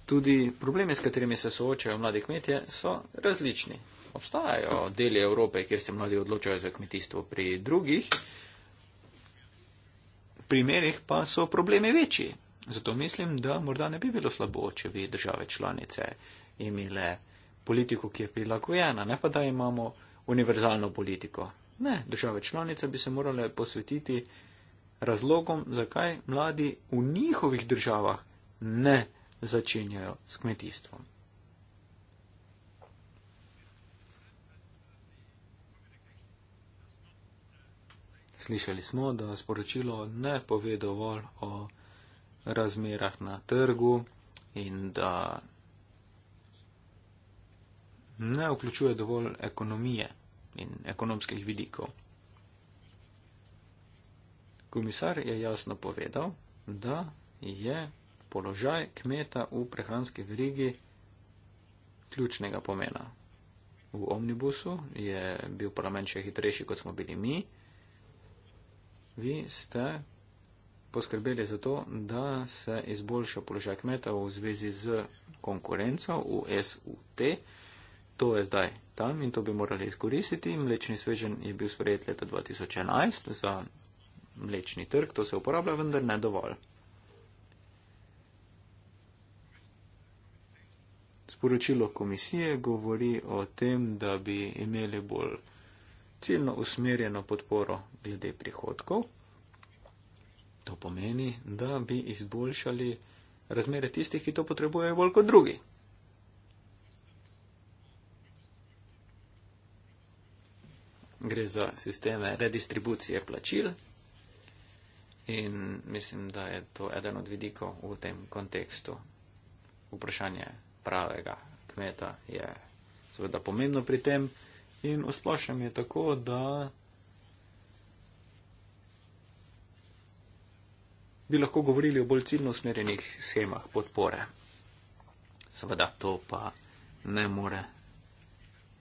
tudi problemi, s katerimi se soočajo mladi kmetje, so različni obstajajo deli Evrope, kjer se mladi odločajo za kmetijstvo, pri drugih primerih pa so problemi večji. Zato mislim, da morda ne bi bilo slabo, če bi države članice imele politiko, ki je prilagojena, ne pa da imamo univerzalno politiko. Ne, države članice bi se morale posvetiti razlogom, zakaj mladi v njihovih državah ne začenjajo s kmetijstvom. slišali smo, da sporočilo ne pove dovolj o razmerah na trgu in da ne vključuje dovolj ekonomije in ekonomskih vidikov. Komisar je jasno povedal, da je položaj kmeta v prehranski verigi ključnega pomena. V omnibusu je bil parlament še hitrejši, kot smo bili mi vi ste poskrbeli za to, da se izboljša položaj kmeta v zvezi z konkurenco v SUT. To je zdaj tam in to bi morali izkoristiti. Mlečni svežen je bil sprejet leta 2011 za mlečni trg, to se uporablja, vendar ne dovolj. Sporočilo komisije govori o tem, da bi imeli bolj ciljno usmerjeno podporo glede prihodkov. To pomeni, da bi izboljšali razmere tistih, ki to potrebujejo bolj kot drugi. Gre za sisteme redistribucije plačil in mislim, da je to eden od vidikov v tem kontekstu. Vprašanje pravega kmeta je seveda pomembno pri tem. In v splošnem je tako, da bi lahko govorili o bolj ciljno usmerjenih schemah podpore. Seveda to pa ne more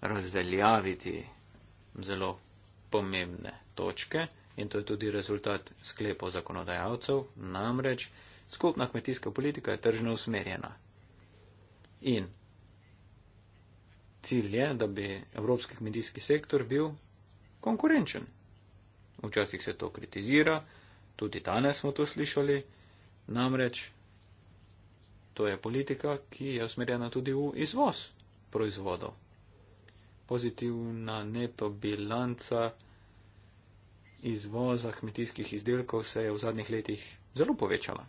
razveljaviti zelo pomembne točke in to je tudi rezultat sklepov zakonodajalcev, namreč skupna kmetijska politika je tržno usmerjena. In cilj je, da bi evropski kmetijski sektor bil konkurenčen. Včasih se to kritizira, tudi danes smo to slišali, namreč to je politika, ki je usmerjena tudi v izvoz proizvodov. Pozitivna neto bilanca izvoza kmetijskih izdelkov se je v zadnjih letih zelo povečala.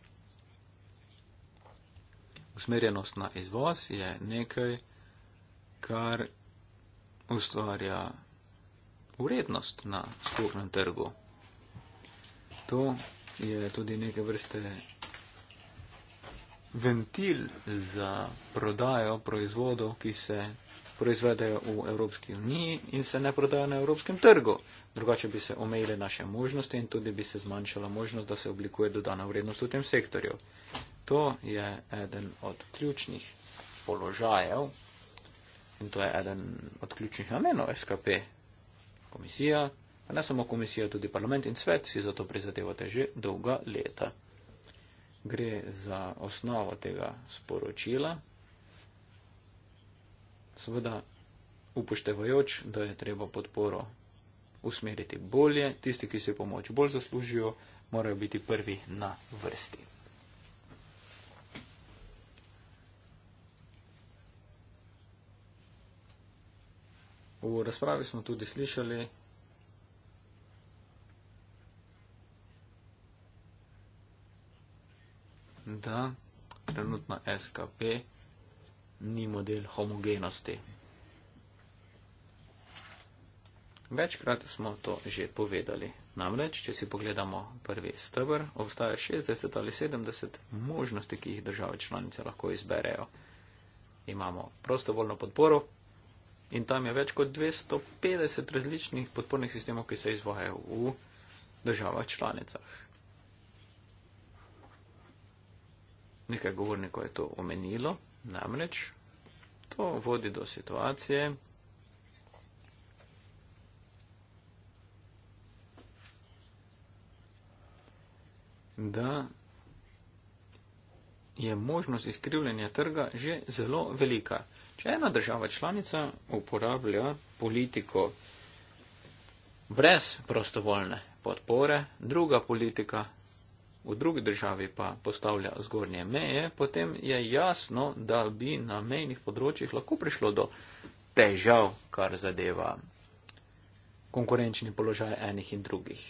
Usmerjenost na izvoz je nekaj, kar ustvarja vrednost na skupnem trgu. To je tudi neke vrste ventil za prodajo proizvodov, ki se proizvedejo v Evropski uniji in se ne prodajo na evropskem trgu. Drugače bi se omejile naše možnosti in tudi bi se zmanjšala možnost, da se oblikuje dodana vrednost v tem sektorju. To je eden od ključnih položajev In to je eden od ključnih namenov SKP. Komisija, pa ne samo komisija, tudi parlament in svet si zato prizadevate že dolga leta. Gre za osnovo tega sporočila, seveda upoštevajoč, da je treba podporo usmeriti bolje, tisti, ki si pomoč bolj zaslužijo, morajo biti prvi na vrsti. V razpravi smo tudi slišali, da trenutno SKP ni model homogenosti. Večkrat smo to že povedali. Namreč, če si pogledamo prvi stebr, obstaja 60 ali 70 možnosti, ki jih države članice lahko izberejo. Imamo prostovoljno podporo, In tam je več kot 250 različnih podpornih sistemov, ki se izvajajo v državah članicah. Nekaj govornikov je to omenilo, namreč to vodi do situacije, da je možnost izkrivljanja trga že zelo velika. Če ena država članica uporablja politiko brez prostovoljne podpore, druga politika v drugi državi pa postavlja zgornje meje, potem je jasno, da bi na mejnih področjih lahko prišlo do težav, kar zadeva konkurenčni položaj enih in drugih.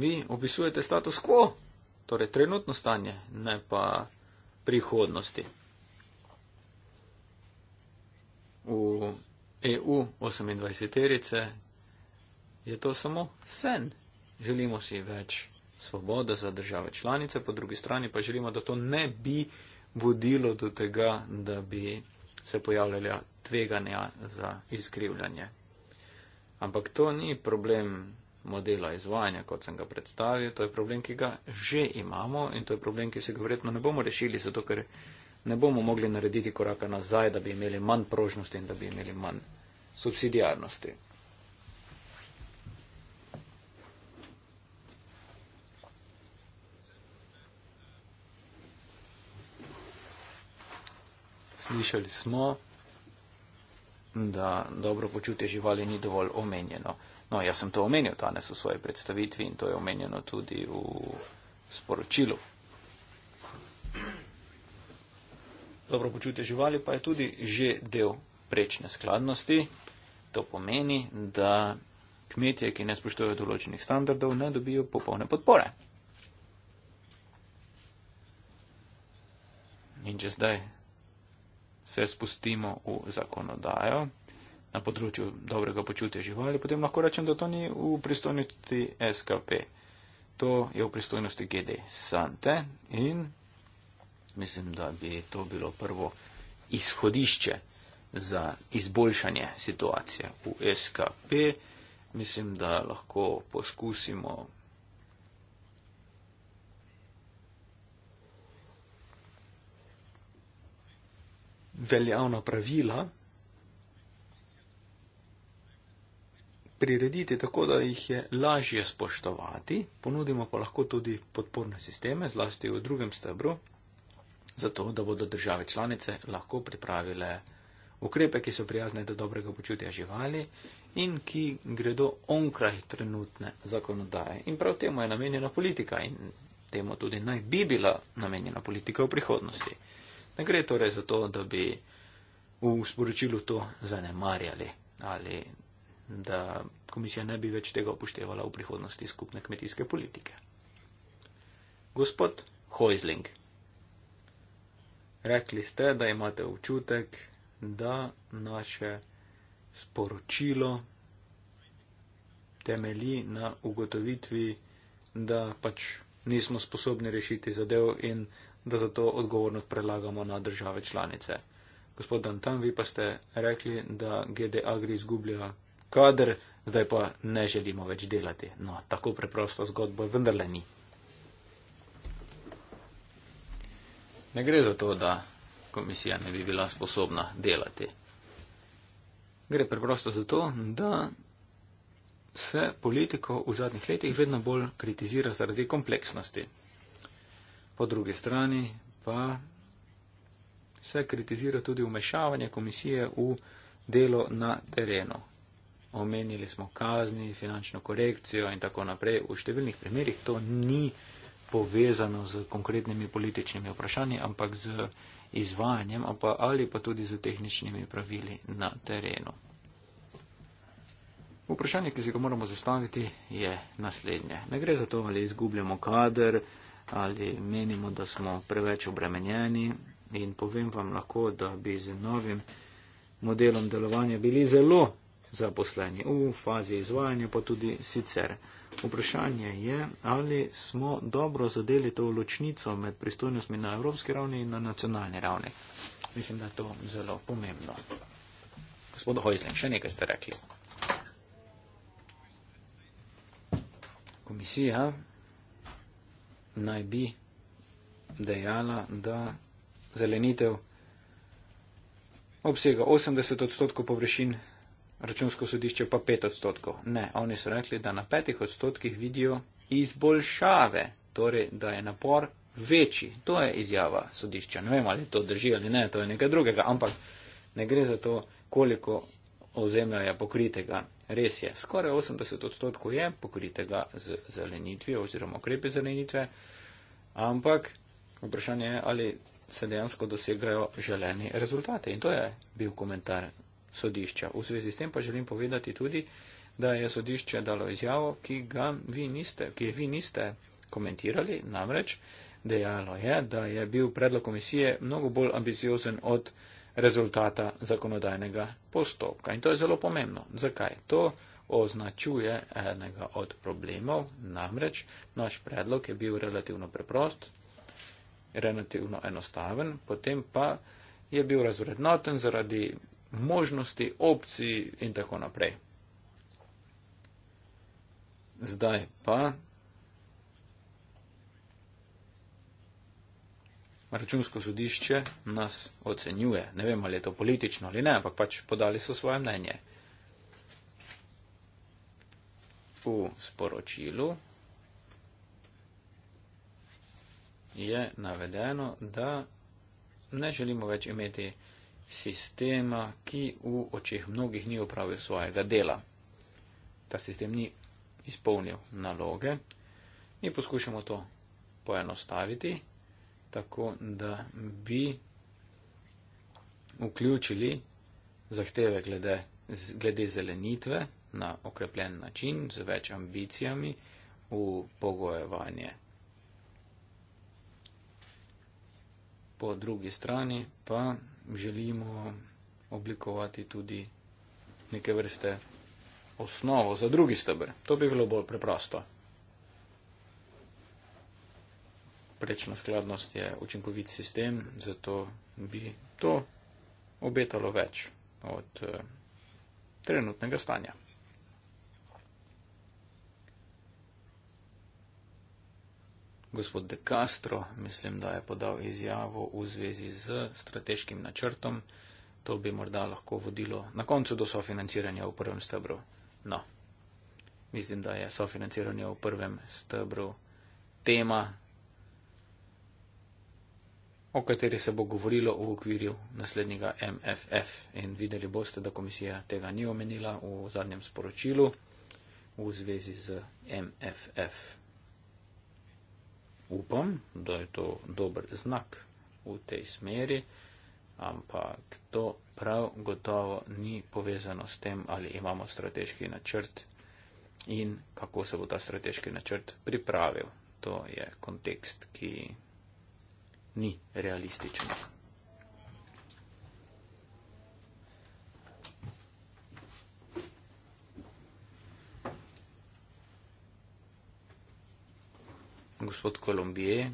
vi opisujete status quo, torej trenutno stanje, ne pa prihodnosti. V EU 28-erice je to samo sen. Želimo si več svobode za države članice, po drugi strani pa želimo, da to ne bi vodilo do tega, da bi se pojavljala tveganja za izkrivljanje. Ampak to ni problem modela izvajanja, kot sem ga predstavil, to je problem, ki ga že imamo in to je problem, ki se ga vredno ne bomo rešili, zato ker ne bomo mogli narediti koraka nazaj, da bi imeli manj prožnosti in da bi imeli manj subsidijarnosti. Slišali smo, da dobro počutje živali ni dovolj omenjeno. No, jaz sem to omenil danes v svoji predstavitvi in to je omenjeno tudi v sporočilu. Dobro počutje živali pa je tudi že del prečne skladnosti. To pomeni, da kmetje, ki ne spoštujejo določenih standardov, ne dobijo popolne podpore. In če zdaj se spustimo v zakonodajo na področju dobrega počutja živali, potem lahko rečem, da to ni v pristojnosti SKP. To je v pristojnosti GD Sante in mislim, da bi to bilo prvo izhodišče za izboljšanje situacije v SKP. Mislim, da lahko poskusimo veljavna pravila prirediti tako, da jih je lažje spoštovati, ponudimo pa lahko tudi podporne sisteme, zlasti v drugem stebru, zato da bodo države članice lahko pripravile ukrepe, ki so prijazne do dobrega počutja živali in ki gredo onkraj trenutne zakonodaje. In prav temu je namenjena politika in temu tudi naj bi bila namenjena politika v prihodnosti. Ne gre torej za to, da bi v sporočilu to zanemarjali ali da komisija ne bi več tega upoštevala v prihodnosti skupne kmetijske politike. Gospod Hoizling, rekli ste, da imate občutek, da naše sporočilo temelji na ugotovitvi, da pač nismo sposobni rešiti zadev in da zato odgovornost prelagamo na države članice. Gospod Dantan, vi pa ste rekli, da GD Agri izgublja kader, zdaj pa ne želimo več delati. No, tako preprosta zgodba vendarle ni. Ne gre za to, da komisija ne bi bila sposobna delati. Gre preprosto za to, da se politiko v zadnjih letih vedno bolj kritizira zaradi kompleksnosti. Po drugi strani pa se kritizira tudi umešavanje komisije v delo na terenu. Omenili smo kazni, finančno korekcijo in tako naprej. V številnih primerjih to ni povezano z konkretnimi političnimi vprašanji, ampak z izvajanjem pa ali pa tudi z tehničnimi pravili na terenu. Vprašanje, ki si ga moramo zastaviti, je naslednje. Ne gre za to, ali izgubljamo kader, ali menimo, da smo preveč obremenjeni in povem vam lahko, da bi z novim modelom delovanja bili zelo zaposleni v fazi izvajanja, pa tudi sicer. Vprašanje je, ali smo dobro zadeli to ločnico med pristojnostmi na evropski ravni in na nacionalni ravni. Mislim, da je to zelo pomembno. Gospod Hojzlem, še nekaj ste rekli. Komisija naj bi dejala, da zelenitev obsega 80 odstotkov površin, računsko sodišče pa 5 odstotkov. Ne, oni so rekli, da na 5 odstotkih vidijo izboljšave, torej da je napor večji. To je izjava sodišča. Ne vem, ali to drži ali ne, to je nekaj drugega, ampak ne gre za to, koliko ozemlja je pokritega. Res je, skoraj 80 odstotkov je pokritega z zelenitvijo oziroma ukrepi zelenitve, ampak vprašanje je, ali se dejansko dosegajo želeni rezultate. In to je bil komentar sodišča. V zvezi s tem pa želim povedati tudi, da je sodišče dalo izjavo, ki ga vi niste, ki vi niste komentirali, namreč dejalo je, da je bil predlog komisije mnogo bolj ambiciozen od rezultata zakonodajnega postopka. In to je zelo pomembno. Zakaj? To označuje enega od problemov, namreč naš predlog je bil relativno preprost, relativno enostaven, potem pa je bil razrednoten zaradi možnosti, opcij in tako naprej. Zdaj pa računsko sodišče nas ocenjuje. Ne vem, ali je to politično ali ne, ampak pač podali so svoje mnenje. V sporočilu je navedeno, da ne želimo več imeti sistema, ki v očeh mnogih ni upravil svojega dela. Ta sistem ni izpolnil naloge. Mi poskušamo to poenostaviti tako da bi vključili zahteve glede, glede zelenitve na okrepljen način z več ambicijami v pogojevanje. Po drugi strani pa želimo oblikovati tudi neke vrste osnovo za drugi stebr. To bi bilo bolj preprosto. prečna skladnost je učinkovit sistem, zato bi to obetalo več od eh, trenutnega stanja. Gospod De Castro, mislim, da je podal izjavo v zvezi z strateškim načrtom. To bi morda lahko vodilo na koncu do sofinanciranja v prvem stebru. No, mislim, da je sofinanciranje v prvem stebru tema o kateri se bo govorilo v okviru naslednjega MFF. In videli boste, da komisija tega ni omenila v zadnjem sporočilu v zvezi z MFF. Upam, da je to dober znak v tej smeri, ampak to prav gotovo ni povezano s tem, ali imamo strateški načrt in kako se bo ta strateški načrt pripravil. To je kontekst, ki ni realistično. Gospod Kolumbije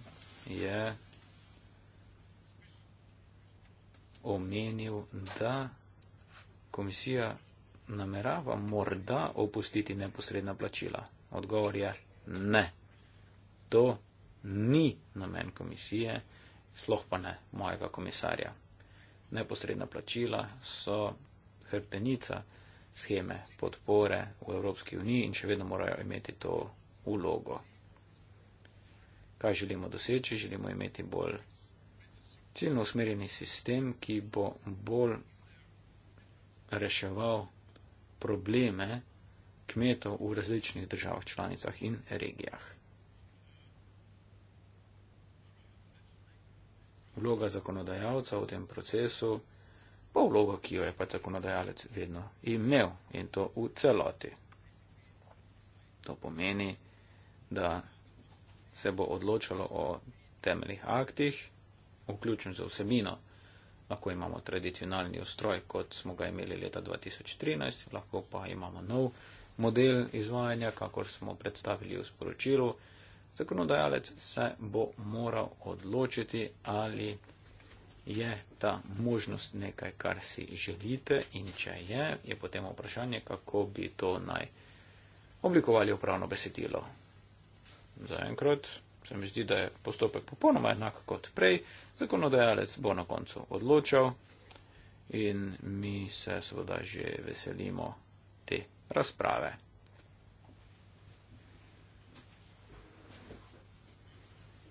je omenil, da komisija namerava morda opustiti neposredna plačila. Odgovor je ne. To ni namen komisije sloh pa ne mojega komisarja. Neposredna plačila so hrbtenica scheme podpore v Evropski uniji in še vedno morajo imeti to ulogo. Kaj želimo doseči? Želimo imeti bolj ciljno usmerjeni sistem, ki bo bolj reševal probleme kmetov v različnih državah članicah in regijah. vloga zakonodajalca v tem procesu, pa vloga, ki jo je pa zakonodajalec vedno imel in to v celoti. To pomeni, da se bo odločalo o temeljnih aktih, vključno z vsebino. Lahko imamo tradicionalni ustroj, kot smo ga imeli leta 2013, lahko pa imamo nov model izvajanja, kakor smo predstavili v sporočilu zakonodajalec se bo moral odločiti, ali je ta možnost nekaj, kar si želite in če je, je potem vprašanje, kako bi to naj oblikovali upravno besedilo. Zaenkrat se mi zdi, da je postopek popolnoma enak kot prej, zakonodajalec bo na koncu odločal in mi se seveda že veselimo te razprave.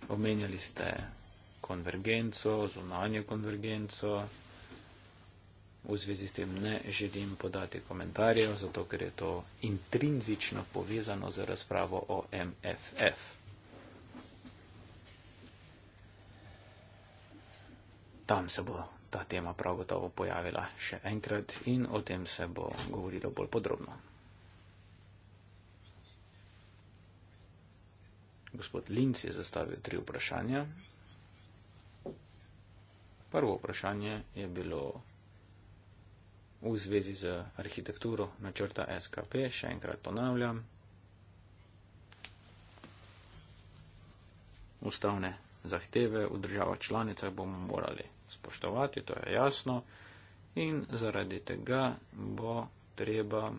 omenjali ste konvergenco, zunanje konvergenco. V zvezi s tem ne želim podati komentarjev, zato ker je to intrinzično povezano z razpravo o MFF. Tam se bo ta tema prav gotovo pojavila še enkrat in o tem se bo govorilo bolj podrobno. Gospod Linc je zastavil tri vprašanja. Prvo vprašanje je bilo v zvezi z arhitekturo načrta SKP. Še enkrat ponavljam. Ustavne zahteve v državah članicah bomo morali spoštovati, to je jasno. In zaradi tega bo treba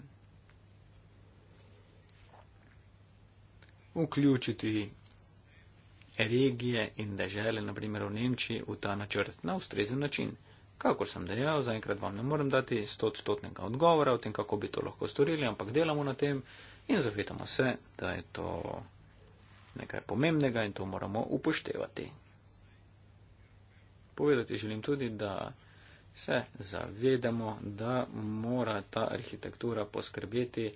vključiti regije in dežele, naprimer v Nemčiji, v ta načrt na ustrezen način. Kakor sem dejal, zaenkrat vam ne morem dati stotstotnega odgovora o tem, kako bi to lahko storili, ampak delamo na tem in zavedamo se, da je to nekaj pomembnega in to moramo upoštevati. Povedati želim tudi, da se zavedamo, da mora ta arhitektura poskrbeti,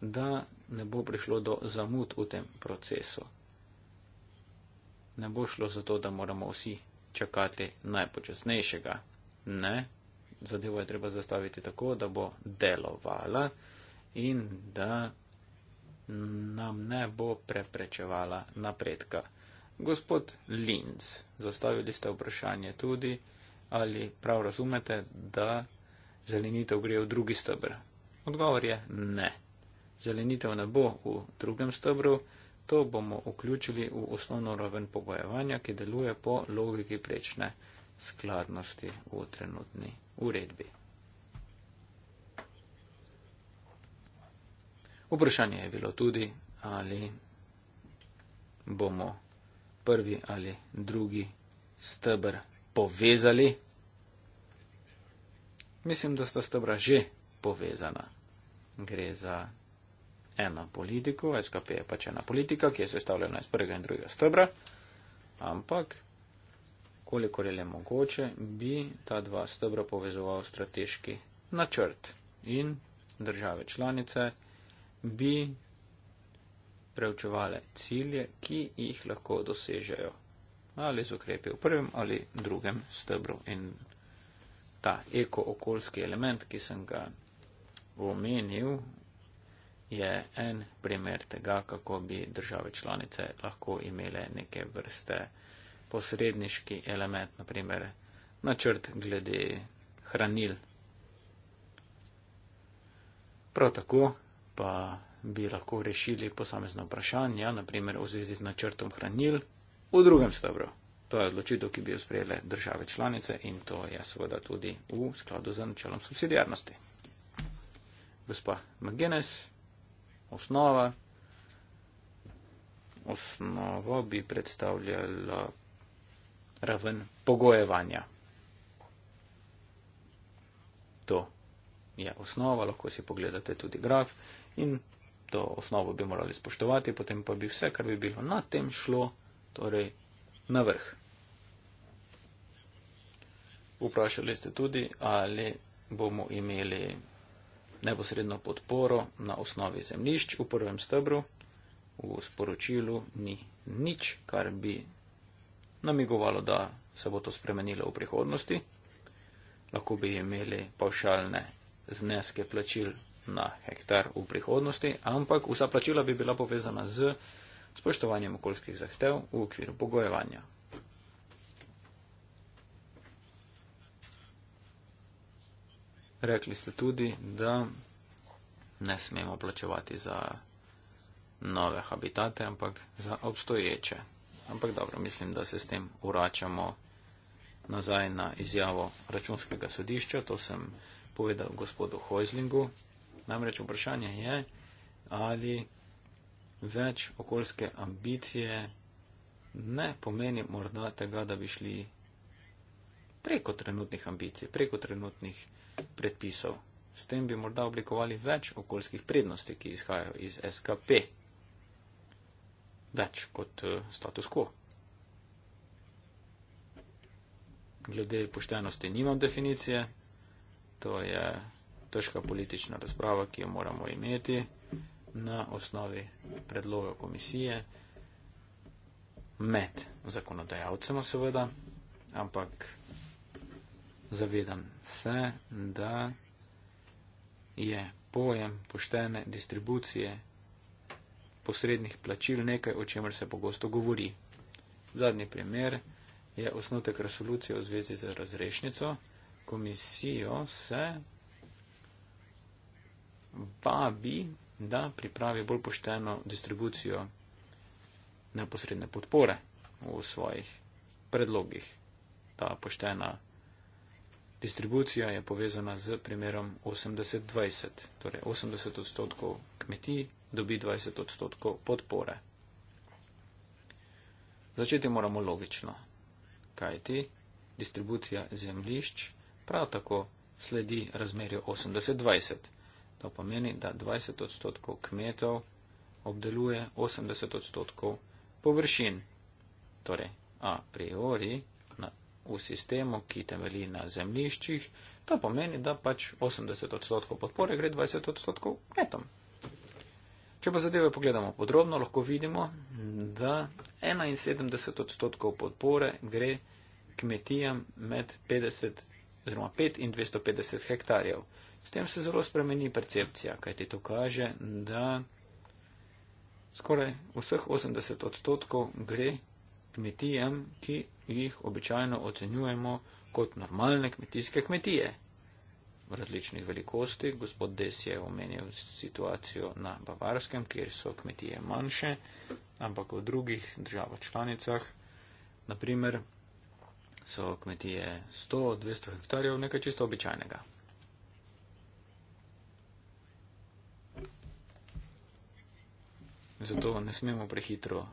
da ne bo prišlo do zamud v tem procesu. Ne bo šlo za to, da moramo vsi čakati najpočasnejšega. Ne, zadevo je treba zastaviti tako, da bo delovala in da nam ne bo preprečevala napredka. Gospod Linz, zastavili ste vprašanje tudi, ali prav razumete, da zelenitev gre v drugi stebr. Odgovor je ne zelenitev ne bo v drugem stebru, to bomo vključili v osnovno raven pogojevanja, ki deluje po logiki prečne skladnosti v trenutni uredbi. Vprašanje je bilo tudi, ali bomo prvi ali drugi stebr povezali. Mislim, da sta stebra že povezana. Gre za eno politiko, SKP je pač ena politika, ki je sestavljena iz prvega in drugega stebra, ampak kolikor je le mogoče, bi ta dva stebra povezoval strateški načrt in države članice bi preučevale cilje, ki jih lahko dosežejo ali z ukrepi v prvem ali drugem stebru. In ta ekookoljski element, ki sem ga omenil je en primer tega, kako bi države članice lahko imele neke vrste posredniški element, naprimer načrt glede hranil. Prav tako pa bi lahko rešili posamezna vprašanja, naprimer v zvezi z načrtom hranil v drugem stavru. To je odločitev, ki bi jo sprejele države članice in to je seveda tudi v skladu z načelom subsidijarnosti. Gospa McGuinness osnova. Osnovo bi predstavljala raven pogojevanja. To je osnova, lahko si pogledate tudi graf in to osnovo bi morali spoštovati, potem pa bi vse, kar bi bilo na tem šlo, torej na vrh. Vprašali ste tudi, ali bomo imeli neposredno podporo na osnovi zemlišč v prvem stebru. V sporočilu ni nič, kar bi namigovalo, da se bo to spremenilo v prihodnosti. Lahko bi imeli pavšalne zneske plačil na hektar v prihodnosti, ampak vsa plačila bi bila povezana z spoštovanjem okoljskih zahtev v okviru pogojevanja. Rekli ste tudi, da ne smemo plačevati za nove habitate, ampak za obstoječe. Ampak dobro, mislim, da se s tem uračamo nazaj na izjavo računskega sodišča. To sem povedal gospodu Hojzlingu. Namreč vprašanje je, ali več okoljske ambicije ne pomeni morda tega, da bi šli preko trenutnih ambicij, preko trenutnih predpisov. S tem bi morda oblikovali več okoljskih prednosti, ki izhajajo iz SKP. Več kot eh, status quo. Glede poštenosti nimam definicije. To je težka politična razprava, ki jo moramo imeti na osnovi predloga komisije med zakonodajalcema seveda, ampak zavedam se, da je pojem poštene distribucije posrednih plačil nekaj, o čemer se pogosto govori. Zadnji primer je osnutek resolucije v zvezi z razrešnico. Komisijo se vabi, da pripravi bolj pošteno distribucijo neposredne podpore v svojih predlogih. Ta poštena distribucija je povezana z primerom 80-20, torej 80 odstotkov kmetij dobi 20 odstotkov podpore. Začeti moramo logično, kajti distribucija zemljišč prav tako sledi razmerju 80-20. To pomeni, da 20 odstotkov kmetov obdeluje 80 odstotkov površin. Torej, a priori v sistemu, ki temelji na zemliščih, to pomeni, da pač 80 odstotkov podpore gre 20 odstotkov kmetom. Če pa zadeve pogledamo podrobno, lahko vidimo, da 71 odstotkov podpore gre kmetijam med 50 oziroma 5 in 250 hektarjev. S tem se zelo spremeni percepcija, kajti to kaže, da skoraj vseh 80 odstotkov gre kmetijam, ki jih običajno ocenjujemo kot normalne kmetijske kmetije v različnih velikosti. Gospod Des je omenil situacijo na Bavarskem, kjer so kmetije manjše, ampak v drugih državah članicah, naprimer, so kmetije 100-200 hektarjev nekaj čisto običajnega. Zato ne smemo prehitro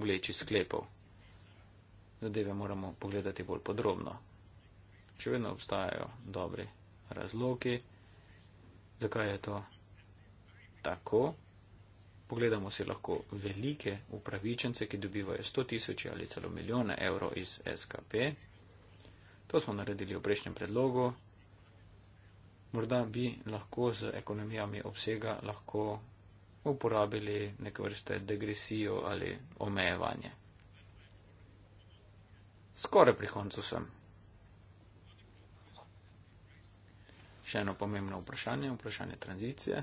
vleči sklepov. Zadeve moramo pogledati bolj podrobno. Še vedno obstajajo dobri razloki, zakaj je to tako. Pogledamo si lahko velike upravičence, ki dobivajo 100 tisoč ali celo milijone evrov iz SKP. To smo naredili v prejšnjem predlogu. Morda bi lahko z ekonomijami obsega lahko uporabili neke vrste degresijo ali omejevanje. Skoraj pri koncu sem. Še eno pomembno vprašanje, vprašanje tranzicije.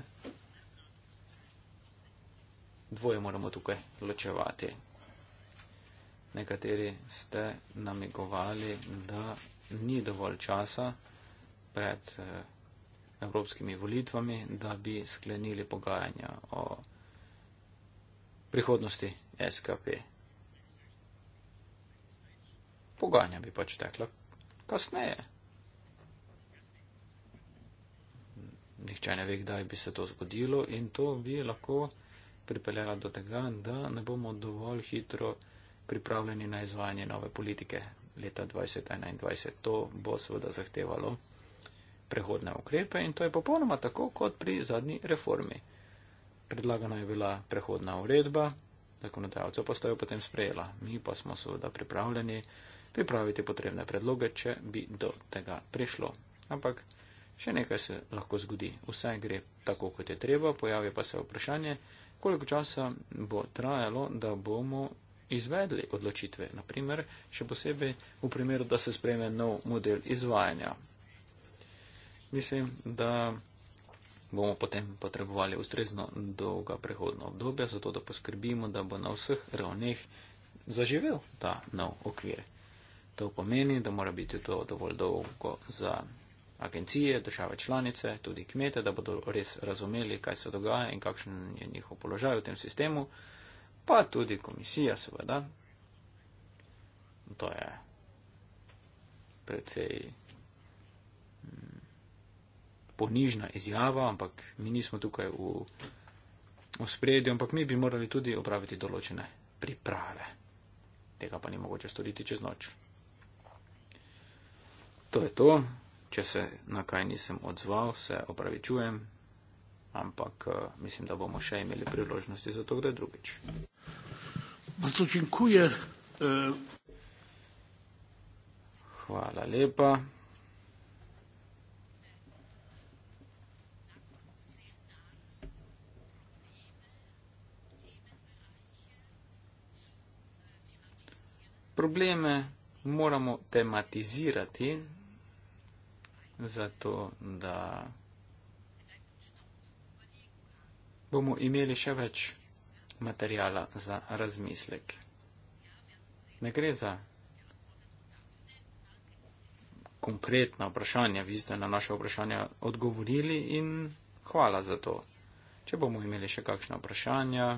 Dvoje moramo tukaj ločevati. Nekateri ste namigovali, da ni dovolj časa pred. Eh, evropskimi volitvami, da bi sklenili pogajanja o prihodnosti SKP. Pogajanja bi pač tekla kasneje. Nihče ne ve, kdaj bi se to zgodilo in to bi lahko pripeljala do tega, da ne bomo dovolj hitro pripravljeni na izvajanje nove politike leta 2021. To bo seveda zahtevalo prehodne ukrepe in to je popolnoma tako kot pri zadnji reformi. Predlagana je bila prehodna uredba, zakonodajalce pa sta jo potem sprejela. Mi pa smo seveda pripravljeni pripraviti potrebne predloge, če bi do tega prišlo. Ampak še nekaj se lahko zgodi. Vse gre tako, kot je treba, pojavi pa se vprašanje, koliko časa bo trajalo, da bomo izvedli odločitve, naprimer še posebej v primeru, da se spreme nov model izvajanja mislim, da bomo potem potrebovali ustrezno dolga prehodno obdobja, zato da poskrbimo, da bo na vseh ravneh zaživel ta nov okvir. To pomeni, da mora biti to dovolj dolgo za agencije, države članice, tudi kmete, da bodo res razumeli, kaj se dogaja in kakšen je njihov položaj v tem sistemu, pa tudi komisija, seveda. To je precej ponižna izjava, ampak mi nismo tukaj v, v spredju, ampak mi bi morali tudi opraviti določene priprave. Tega pa ni mogoče storiti čez noč. To je to. Če se na kaj nisem odzval, se opravičujem, ampak eh, mislim, da bomo še imeli priložnosti za to, da je drugič. E, Hvala lepa. probleme moramo tematizirati, zato da bomo imeli še več materijala za razmislek. Ne gre za konkretna vprašanja, vi ste na naše vprašanja odgovorili in hvala za to. Če bomo imeli še kakšna vprašanja,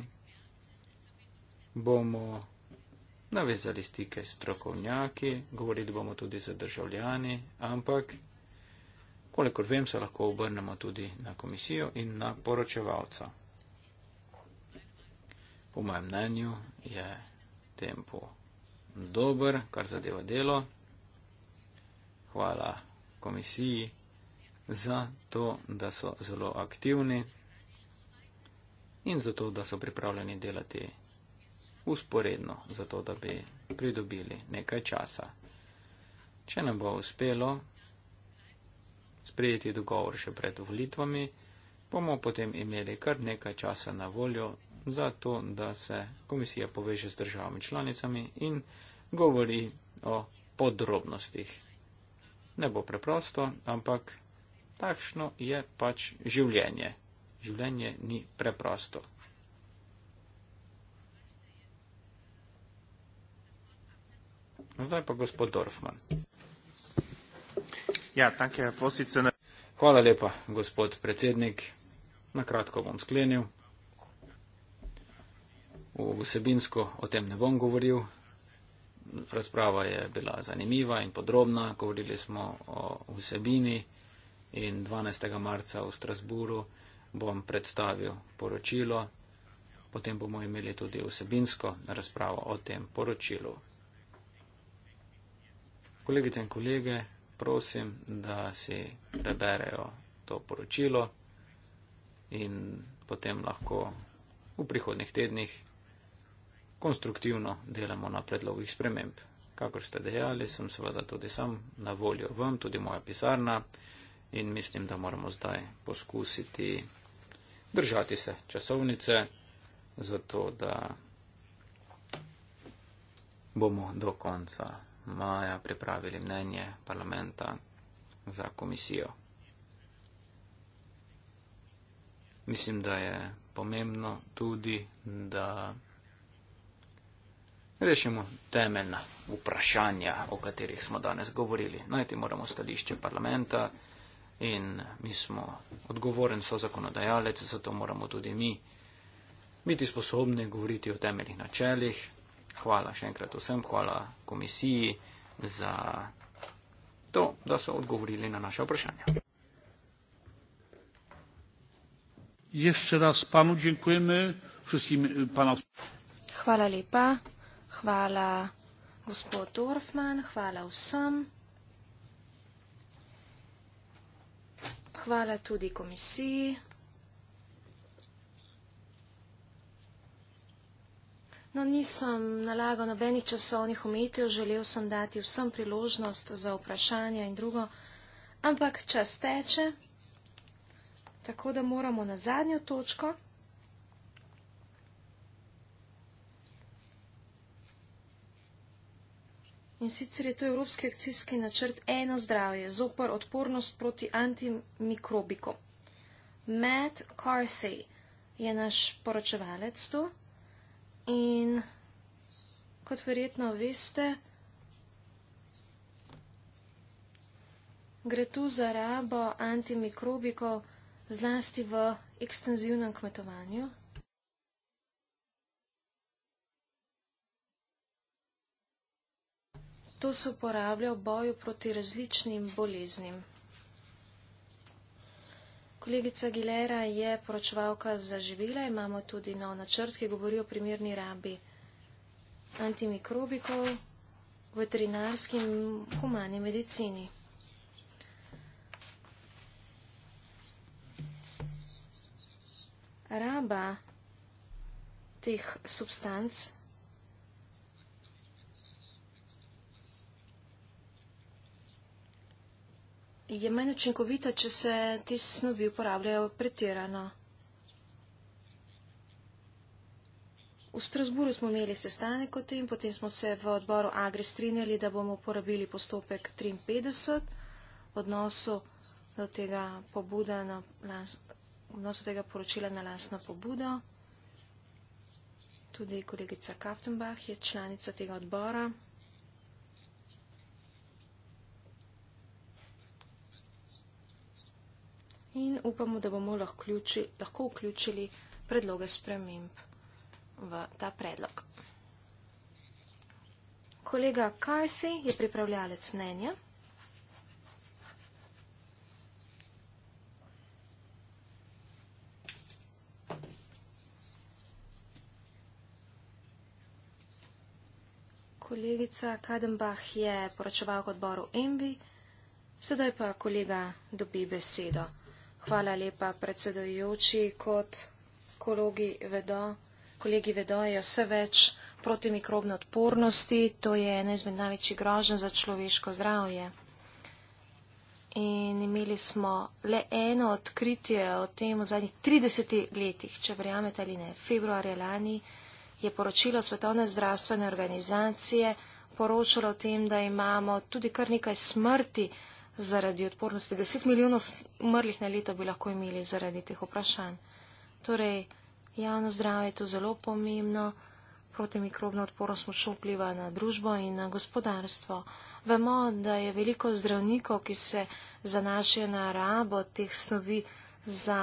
bomo navezali stike s trokovnjaki, govorili bomo tudi z državljani, ampak kolikor vem, se lahko obrnemo tudi na komisijo in na poročevalca. Po mojem mnenju je tempo dober, kar zadeva delo. Hvala komisiji za to, da so zelo aktivni in za to, da so pripravljeni delati usporedno, zato da bi pridobili nekaj časa. Če nam bo uspelo sprejeti dogovor še pred volitvami, bomo potem imeli kar nekaj časa na voljo za to, da se komisija poveže z državami članicami in govori o podrobnostih. Ne bo preprosto, ampak takšno je pač življenje. Življenje ni preprosto. Ja, Hvala lepa, gospod predsednik. Na kratko bom sklenil. Vsebinsko o tem ne bom govoril. Razprava je bila zanimiva in podrobna. Govorili smo o vsebini in 12. marca v Strasburu bom predstavil poročilo. Potem bomo imeli tudi vsebinsko razpravo o tem poročilu kolegice in kolege, prosim, da si preberejo to poročilo in potem lahko v prihodnih tednih konstruktivno delamo na predlogih sprememb. Kakor ste dejali, sem seveda tudi sam na voljo vam, tudi moja pisarna in mislim, da moramo zdaj poskusiti držati se časovnice, zato da bomo do konca maja pripravili mnenje parlamenta za komisijo. Mislim, da je pomembno tudi, da rešimo temeljna vprašanja, o katerih smo danes govorili. Najti moramo stališče parlamenta in mi smo odgovoren so zakonodajalec, zato moramo tudi mi biti sposobni govoriti o temeljnih načelih, hvala še enkrat vsem, hvala komisiji za to, da so odgovorili na naše vprašanje. Še raz panu dziękujemy, vsem panu. Hvala lepa, hvala gospod Dorfman, hvala vsem. Hvala tudi komisiji. No, nisem nalagal nobenih časovnih omejitev, želel sem dati vsem priložnost za vprašanja in drugo, ampak čas teče, tako da moramo na zadnjo točko. In sicer je to Evropski akcijski načrt eno zdravje, zopr odpornost proti antimikrobiko. Matt Carthy je naš poročevalec tu. In kot verjetno veste, gre tu za rabo antimikrobikov zlasti v ekstenzivnem kmetovanju. To se uporablja v boju proti različnim boleznim. Kolegica Gilera je poročevalka za živila, imamo tudi nov načrt, ki govori o primerni rabi antimikrobikov v veterinarski in humani medicini. Raba teh substancij je manj učinkovita, če se ti snovi uporabljajo pretirano. V Strasburu smo imeli sestanek o tem, potem smo se v odboru Agri strinjali, da bomo uporabili postopek 53 v odnosu do tega, pobuda na las, v odnosu tega poročila na lasno pobudo. Tudi kolegica Kaftenbach je članica tega odbora. in upamo, da bomo lahko vključili predloge sprememb v ta predlog. Kolega Carthy je pripravljalec mnenja. Kolegica Kadenbach je poročevalka odboru Envi, sedaj pa kolega dobi besedo. Hvala lepa, predsedojoči. Kot vedo, kolegi vedo, je vse več protimikrobne odpornosti. To je ena izmed največjih grožen za človeško zdravje. In imeli smo le eno odkritje o tem v zadnjih 30 letih, če verjamete ali ne. Februarja lani je poročilo Svetovne zdravstvene organizacije poročalo o tem, da imamo tudi kar nekaj smrti zaradi odpornosti. 10 milijonov mrlih na leto bi lahko imeli zaradi teh vprašanj. Torej, javno zdravje je tu zelo pomembno, protimikrobna odpornost močno vpliva na družbo in na gospodarstvo. Vemo, da je veliko zdravnikov, ki se zanašajo na rabo teh snovi za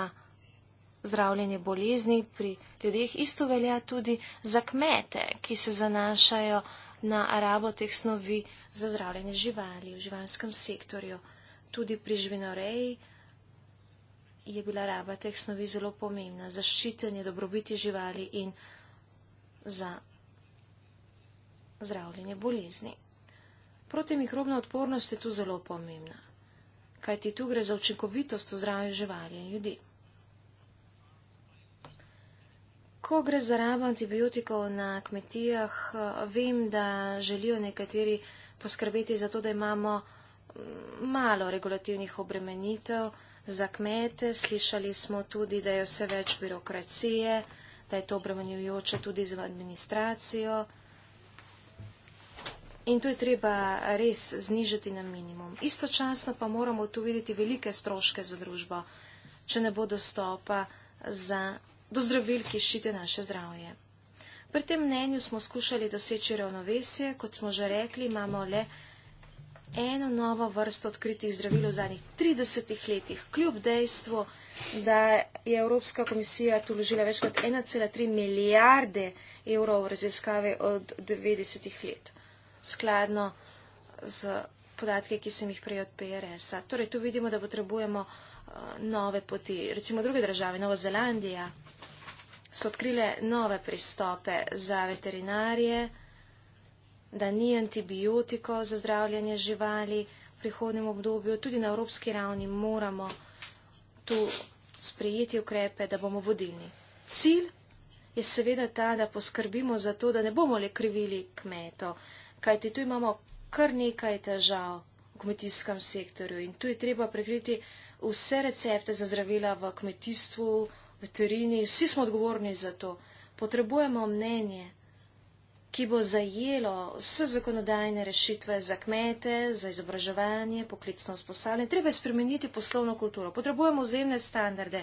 zdravljenje bolezni pri ljudeh. Isto velja tudi za kmete, ki se zanašajo na na rabo teh snovi za zdravljenje živali v živalskem sektorju. Tudi pri živinoreji je bila raba teh snovi zelo pomembna za ščitenje dobrobiti živali in za zdravljenje bolezni. Protimikrobna odpornost je tu zelo pomembna, kajti tu gre za učinkovitost v zdravju živali in ljudi. ko gre za rabo antibiotikov na kmetijah, vem, da želijo nekateri poskrbeti za to, da imamo mm, malo regulativnih obremenitev za kmete. Slišali smo tudi, da je vse več birokracije, da je to obremenjujoče tudi za administracijo. In to je treba res znižati na minimum. Istočasno pa moramo tu videti velike stroške za družbo, če ne bo dostopa za do zdravil, ki ščite naše zdravje. Pri tem mnenju smo skušali doseči ravnovesje, kot smo že rekli, imamo le eno novo vrsto odkritih zdravil v zadnjih 30 letih, kljub dejstvu, da je Evropska komisija tu ložila več kot 1,3 milijarde evrov raziskave od 90 let, skladno z podatke, ki sem jih prej od PRS-a. Torej, tu vidimo, da potrebujemo eh, nove poti, recimo druge države, Nova Zelandija, so odkrile nove pristope za veterinarije, da ni antibiotiko za zdravljanje živali v prihodnem obdobju. Tudi na evropski ravni moramo tu sprejeti ukrepe, da bomo vodilni. Cilj je seveda ta, da poskrbimo za to, da ne bomo le krivili kmeto, kajti tu imamo kar nekaj težav v kmetijskem sektorju in tu je treba prekriti vse recepte za zdravila v kmetijstvu, veterini, vsi smo odgovorni za to. Potrebujemo mnenje, ki bo zajelo vse zakonodajne rešitve za kmete, za izobraževanje, poklicno usposabljanje. Treba je spremeniti poslovno kulturo. Potrebujemo vzemne standarde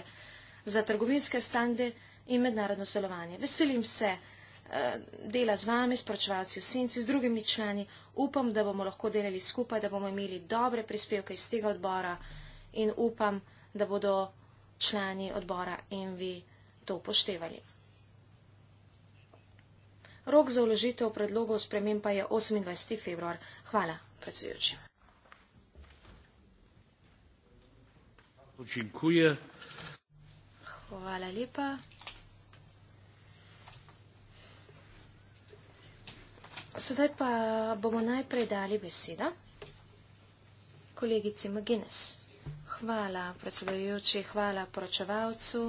za trgovinske stande in mednarodno sodelovanje. Veselim se eh, dela z vami, s pročevalci v senci, z drugimi člani. Upam, da bomo lahko delali skupaj, da bomo imeli dobre prispevke iz tega odbora in upam, da bodo člani odbora MV to upoštevali. Rok za uložitev predlogov spremem pa je 28. februar. Hvala, predsedujoči. Očinkuje. Hvala lepa. Sedaj pa bomo najprej dali besedo kolegici McGuinness. Hvala, predsedajoči, hvala poročevalcu.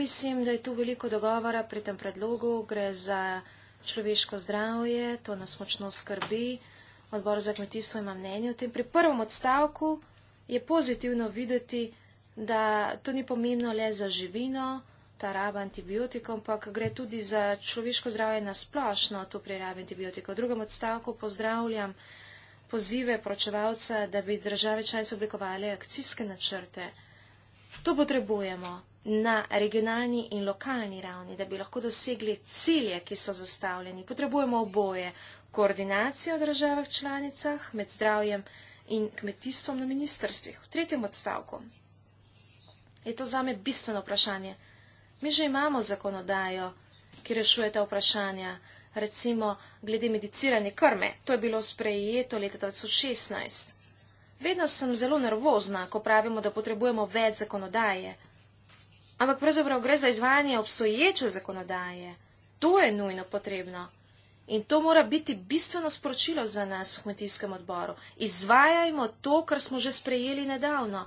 Mislim, da je tu veliko dogovora pri tem predlogu. Gre za človeško zdravje, to nas močno skrbi. Odbor za kmetijstvo ima mnenje o tem. Pri prvem odstavku je pozitivno videti, da to ni pomembno le za živino, ta raba antibiotikov, ampak gre tudi za človeško zdravje na splošno, to pri rabi antibiotikov. V drugem odstavku pozdravljam pozive poročevalca, da bi države članice oblikovali akcijske načrte. To potrebujemo na regionalni in lokalni ravni, da bi lahko dosegli cilje, ki so zastavljeni. Potrebujemo oboje, koordinacijo v državah članicah med zdravjem in kmetijstvom na ministrstvih. V tretjem odstavku je to zame bistveno vprašanje. Mi že imamo zakonodajo, ki rešuje ta vprašanja recimo glede medicirane krme. To je bilo sprejeto leta 2016. Vedno sem zelo nervozna, ko pravimo, da potrebujemo več zakonodaje. Ampak pravzaprav gre za izvajanje obstoječe zakonodaje. To je nujno potrebno. In to mora biti bistveno sporočilo za nas v kmetijskem odboru. Izvajajmo to, kar smo že sprejeli nedavno.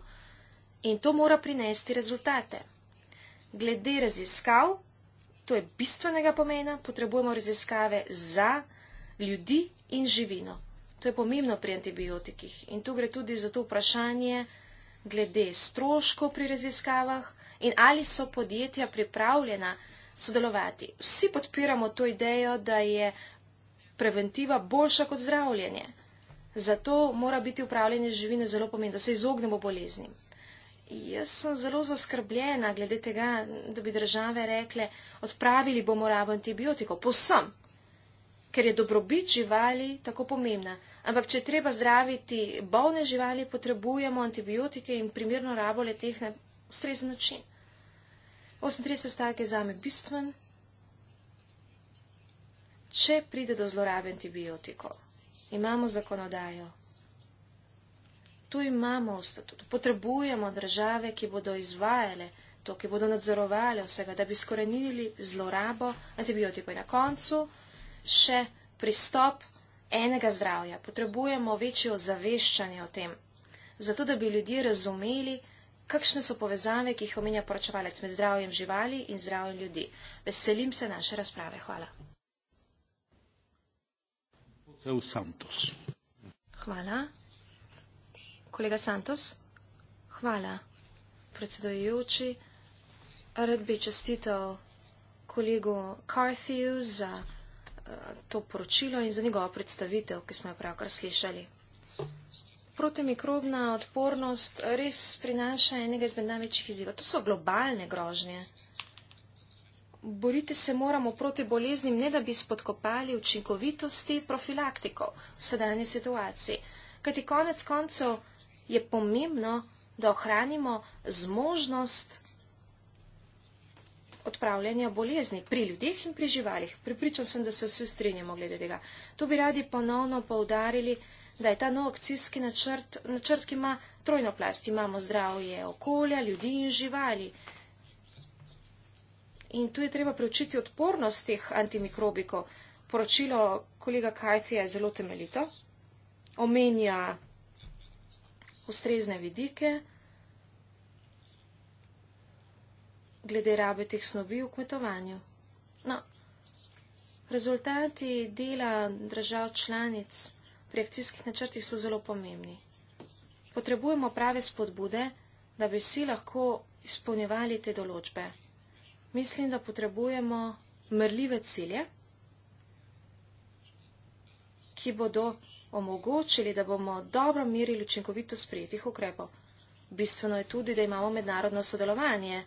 In to mora prinesti rezultate. Glede raziskav, to je bistvenega pomena, potrebujemo raziskave za ljudi in živino. To je pomembno pri antibiotikih. In tu gre tudi za to vprašanje glede stroškov pri raziskavah in ali so podjetja pripravljena sodelovati. Vsi podpiramo to idejo, da je preventiva boljša kot zdravljenje. Zato mora biti upravljanje živine zelo pomembno, da se izognemo boleznim. Jaz sem zelo zaskrbljena glede tega, da bi države rekle, odpravili bomo rabo antibiotikov, posem, ker je dobrobit živali tako pomembna. Ampak, če treba zdraviti bolne živali, potrebujemo antibiotike in primerno rabo le teh na ustrezen način. 38 stavek je zame bistven, če pride do zlorabe antibiotikov. Imamo zakonodajo tu imamo statut. Potrebujemo države, ki bodo izvajale to, ki bodo nadzorovali vsega, da bi skorenili zlorabo antibiotikov. Na koncu še pristop enega zdravja. Potrebujemo večje ozaveščanje o tem, zato da bi ljudje razumeli, kakšne so povezave, ki jih omenja poročevalec med zdravjem živali in zdravjem ljudi. Veselim se naše razprave. Hvala. Hvala. Kolega Santos? Hvala, predsedojujoči. Rad bi čestitev kolegu Carthew za eh, to poročilo in za njegovo predstavitev, ki smo jo pravkar slišali. Protimikrobna odpornost res prinaša enega izmed največjih izzivov. To so globalne grožnje. Boriti se moramo proti boleznim, ne da bi spodkopali učinkovitosti profilaktikov v sedajni situaciji. Kajti konec koncev je pomembno, da ohranimo zmožnost odpravljanja bolezni pri ljudeh in pri živalih. Pripričal sem, da se vsi strinjamo glede tega. Tu bi radi ponovno poudarili, da je ta nov akcijski načrt, načrt, ki ima trojno plast. Imamo zdravje okolja, ljudi in živali. In tu je treba preučiti odpornost teh antimikrobikov. Poročilo kolega Kajfija je zelo temeljito. Omenja ustrezne vidike glede rabe teh snovi v kmetovanju. No, rezultati dela držav članic pri akcijskih načrtih so zelo pomembni. Potrebujemo prave spodbude, da bi vsi lahko izpolnjevali te določbe. Mislim, da potrebujemo mrljive cilje ki bodo omogočili, da bomo dobro merili učinkovitost prijetih ukrepov. Bistveno je tudi, da imamo mednarodno sodelovanje,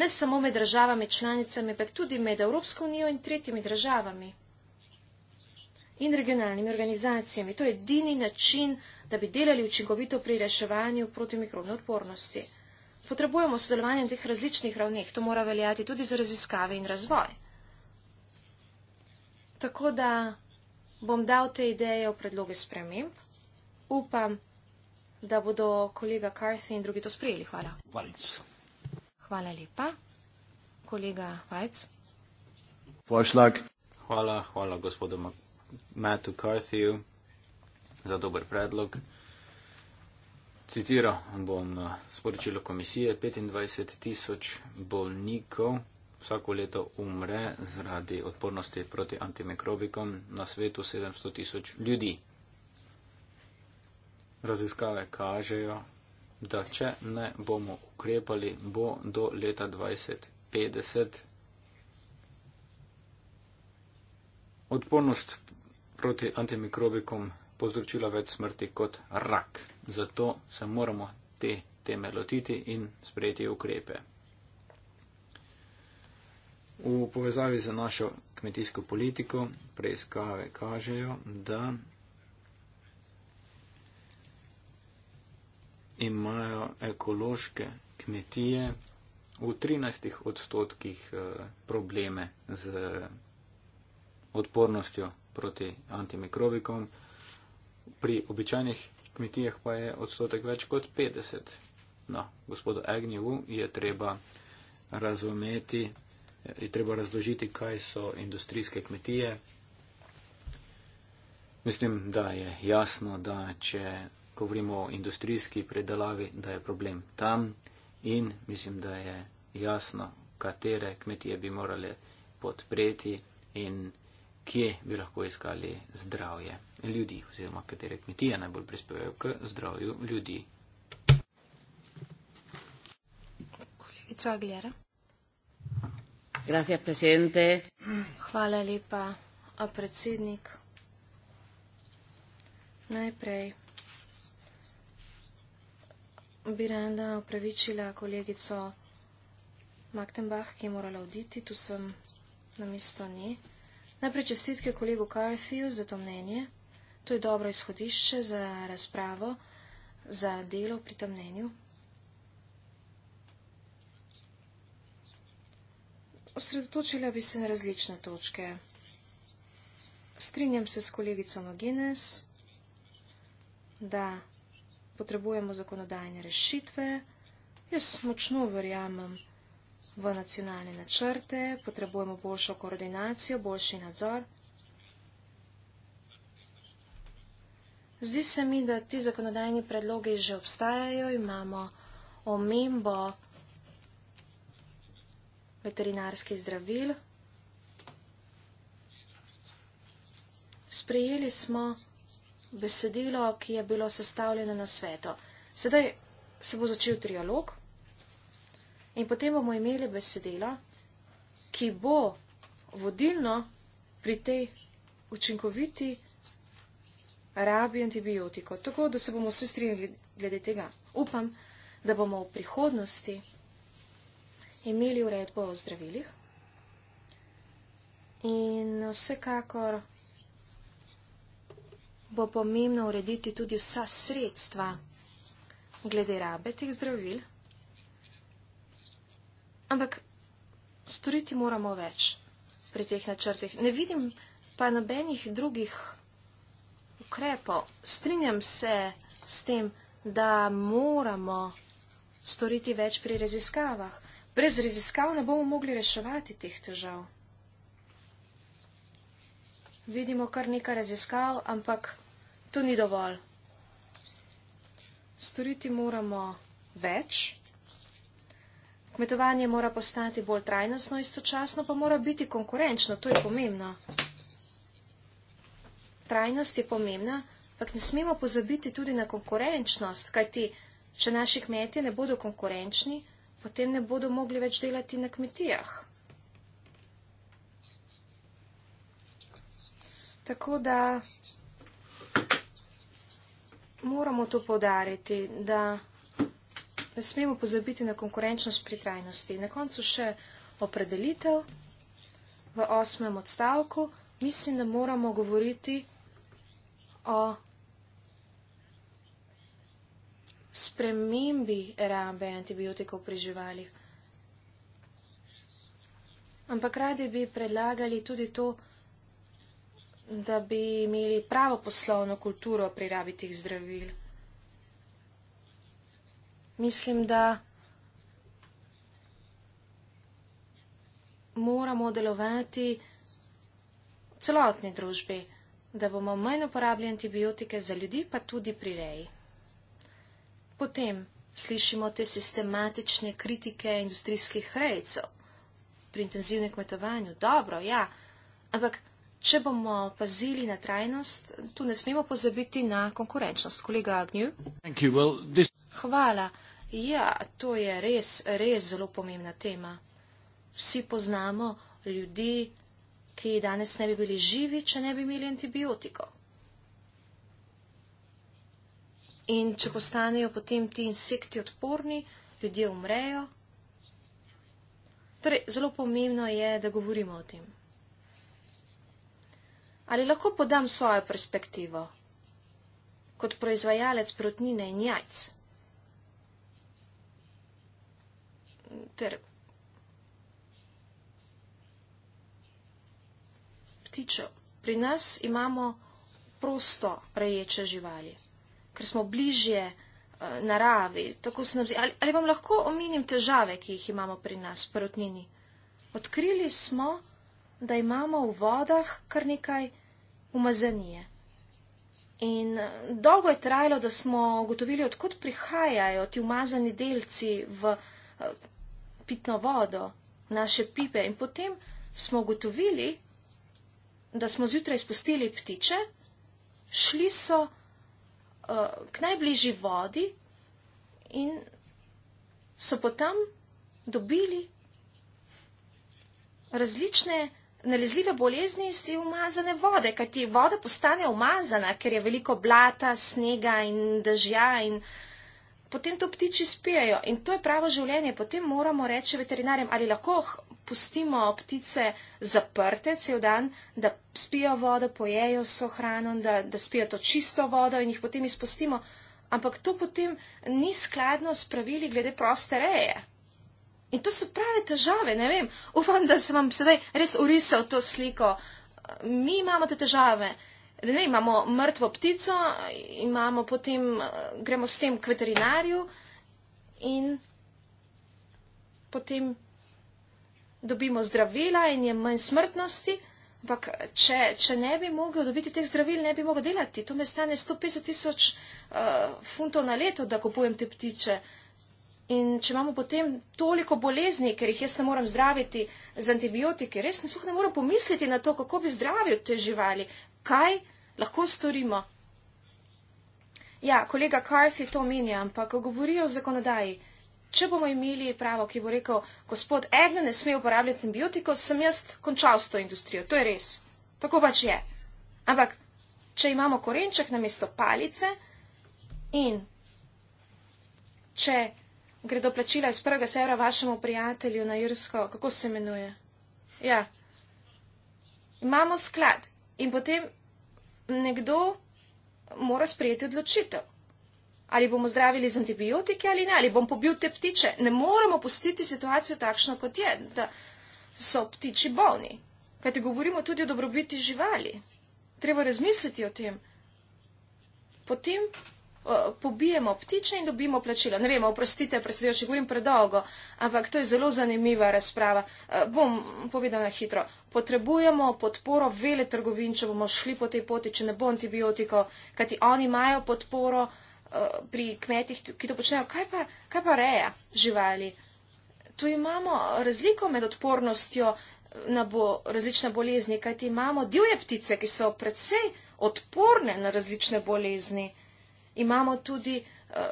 ne samo med državami članicami, ampak tudi med Evropsko unijo in tretjimi državami in regionalnimi organizacijami. To je edini način, da bi delali učinkovito pri reševanju protimikrobne odpornosti. Potrebujemo sodelovanje na teh različnih ravneh, to mora veljati tudi za raziskave in razvoj. Tako da bom dal te ideje v predloge sprememb. Upam, da bodo kolega Carthy in drugi to sprejeli. Hvala. Valc. Hvala lepa. Kolega Vajc. Pošlak. Hvala, hvala gospodu Matu Carthyju za dober predlog. Citiral bom eh, sporočilo komisije 25 tisoč bolnikov vsako leto umre zaradi odpornosti proti antimikrobikom na svetu 700 tisoč ljudi. Raziskave kažejo, da če ne bomo ukrepali, bo do leta 2050 odpornost proti antimikrobikom povzročila več smrti kot rak. Zato se moramo te teme lotiti in sprejeti ukrepe. V povezavi z našo kmetijsko politiko preiskave kažejo, da imajo ekološke kmetije v 13 odstotkih eh, probleme z odpornostjo proti antimikrobikom, pri običajnih kmetijah pa je odstotek več kot 50. No, gospodu Agnjevu je treba razumeti je treba razložiti, kaj so industrijske kmetije. Mislim, da je jasno, da če govorimo o industrijski predelavi, da je problem tam in mislim, da je jasno, katere kmetije bi morali podpreti in kje bi lahko iskali zdravje ljudi oziroma katere kmetije najbolj prispevajo k zdravju ljudi. Kolegica Aglera. Hvala lepa, predsednik. Najprej bi rada opravičila kolegico Magdenbach, ki je morala oditi, tu sem na mesto nje. Najprej čestitke kolegu Carthiju za to mnenje. To je dobro izhodišče za razpravo, za delo pri tem mnenju. osredotočila bi se na različne točke. Strinjam se s kolegico Magines, da potrebujemo zakonodajne rešitve. Jaz močno verjamem v nacionalne načrte, potrebujemo boljšo koordinacijo, boljši nadzor. Zdi se mi, da ti zakonodajni predlogi že obstajajo, imamo omembo, veterinarskih zdravil. Sprejeli smo besedilo, ki je bilo sestavljeno na sveto. Sedaj se bo začel trialog in potem bomo imeli besedilo, ki bo vodilno pri tej učinkoviti rabi antibiotiko. Tako da se bomo vsi strinjali glede tega. Upam, da bomo v prihodnosti imeli uredbo o zdravilih in vsekakor bo pomembno urediti tudi vsa sredstva glede rabe teh zdravil. Ampak storiti moramo več pri teh načrtih. Ne vidim pa nobenih drugih ukrepov. Strinjam se s tem, da moramo storiti več pri raziskavah. Brez raziskav ne bomo mogli reševati teh težav. Vidimo kar nekaj raziskav, ampak to ni dovolj. Storiti moramo več. Kmetovanje mora postati bolj trajnostno, istočasno pa mora biti konkurenčno, to je pomembno. Trajnost je pomembna, ampak ne smemo pozabiti tudi na konkurenčnost, kajti, če naši kmetje ne bodo konkurenčni, potem ne bodo mogli več delati na kmetijah. Tako da moramo to povdariti, da ne smemo pozabiti na konkurenčnost pri trajnosti. Na koncu še opredelitev v osmem odstavku. Mislim, da moramo govoriti o spremembi rabe antibiotikov pri živalih. Ampak radi bi predlagali tudi to, da bi imeli pravo poslovno kulturo pri rabi teh zdravil. Mislim, da moramo delovati celotni družbi, da bomo manj uporabljali antibiotike za ljudi, pa tudi pri reji. Potem slišimo te sistematične kritike industrijskih rejcev pri intenzivnem kmetovanju. Dobro, ja, ampak če bomo pazili na trajnost, tu ne smemo pozabiti na konkurenčnost. Kolega Agnew? Well, this... Hvala. Ja, to je res, res zelo pomembna tema. Vsi poznamo ljudi, ki danes ne bi bili živi, če ne bi imeli antibiotikov. In če postanejo potem ti insekti odporni, ljudje umrejo. Torej, zelo pomembno je, da govorimo o tem. Ali lahko podam svojo perspektivo kot proizvajalec protnine in jajc? Ter ptičev. Pri nas imamo prosto preječe živali ker smo bližje eh, naravi. Zdi, ali, ali vam lahko omenim težave, ki jih imamo pri nas, prutnini? Odkrili smo, da imamo v vodah kar nekaj umazanije. In eh, dolgo je trajalo, da smo ugotovili, odkot prihajajo ti umazani delci v eh, pitno vodo, v naše pipe. In potem smo ugotovili, da smo zjutraj spustili ptiče, šli so Eh, k najbližji vodi in so potem dobili različne nalezljive bolezni iz te umazane vode, kaj ti voda postane umazana, ker je veliko blata, snega in dežja in potem to ptiči spijajo. In to je pravo življenje. Potem moramo reči veterinarjem, ali lahko pustimo ptice zaprte cel dan, da spijo vodo, pojejo vso hrano, da, da spijo to čisto vodo in jih potem izpustimo, ampak to potem ni skladno s pravili glede proste reje. In to so prave težave, ne vem, upam, da sem vam sedaj res urisal to sliko. Mi imamo te težave, ne vem, imamo mrtvo ptico, imamo potem, gremo s tem k veterinarju in potem dobimo zdravila in je manj smrtnosti, ampak če, če ne bi mogel dobiti teh zdravil, ne bi mogel delati. To me stane 150 tisoč uh, funtov na leto, da kupujem te ptiče. In če imamo potem toliko bolezni, ker jih jaz ne morem zdraviti z antibiotiki, res ne, ne morem pomisliti na to, kako bi zdravil te živali, kaj lahko storimo. Ja, kolega Karthi to menja, ampak govorijo o zakonodaji. Uh, če bomo imeli pravo, ki bo rekel, gospod Edna ne sme uporabljati antibiotikov, sem jaz končal s to industrijo. To je res. Tako pač je. Ampak, če imamo korenček na mesto palice in če gredo plačila iz prvega sevra vašemu prijatelju na Jursko, kako se imenuje? Ja. Imamo sklad in potem nekdo mora sprejeti odločitev ali bomo zdravili z antibiotiki ali ne, ali bom pobil te ptiče. Ne moremo pustiti situacijo takšno, kot je, da so ptiči bolni. Kajti govorimo tudi o dobrobiti živali. Treba razmisliti o tem. Potem uh, pobijemo ptiče in dobimo plačilo. Ne vem, oprostite, predsedujoči, govorim predolgo, ampak to je zelo zanimiva razprava. Uh, bom povedala hitro. Potrebujemo podporo vele trgovin, če bomo šli po tej poti, če ne bo antibiotiko, kajti oni imajo podporo. Eh, pri kmetih, ki to počnejo, kaj pa, kaj pa reja živali. Tu imamo razliko med odpornostjo eh, na bo različne bolezni, kajti imamo divje ptice, ki so predvsej odporne na različne bolezni. Imamo tudi uh,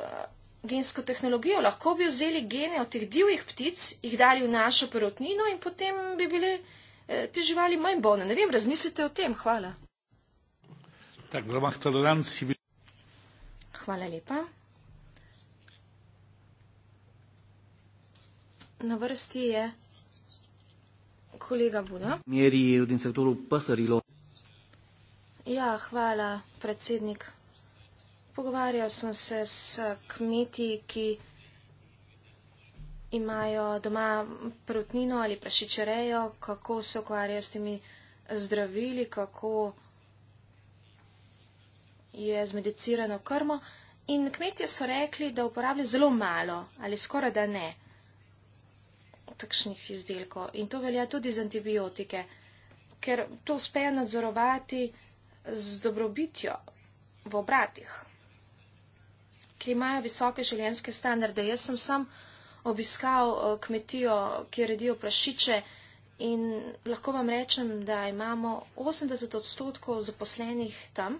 gensko tehnologijo, lahko bi vzeli gene od teh divjih ptic, jih dali v našo perotnino in potem bi bile uh, te živali manj bolne. Ne vem, razmislite o tem. Hvala. Tak, Hvala lepa. Na vrsti je kolega Buda. Meri v sektoru PSRILO. Ja, hvala, predsednik. Pogovarjal sem se s kmeti, ki imajo doma prutnino ali prašičerejo, kako se ukvarjajo s temi zdravili, kako je zmedicirano krmo in kmetje so rekli, da uporablja zelo malo ali skoraj da ne takšnih izdelkov. In to velja tudi za antibiotike, ker to uspejo nadzorovati z dobrobitjo v obratih, ki imajo visoke življenjske standarde. Jaz sem sam obiskal eh, kmetijo, ki redijo prašiče in lahko vam rečem, da imamo 80 odstotkov zaposlenih tam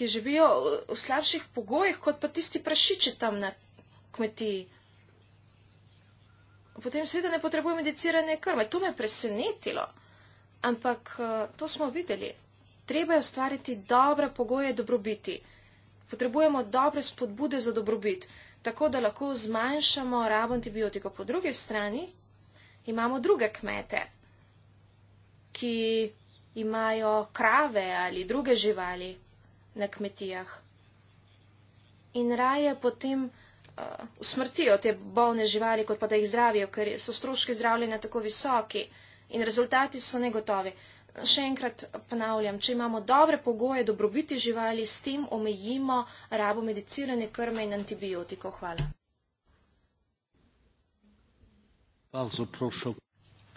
ki živijo v slabših pogojih, kot pa tisti prašiči tam na kmetiji. Potem seveda ne potrebuje medicirane krme. To me je presenetilo. Ampak eh, to smo videli. Treba je ustvariti dobre pogoje dobrobiti. Potrebujemo dobre spodbude za dobrobit, tako da lahko zmanjšamo rabo antibiotikov. Po drugi strani imamo druge kmete, ki imajo krave ali druge živali, na kmetijah. In raje potem uh, usmrtijo te bolne živali, kot pa da jih zdravijo, ker so stroški zdravljenja tako visoki in rezultati so negotovi. Še enkrat ponavljam, če imamo dobre pogoje dobrobiti živali, s tem omejimo rabo medicirane krme in antibiotikov. Hvala.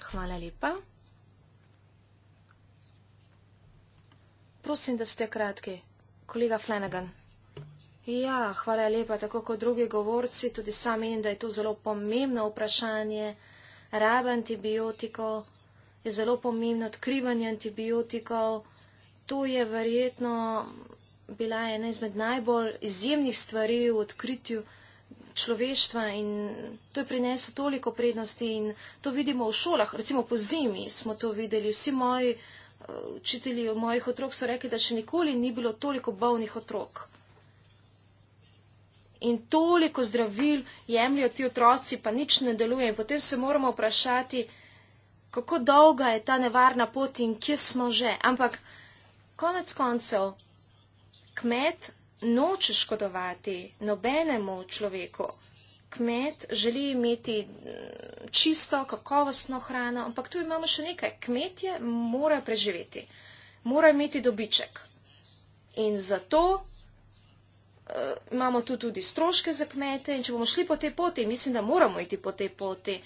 Hvala lepa. Prosim, da ste kratki kolega Flanagan. Ja, hvala lepa, tako kot drugi govorci, tudi sam in da je to zelo pomembno vprašanje. Raba antibiotikov je zelo pomembno, odkrivanje antibiotikov. To je verjetno bila ena izmed najbolj izjemnih stvari v odkritju človeštva in to je prineslo toliko prednosti in to vidimo v šolah, recimo po zimi smo to videli, vsi moji uh, učitelji mojih otrok so rekli, da še nikoli ni bilo toliko bolnih otrok. In toliko zdravil jemljajo ti otroci, pa nič ne deluje. In potem se moramo vprašati, kako dolga je ta nevarna pot in kje smo že. Ampak konec koncev, kmet noče škodovati nobenemu človeku kmet želi imeti mm, čisto, kakovostno hrano, ampak tu imamo še nekaj. Kmetje morajo preživeti, morajo imeti dobiček. In zato uh, imamo tu tudi stroške za kmete in če bomo šli po tej poti, mislim, da moramo iti po tej poti.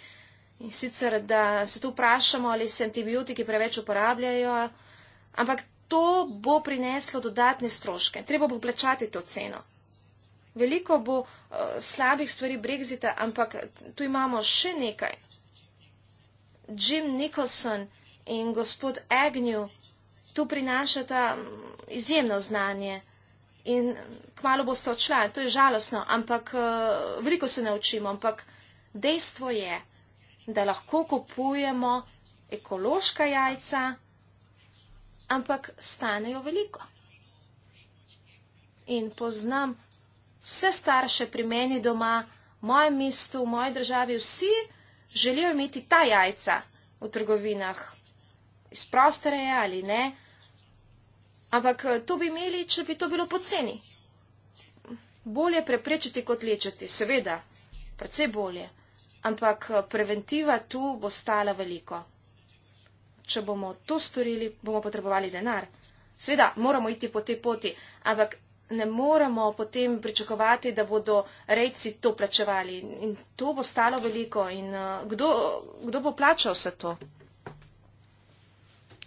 In sicer, da se tu vprašamo, ali se antibiotiki preveč uporabljajo, ampak to bo prineslo dodatne stroške. Treba bo plačati to ceno. Veliko bo uh, slabih stvari brexita, ampak tu imamo še nekaj. Jim Nicholson in gospod Agnew tu prinašata mm, izjemno znanje in kmalo boste odšla. To je žalostno, ampak uh, veliko se naučimo, ampak dejstvo je, da lahko kupujemo ekološka jajca, ampak stanejo veliko. In poznam, vse starše pri meni doma, v mojem mestu, v moji državi, vsi želijo imeti ta jajca v trgovinah, iz prostoreja ali ne. Ampak eh, to bi imeli, če bi to bilo poceni. Bolje preprečiti, kot lečati, seveda, predvsej bolje. Ampak eh, preventiva tu bo stala veliko. Če bomo to storili, bomo potrebovali denar. Sveda, moramo iti po tej poti, ampak ne moremo potem pričakovati, da bodo rejci to plačevali. In to bo stalo veliko. In uh, kdo, kdo bo plačal vse to?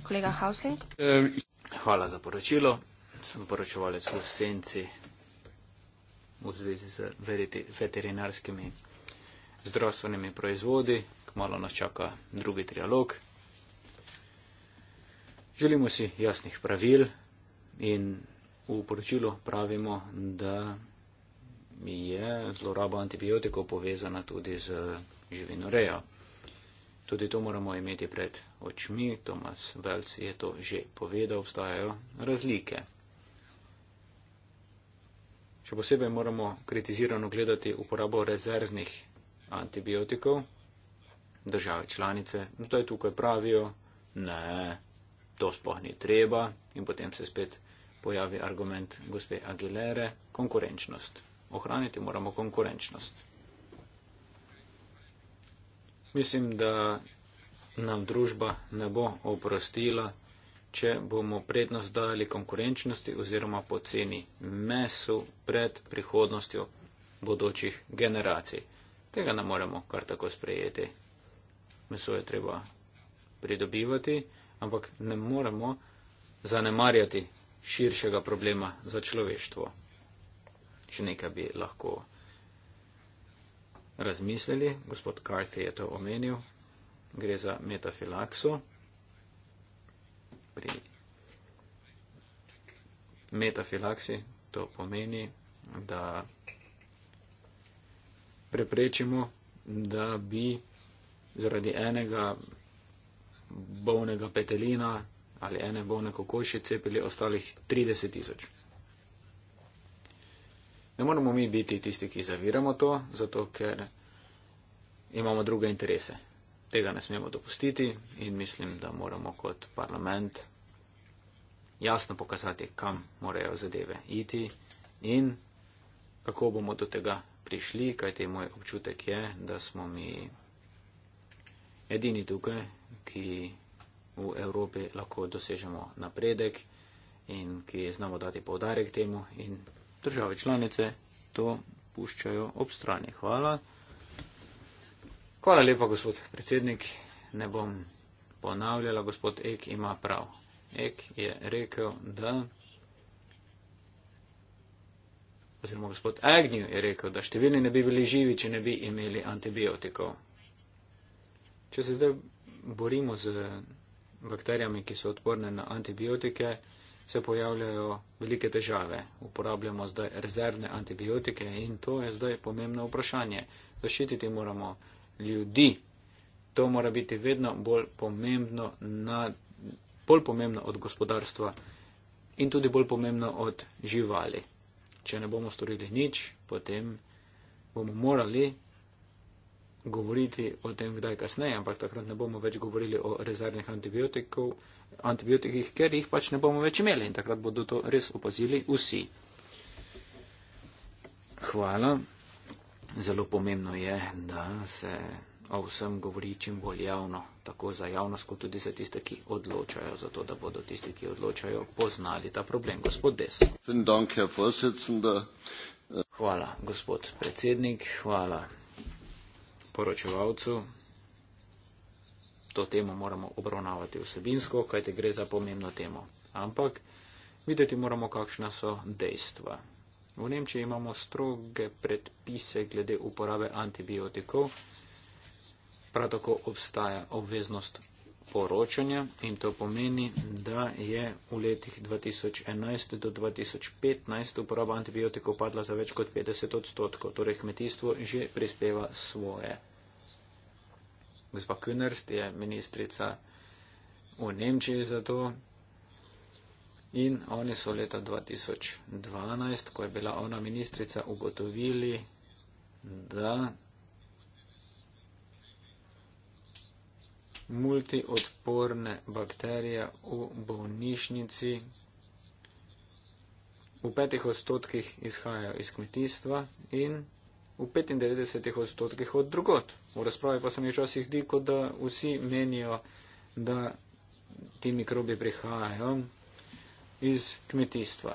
Kolega Hausling? Hvala za poročilo. Sem poročevalec v Senci v zvezi z veterinarskimi zdravstvenimi proizvodi. Kmalo nas čaka drugi trialog. Želimo si jasnih pravil in V poročilu pravimo, da je zloraba antibiotikov povezana tudi z živinorejo. Tudi to moramo imeti pred očmi, Tomas Velc je to že povedal, obstajajo razlike. Še posebej moramo kritizirano gledati uporabo rezervnih antibiotikov, države članice, zdaj tukaj pravijo, ne, to sploh ni treba in potem se spet pojavi argument gospe Aguilere, konkurenčnost. Ohraniti moramo konkurenčnost. Mislim, da nam družba ne bo oprostila, če bomo prednost dali konkurenčnosti oziroma poceni mesu pred prihodnostjo bodočih generacij. Tega ne moremo kar tako sprejeti. Meso je treba pridobivati, ampak ne moremo zanemarjati širšega problema za človeštvo. Še nekaj bi lahko razmislili, gospod Karti je to omenil, gre za metafilakso. Pri metafilaksi to pomeni, da preprečimo, da bi zaradi enega bolnega petelina ali ene bolne kokoši cepili, ostalih 30 tisoč. Ne moramo mi biti tisti, ki zaviramo to, zato ker imamo druge interese. Tega ne smemo dopustiti in mislim, da moramo kot parlament jasno pokazati, kam morajo zadeve iti in kako bomo do tega prišli, kajti moj občutek je, da smo mi edini tukaj, ki v Evropi lahko dosežemo napredek in ki znamo dati povdarek temu in države članice to puščajo ob strani. Hvala. Hvala lepa, gospod predsednik. Ne bom ponavljala, gospod Ek ima prav. Ek je rekel, da. Oziroma, gospod Agnew je rekel, da številni ne bi bili živi, če ne bi imeli antibiotikov. Če se zdaj borimo z bakterijami, ki so odporne na antibiotike, se pojavljajo velike težave. Uporabljamo zdaj rezervne antibiotike in to je zdaj pomembno vprašanje. Zaščititi moramo ljudi. To mora biti vedno bolj pomembno, na, bolj pomembno od gospodarstva in tudi bolj pomembno od živali. Če ne bomo storili nič, potem bomo morali govoriti o tem kdaj kasneje, ampak takrat ne bomo več govorili o rezervnih antibiotikih, ker jih pač ne bomo več imeli in takrat bodo to res opazili vsi. Hvala. Zelo pomembno je, da se o vsem govori čim bolj javno, tako za javnost, kot tudi za tiste, ki odločajo, zato da bodo tisti, ki odločajo, poznali ta problem. Gospod Des. Hvala, gospod predsednik. Hvala poročevalcu. To temo moramo obravnavati vsebinsko, kajte gre za pomembno temo. Ampak videti moramo, kakšna so dejstva. V Nemčiji imamo stroge predpise glede uporabe antibiotikov. Prav tako obstaja obveznost poročanja in to pomeni, da je v letih 2011 do 2015 uporaba antibiotikov padla za več kot 50 odstotkov, torej kmetijstvo že prispeva svoje. Gospa Künerst je ministrica v Nemčiji za to in oni so leta 2012, ko je bila ona ministrica, ugotovili, da multiodporne bakterije v bolnišnici v petih odstotkih izhajajo iz kmetijstva in v 95 odstotkih od drugot. V razpravi pa se mi včasih zdi, kot da vsi menijo, da ti mikrobi prihajajo iz kmetijstva.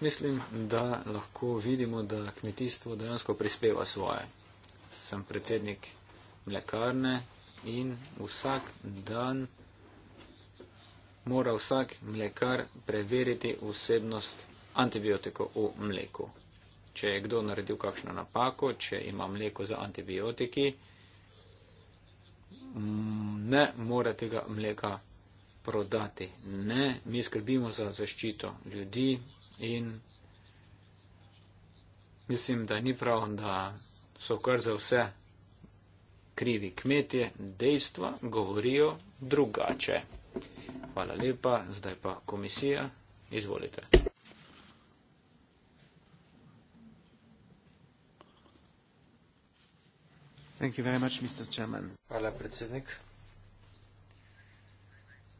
Mislim, da lahko vidimo, da kmetijstvo dejansko prispeva svoje. Sem predsednik mlekarne in vsak dan mora vsak mlekar preveriti vsebnost antibiotikov v mleku. Če je kdo naredil kakšno napako, če ima mleko za antibiotiki, ne more tega mleka prodati. Ne, mi skrbimo za zaščito ljudi in mislim, da ni prav, da so kar za vse krivi kmetje, dejstva govorijo drugače. Hvala lepa, zdaj pa komisija, izvolite. Much, Hvala, predsednik.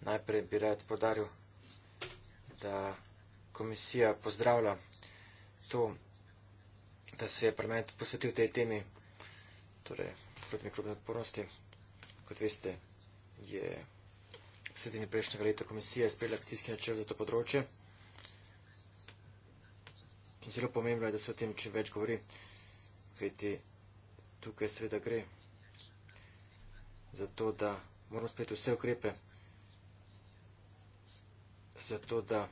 Najprej bi rad podaril, da komisija pozdravlja to, da se je parlament posvetil tej temi torej protimikrobne odpornosti. Kot veste, je v sredini prejšnjega leta komisija sprejela akcijski načel za to področje. In zelo pomembno je, da se o tem čim več govori, kajti tukaj seveda gre za to, da moramo sprejeti vse ukrepe, za to, da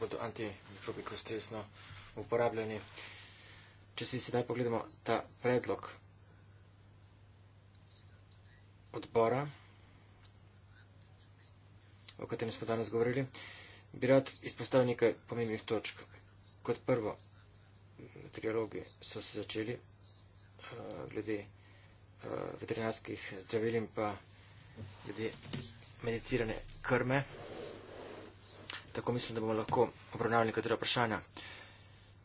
bodo antimikrobiki ustrezno uporabljeni. Če si sedaj pogledamo ta predlog odbora, o katerem smo danes govorili, bi rad izpostavil nekaj pomembnih točk. Kot prvo, trialogi so se začeli uh, glede uh, veterinarskih zdravil in pa glede medicirane krme. Tako mislim, da bomo lahko obravnavali nekatera vprašanja,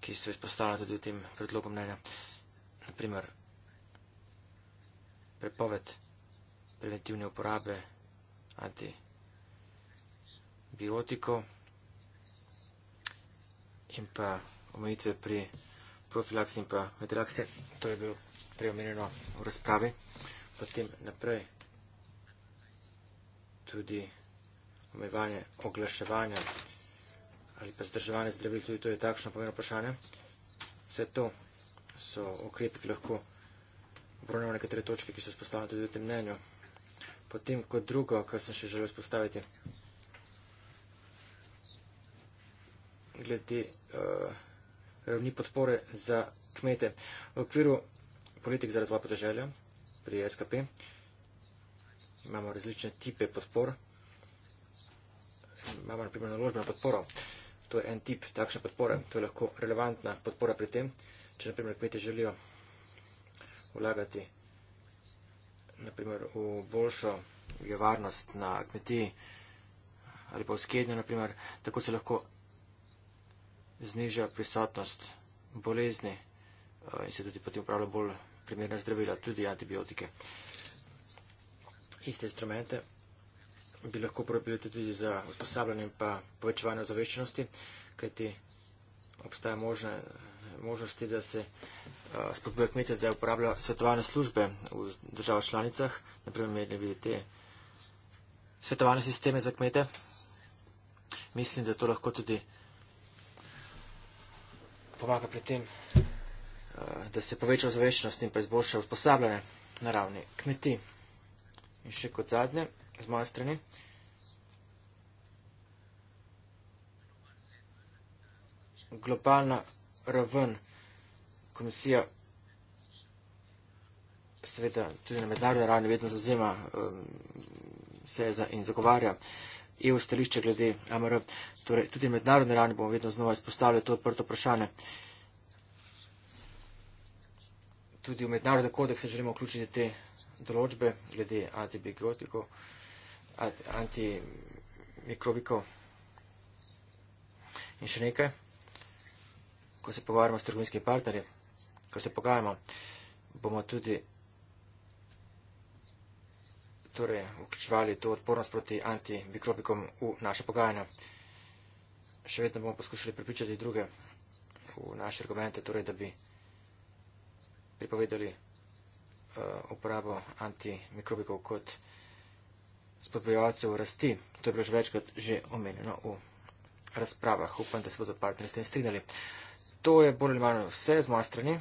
ki so izpostavljena tudi v tem predlogu mnenja. Naprimer, prepoved preventivne uporabe antibiotikov in pa omejitve pri profilaksi in pa metilaksi. To je bilo preomenjeno v razpravi. Potem naprej tudi omejevanje oglaševanja ali pa zdrževanje zdravil, tudi to je takšno pomeno vprašanje. Vse to so okrepi, ki lahko obronjajo nekatere točke, ki so spostavljene tudi v tem mnenju. Potem kot drugo, kar sem še želel spostaviti. Glede uh, ravni podpore za kmete. V okviru politik za razvoj podeželja pri SKP imamo različne tipe podpor. Imamo na primer naložbeno podporo. To je en tip takšne podpore. To je lahko relevantna podpora pri tem, če na primer kmete želijo vlagati naprimer, v boljšo varnost na kmetiji ali pa v skednju, naprimer, tako se lahko zniža prisotnost bolezni eh, in se tudi potem upravlja bolj primerna zdravila, tudi antibiotike. Iste instrumente bi lahko uporabili tudi za usposabljanje in pa povečevanje zaveščenosti, kajti obstaja možne, možnosti, da se Eh, spodbuja kmete, da uporablja svetovalne službe v državah članicah, naprimer medne vidite svetovalne sisteme za kmete. Mislim, da to lahko tudi pomaga pri tem, eh, da se poveča ozaveščenost in pa izboljša usposabljanje na ravni kmeti. In še kot zadnje, z moje strani, globalna raven kmeti, komisija seveda tudi na mednarodni ravni vedno zauzema vse um, za in zagovarja EU stališče glede AMR. Torej, tudi na mednarodni ravni bomo vedno znova izpostavljali to odprto vprašanje. Tudi v mednarodne kodekse želimo vključiti te določbe glede antibiotikov, antimikrobikov in še nekaj, ko se pogovarjamo s trgovinskimi partnerji ko se pogajamo, bomo tudi torej, vključevali to odpornost proti antibikropikom v naše pogajanja. Še vedno bomo poskušali pripričati druge v naše argumente, torej, da bi pripovedali uh, uporabo antimikrobikov kot spodbojevalcev rasti. To je bilo že večkrat že omenjeno v razpravah. Upam, da se bodo partneri s tem strinjali. To je bolj ali manj vse z moje strani.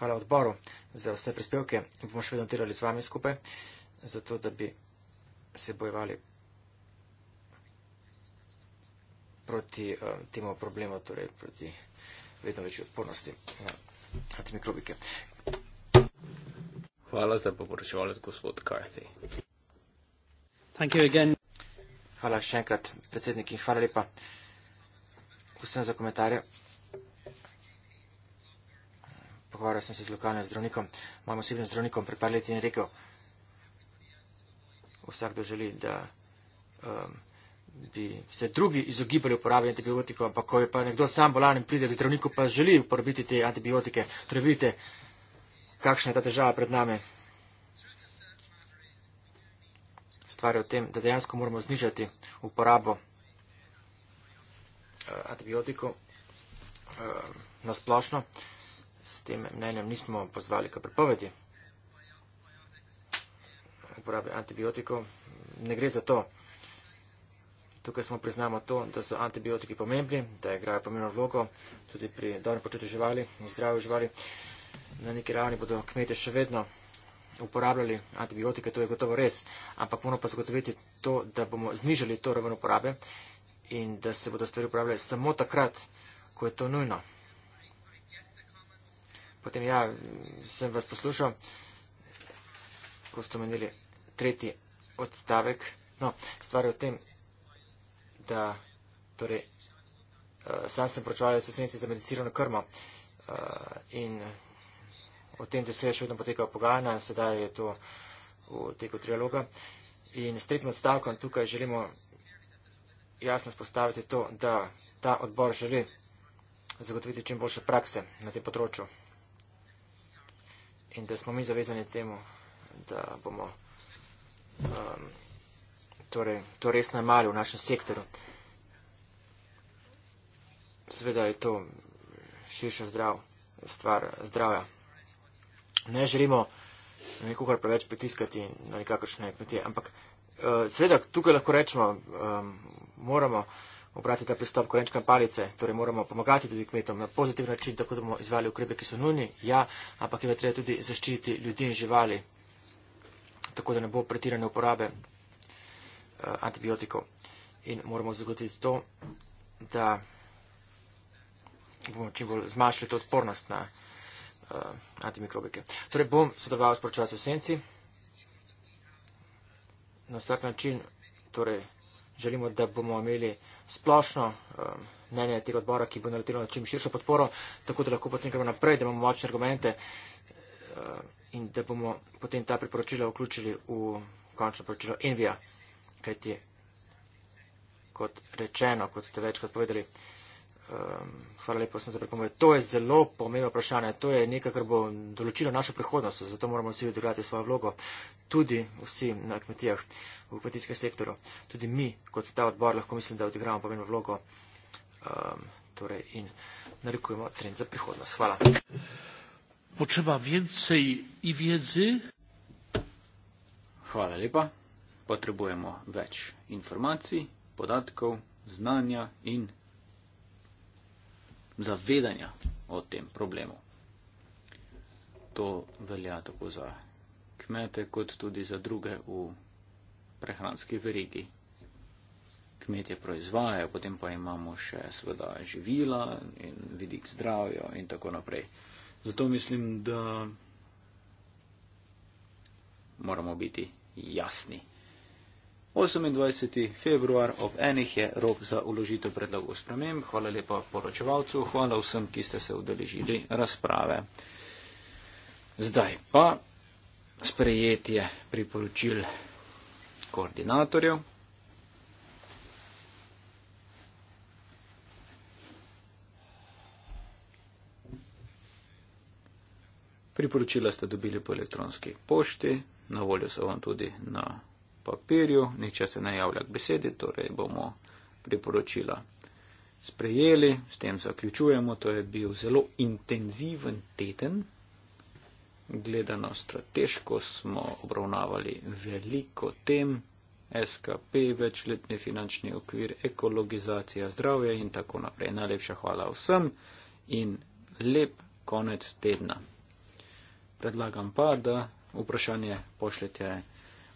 Hvala odboru za vse prispevke. Bomo še vedno delali z vami skupaj, zato da bi se bojevali proti um, temu problemu, torej proti vedno večji odpornosti na antimikrobike. Hvala za poporočevalec, gospod Karthi. Thank you again. Hvala še enkrat, predsednik, in hvala lepa vsem za komentarje pogovarjal sem se z lokalnim zdravnikom, mojim osebnim zdravnikom, pred par leti in rekel, vsak, kdo želi, da um, bi se drugi izogibali uporabi antibiotikov, ampak ko je pa nekdo sam bolan in pride k zdravniku, pa želi uporabiti te antibiotike, torej vidite, kakšna je ta težava pred nami. Stvar je v tem, da dejansko moramo znižati uporabo uh, antibiotikov uh, na splošno. Uh, s tem mnenjem nismo pozvali k prepovedi uporabe antibiotikov. Ne gre za to. Tukaj smo priznamo to, da so antibiotiki pomembni, da igrajo pomembno vlogo tudi pri dobrem početju živali in zdravju živali. Na neki ravni bodo kmete še vedno uporabljali antibiotike, to je gotovo res, ampak moramo pa zagotoviti to, da bomo znižali to raven uporabe in da se bodo stvari uporabljali samo takrat, ko je to nujno. Potem ja, sem vas poslušal, ko ste omenili tretji odstavek. No, stvar je v tem, da torej, uh, sam sem pročeval v sosednici za medicirano krmo uh, in o tem, da se je še vedno potekal pogajanja, sedaj je to v teku trialoga. In s tretjim odstavkom tukaj želimo jasno spostaviti to, da ta odbor želi zagotoviti čim boljše prakse na tem področju in da smo mi zavezani temu, da bomo um, torej, to resno imeli v našem sektorju. Seveda je to širša zdrav, stvar zdravja. Ne želimo nekoga preveč pritiskati na nekakršne kmetije, ampak uh, seveda tukaj lahko rečemo, um, moramo obrati ta pristop korenčka palice. Torej moramo pomagati tudi kmetom na pozitiv način, tako da bomo izvali ukrepe, ki so nujni, ja, ampak je pa treba tudi zaščititi ljudi in živali, tako da ne bo pretirane uporabe uh, antibiotikov. In moramo zagotoviti to, da bomo čim bolj zmašli to odpornost na uh, antimikrobike. Torej bom sodeloval s pročevalcem senci. Na vsak način torej, želimo, da bomo imeli splošno ehm, mnenje tega odbora, ki bo naletelo na čim širšo podporo, tako da lahko potem gremo naprej, da imamo močne argumente ehm, in da bomo potem ta priporočila vključili v končno poročilo Envija, kajti kot rečeno, kot ste večkrat povedali, Um, hvala lepa, da sem se pripomnil. To je zelo pomembno vprašanje. To je nekaj, kar bo določilo našo prihodnost. Zato moramo vsi odigrati svojo vlogo. Tudi vsi na kmetijah, v kmetijskem sektoru. Tudi mi, kot ta odbor, lahko mislim, da odigramo pomembno vlogo. Um, torej in narekujemo trend za prihodnost. Hvala. Potreba vencej in vjedzi. Hvala lepa. Potrebujemo več informacij, podatkov, znanja in zavedanja o tem problemu. To velja tako za kmete, kot tudi za druge v prehranski verigi. Kmetje proizvajajo, potem pa imamo še seveda živila in vidik zdravja in tako naprej. Zato mislim, da moramo biti jasni. 28. februar ob enih je rok za uložitev predlogov sprememb. Hvala lepa poročevalcu, hvala vsem, ki ste se udeležili razprave. Zdaj pa sprejetje priporočil koordinatorjev. Priporočila ste dobili po elektronski pošti, na voljo so vam tudi na papirju, niče se ne javlja k besedi, torej bomo priporočila sprejeli, s tem zaključujemo, to je bil zelo intenziven teden. Gledano strateško smo obravnavali veliko tem, SKP, večletni finančni okvir, ekologizacija zdravja in tako naprej. Najlepša hvala vsem in lep konec tedna. Predlagam pa, da vprašanje pošljete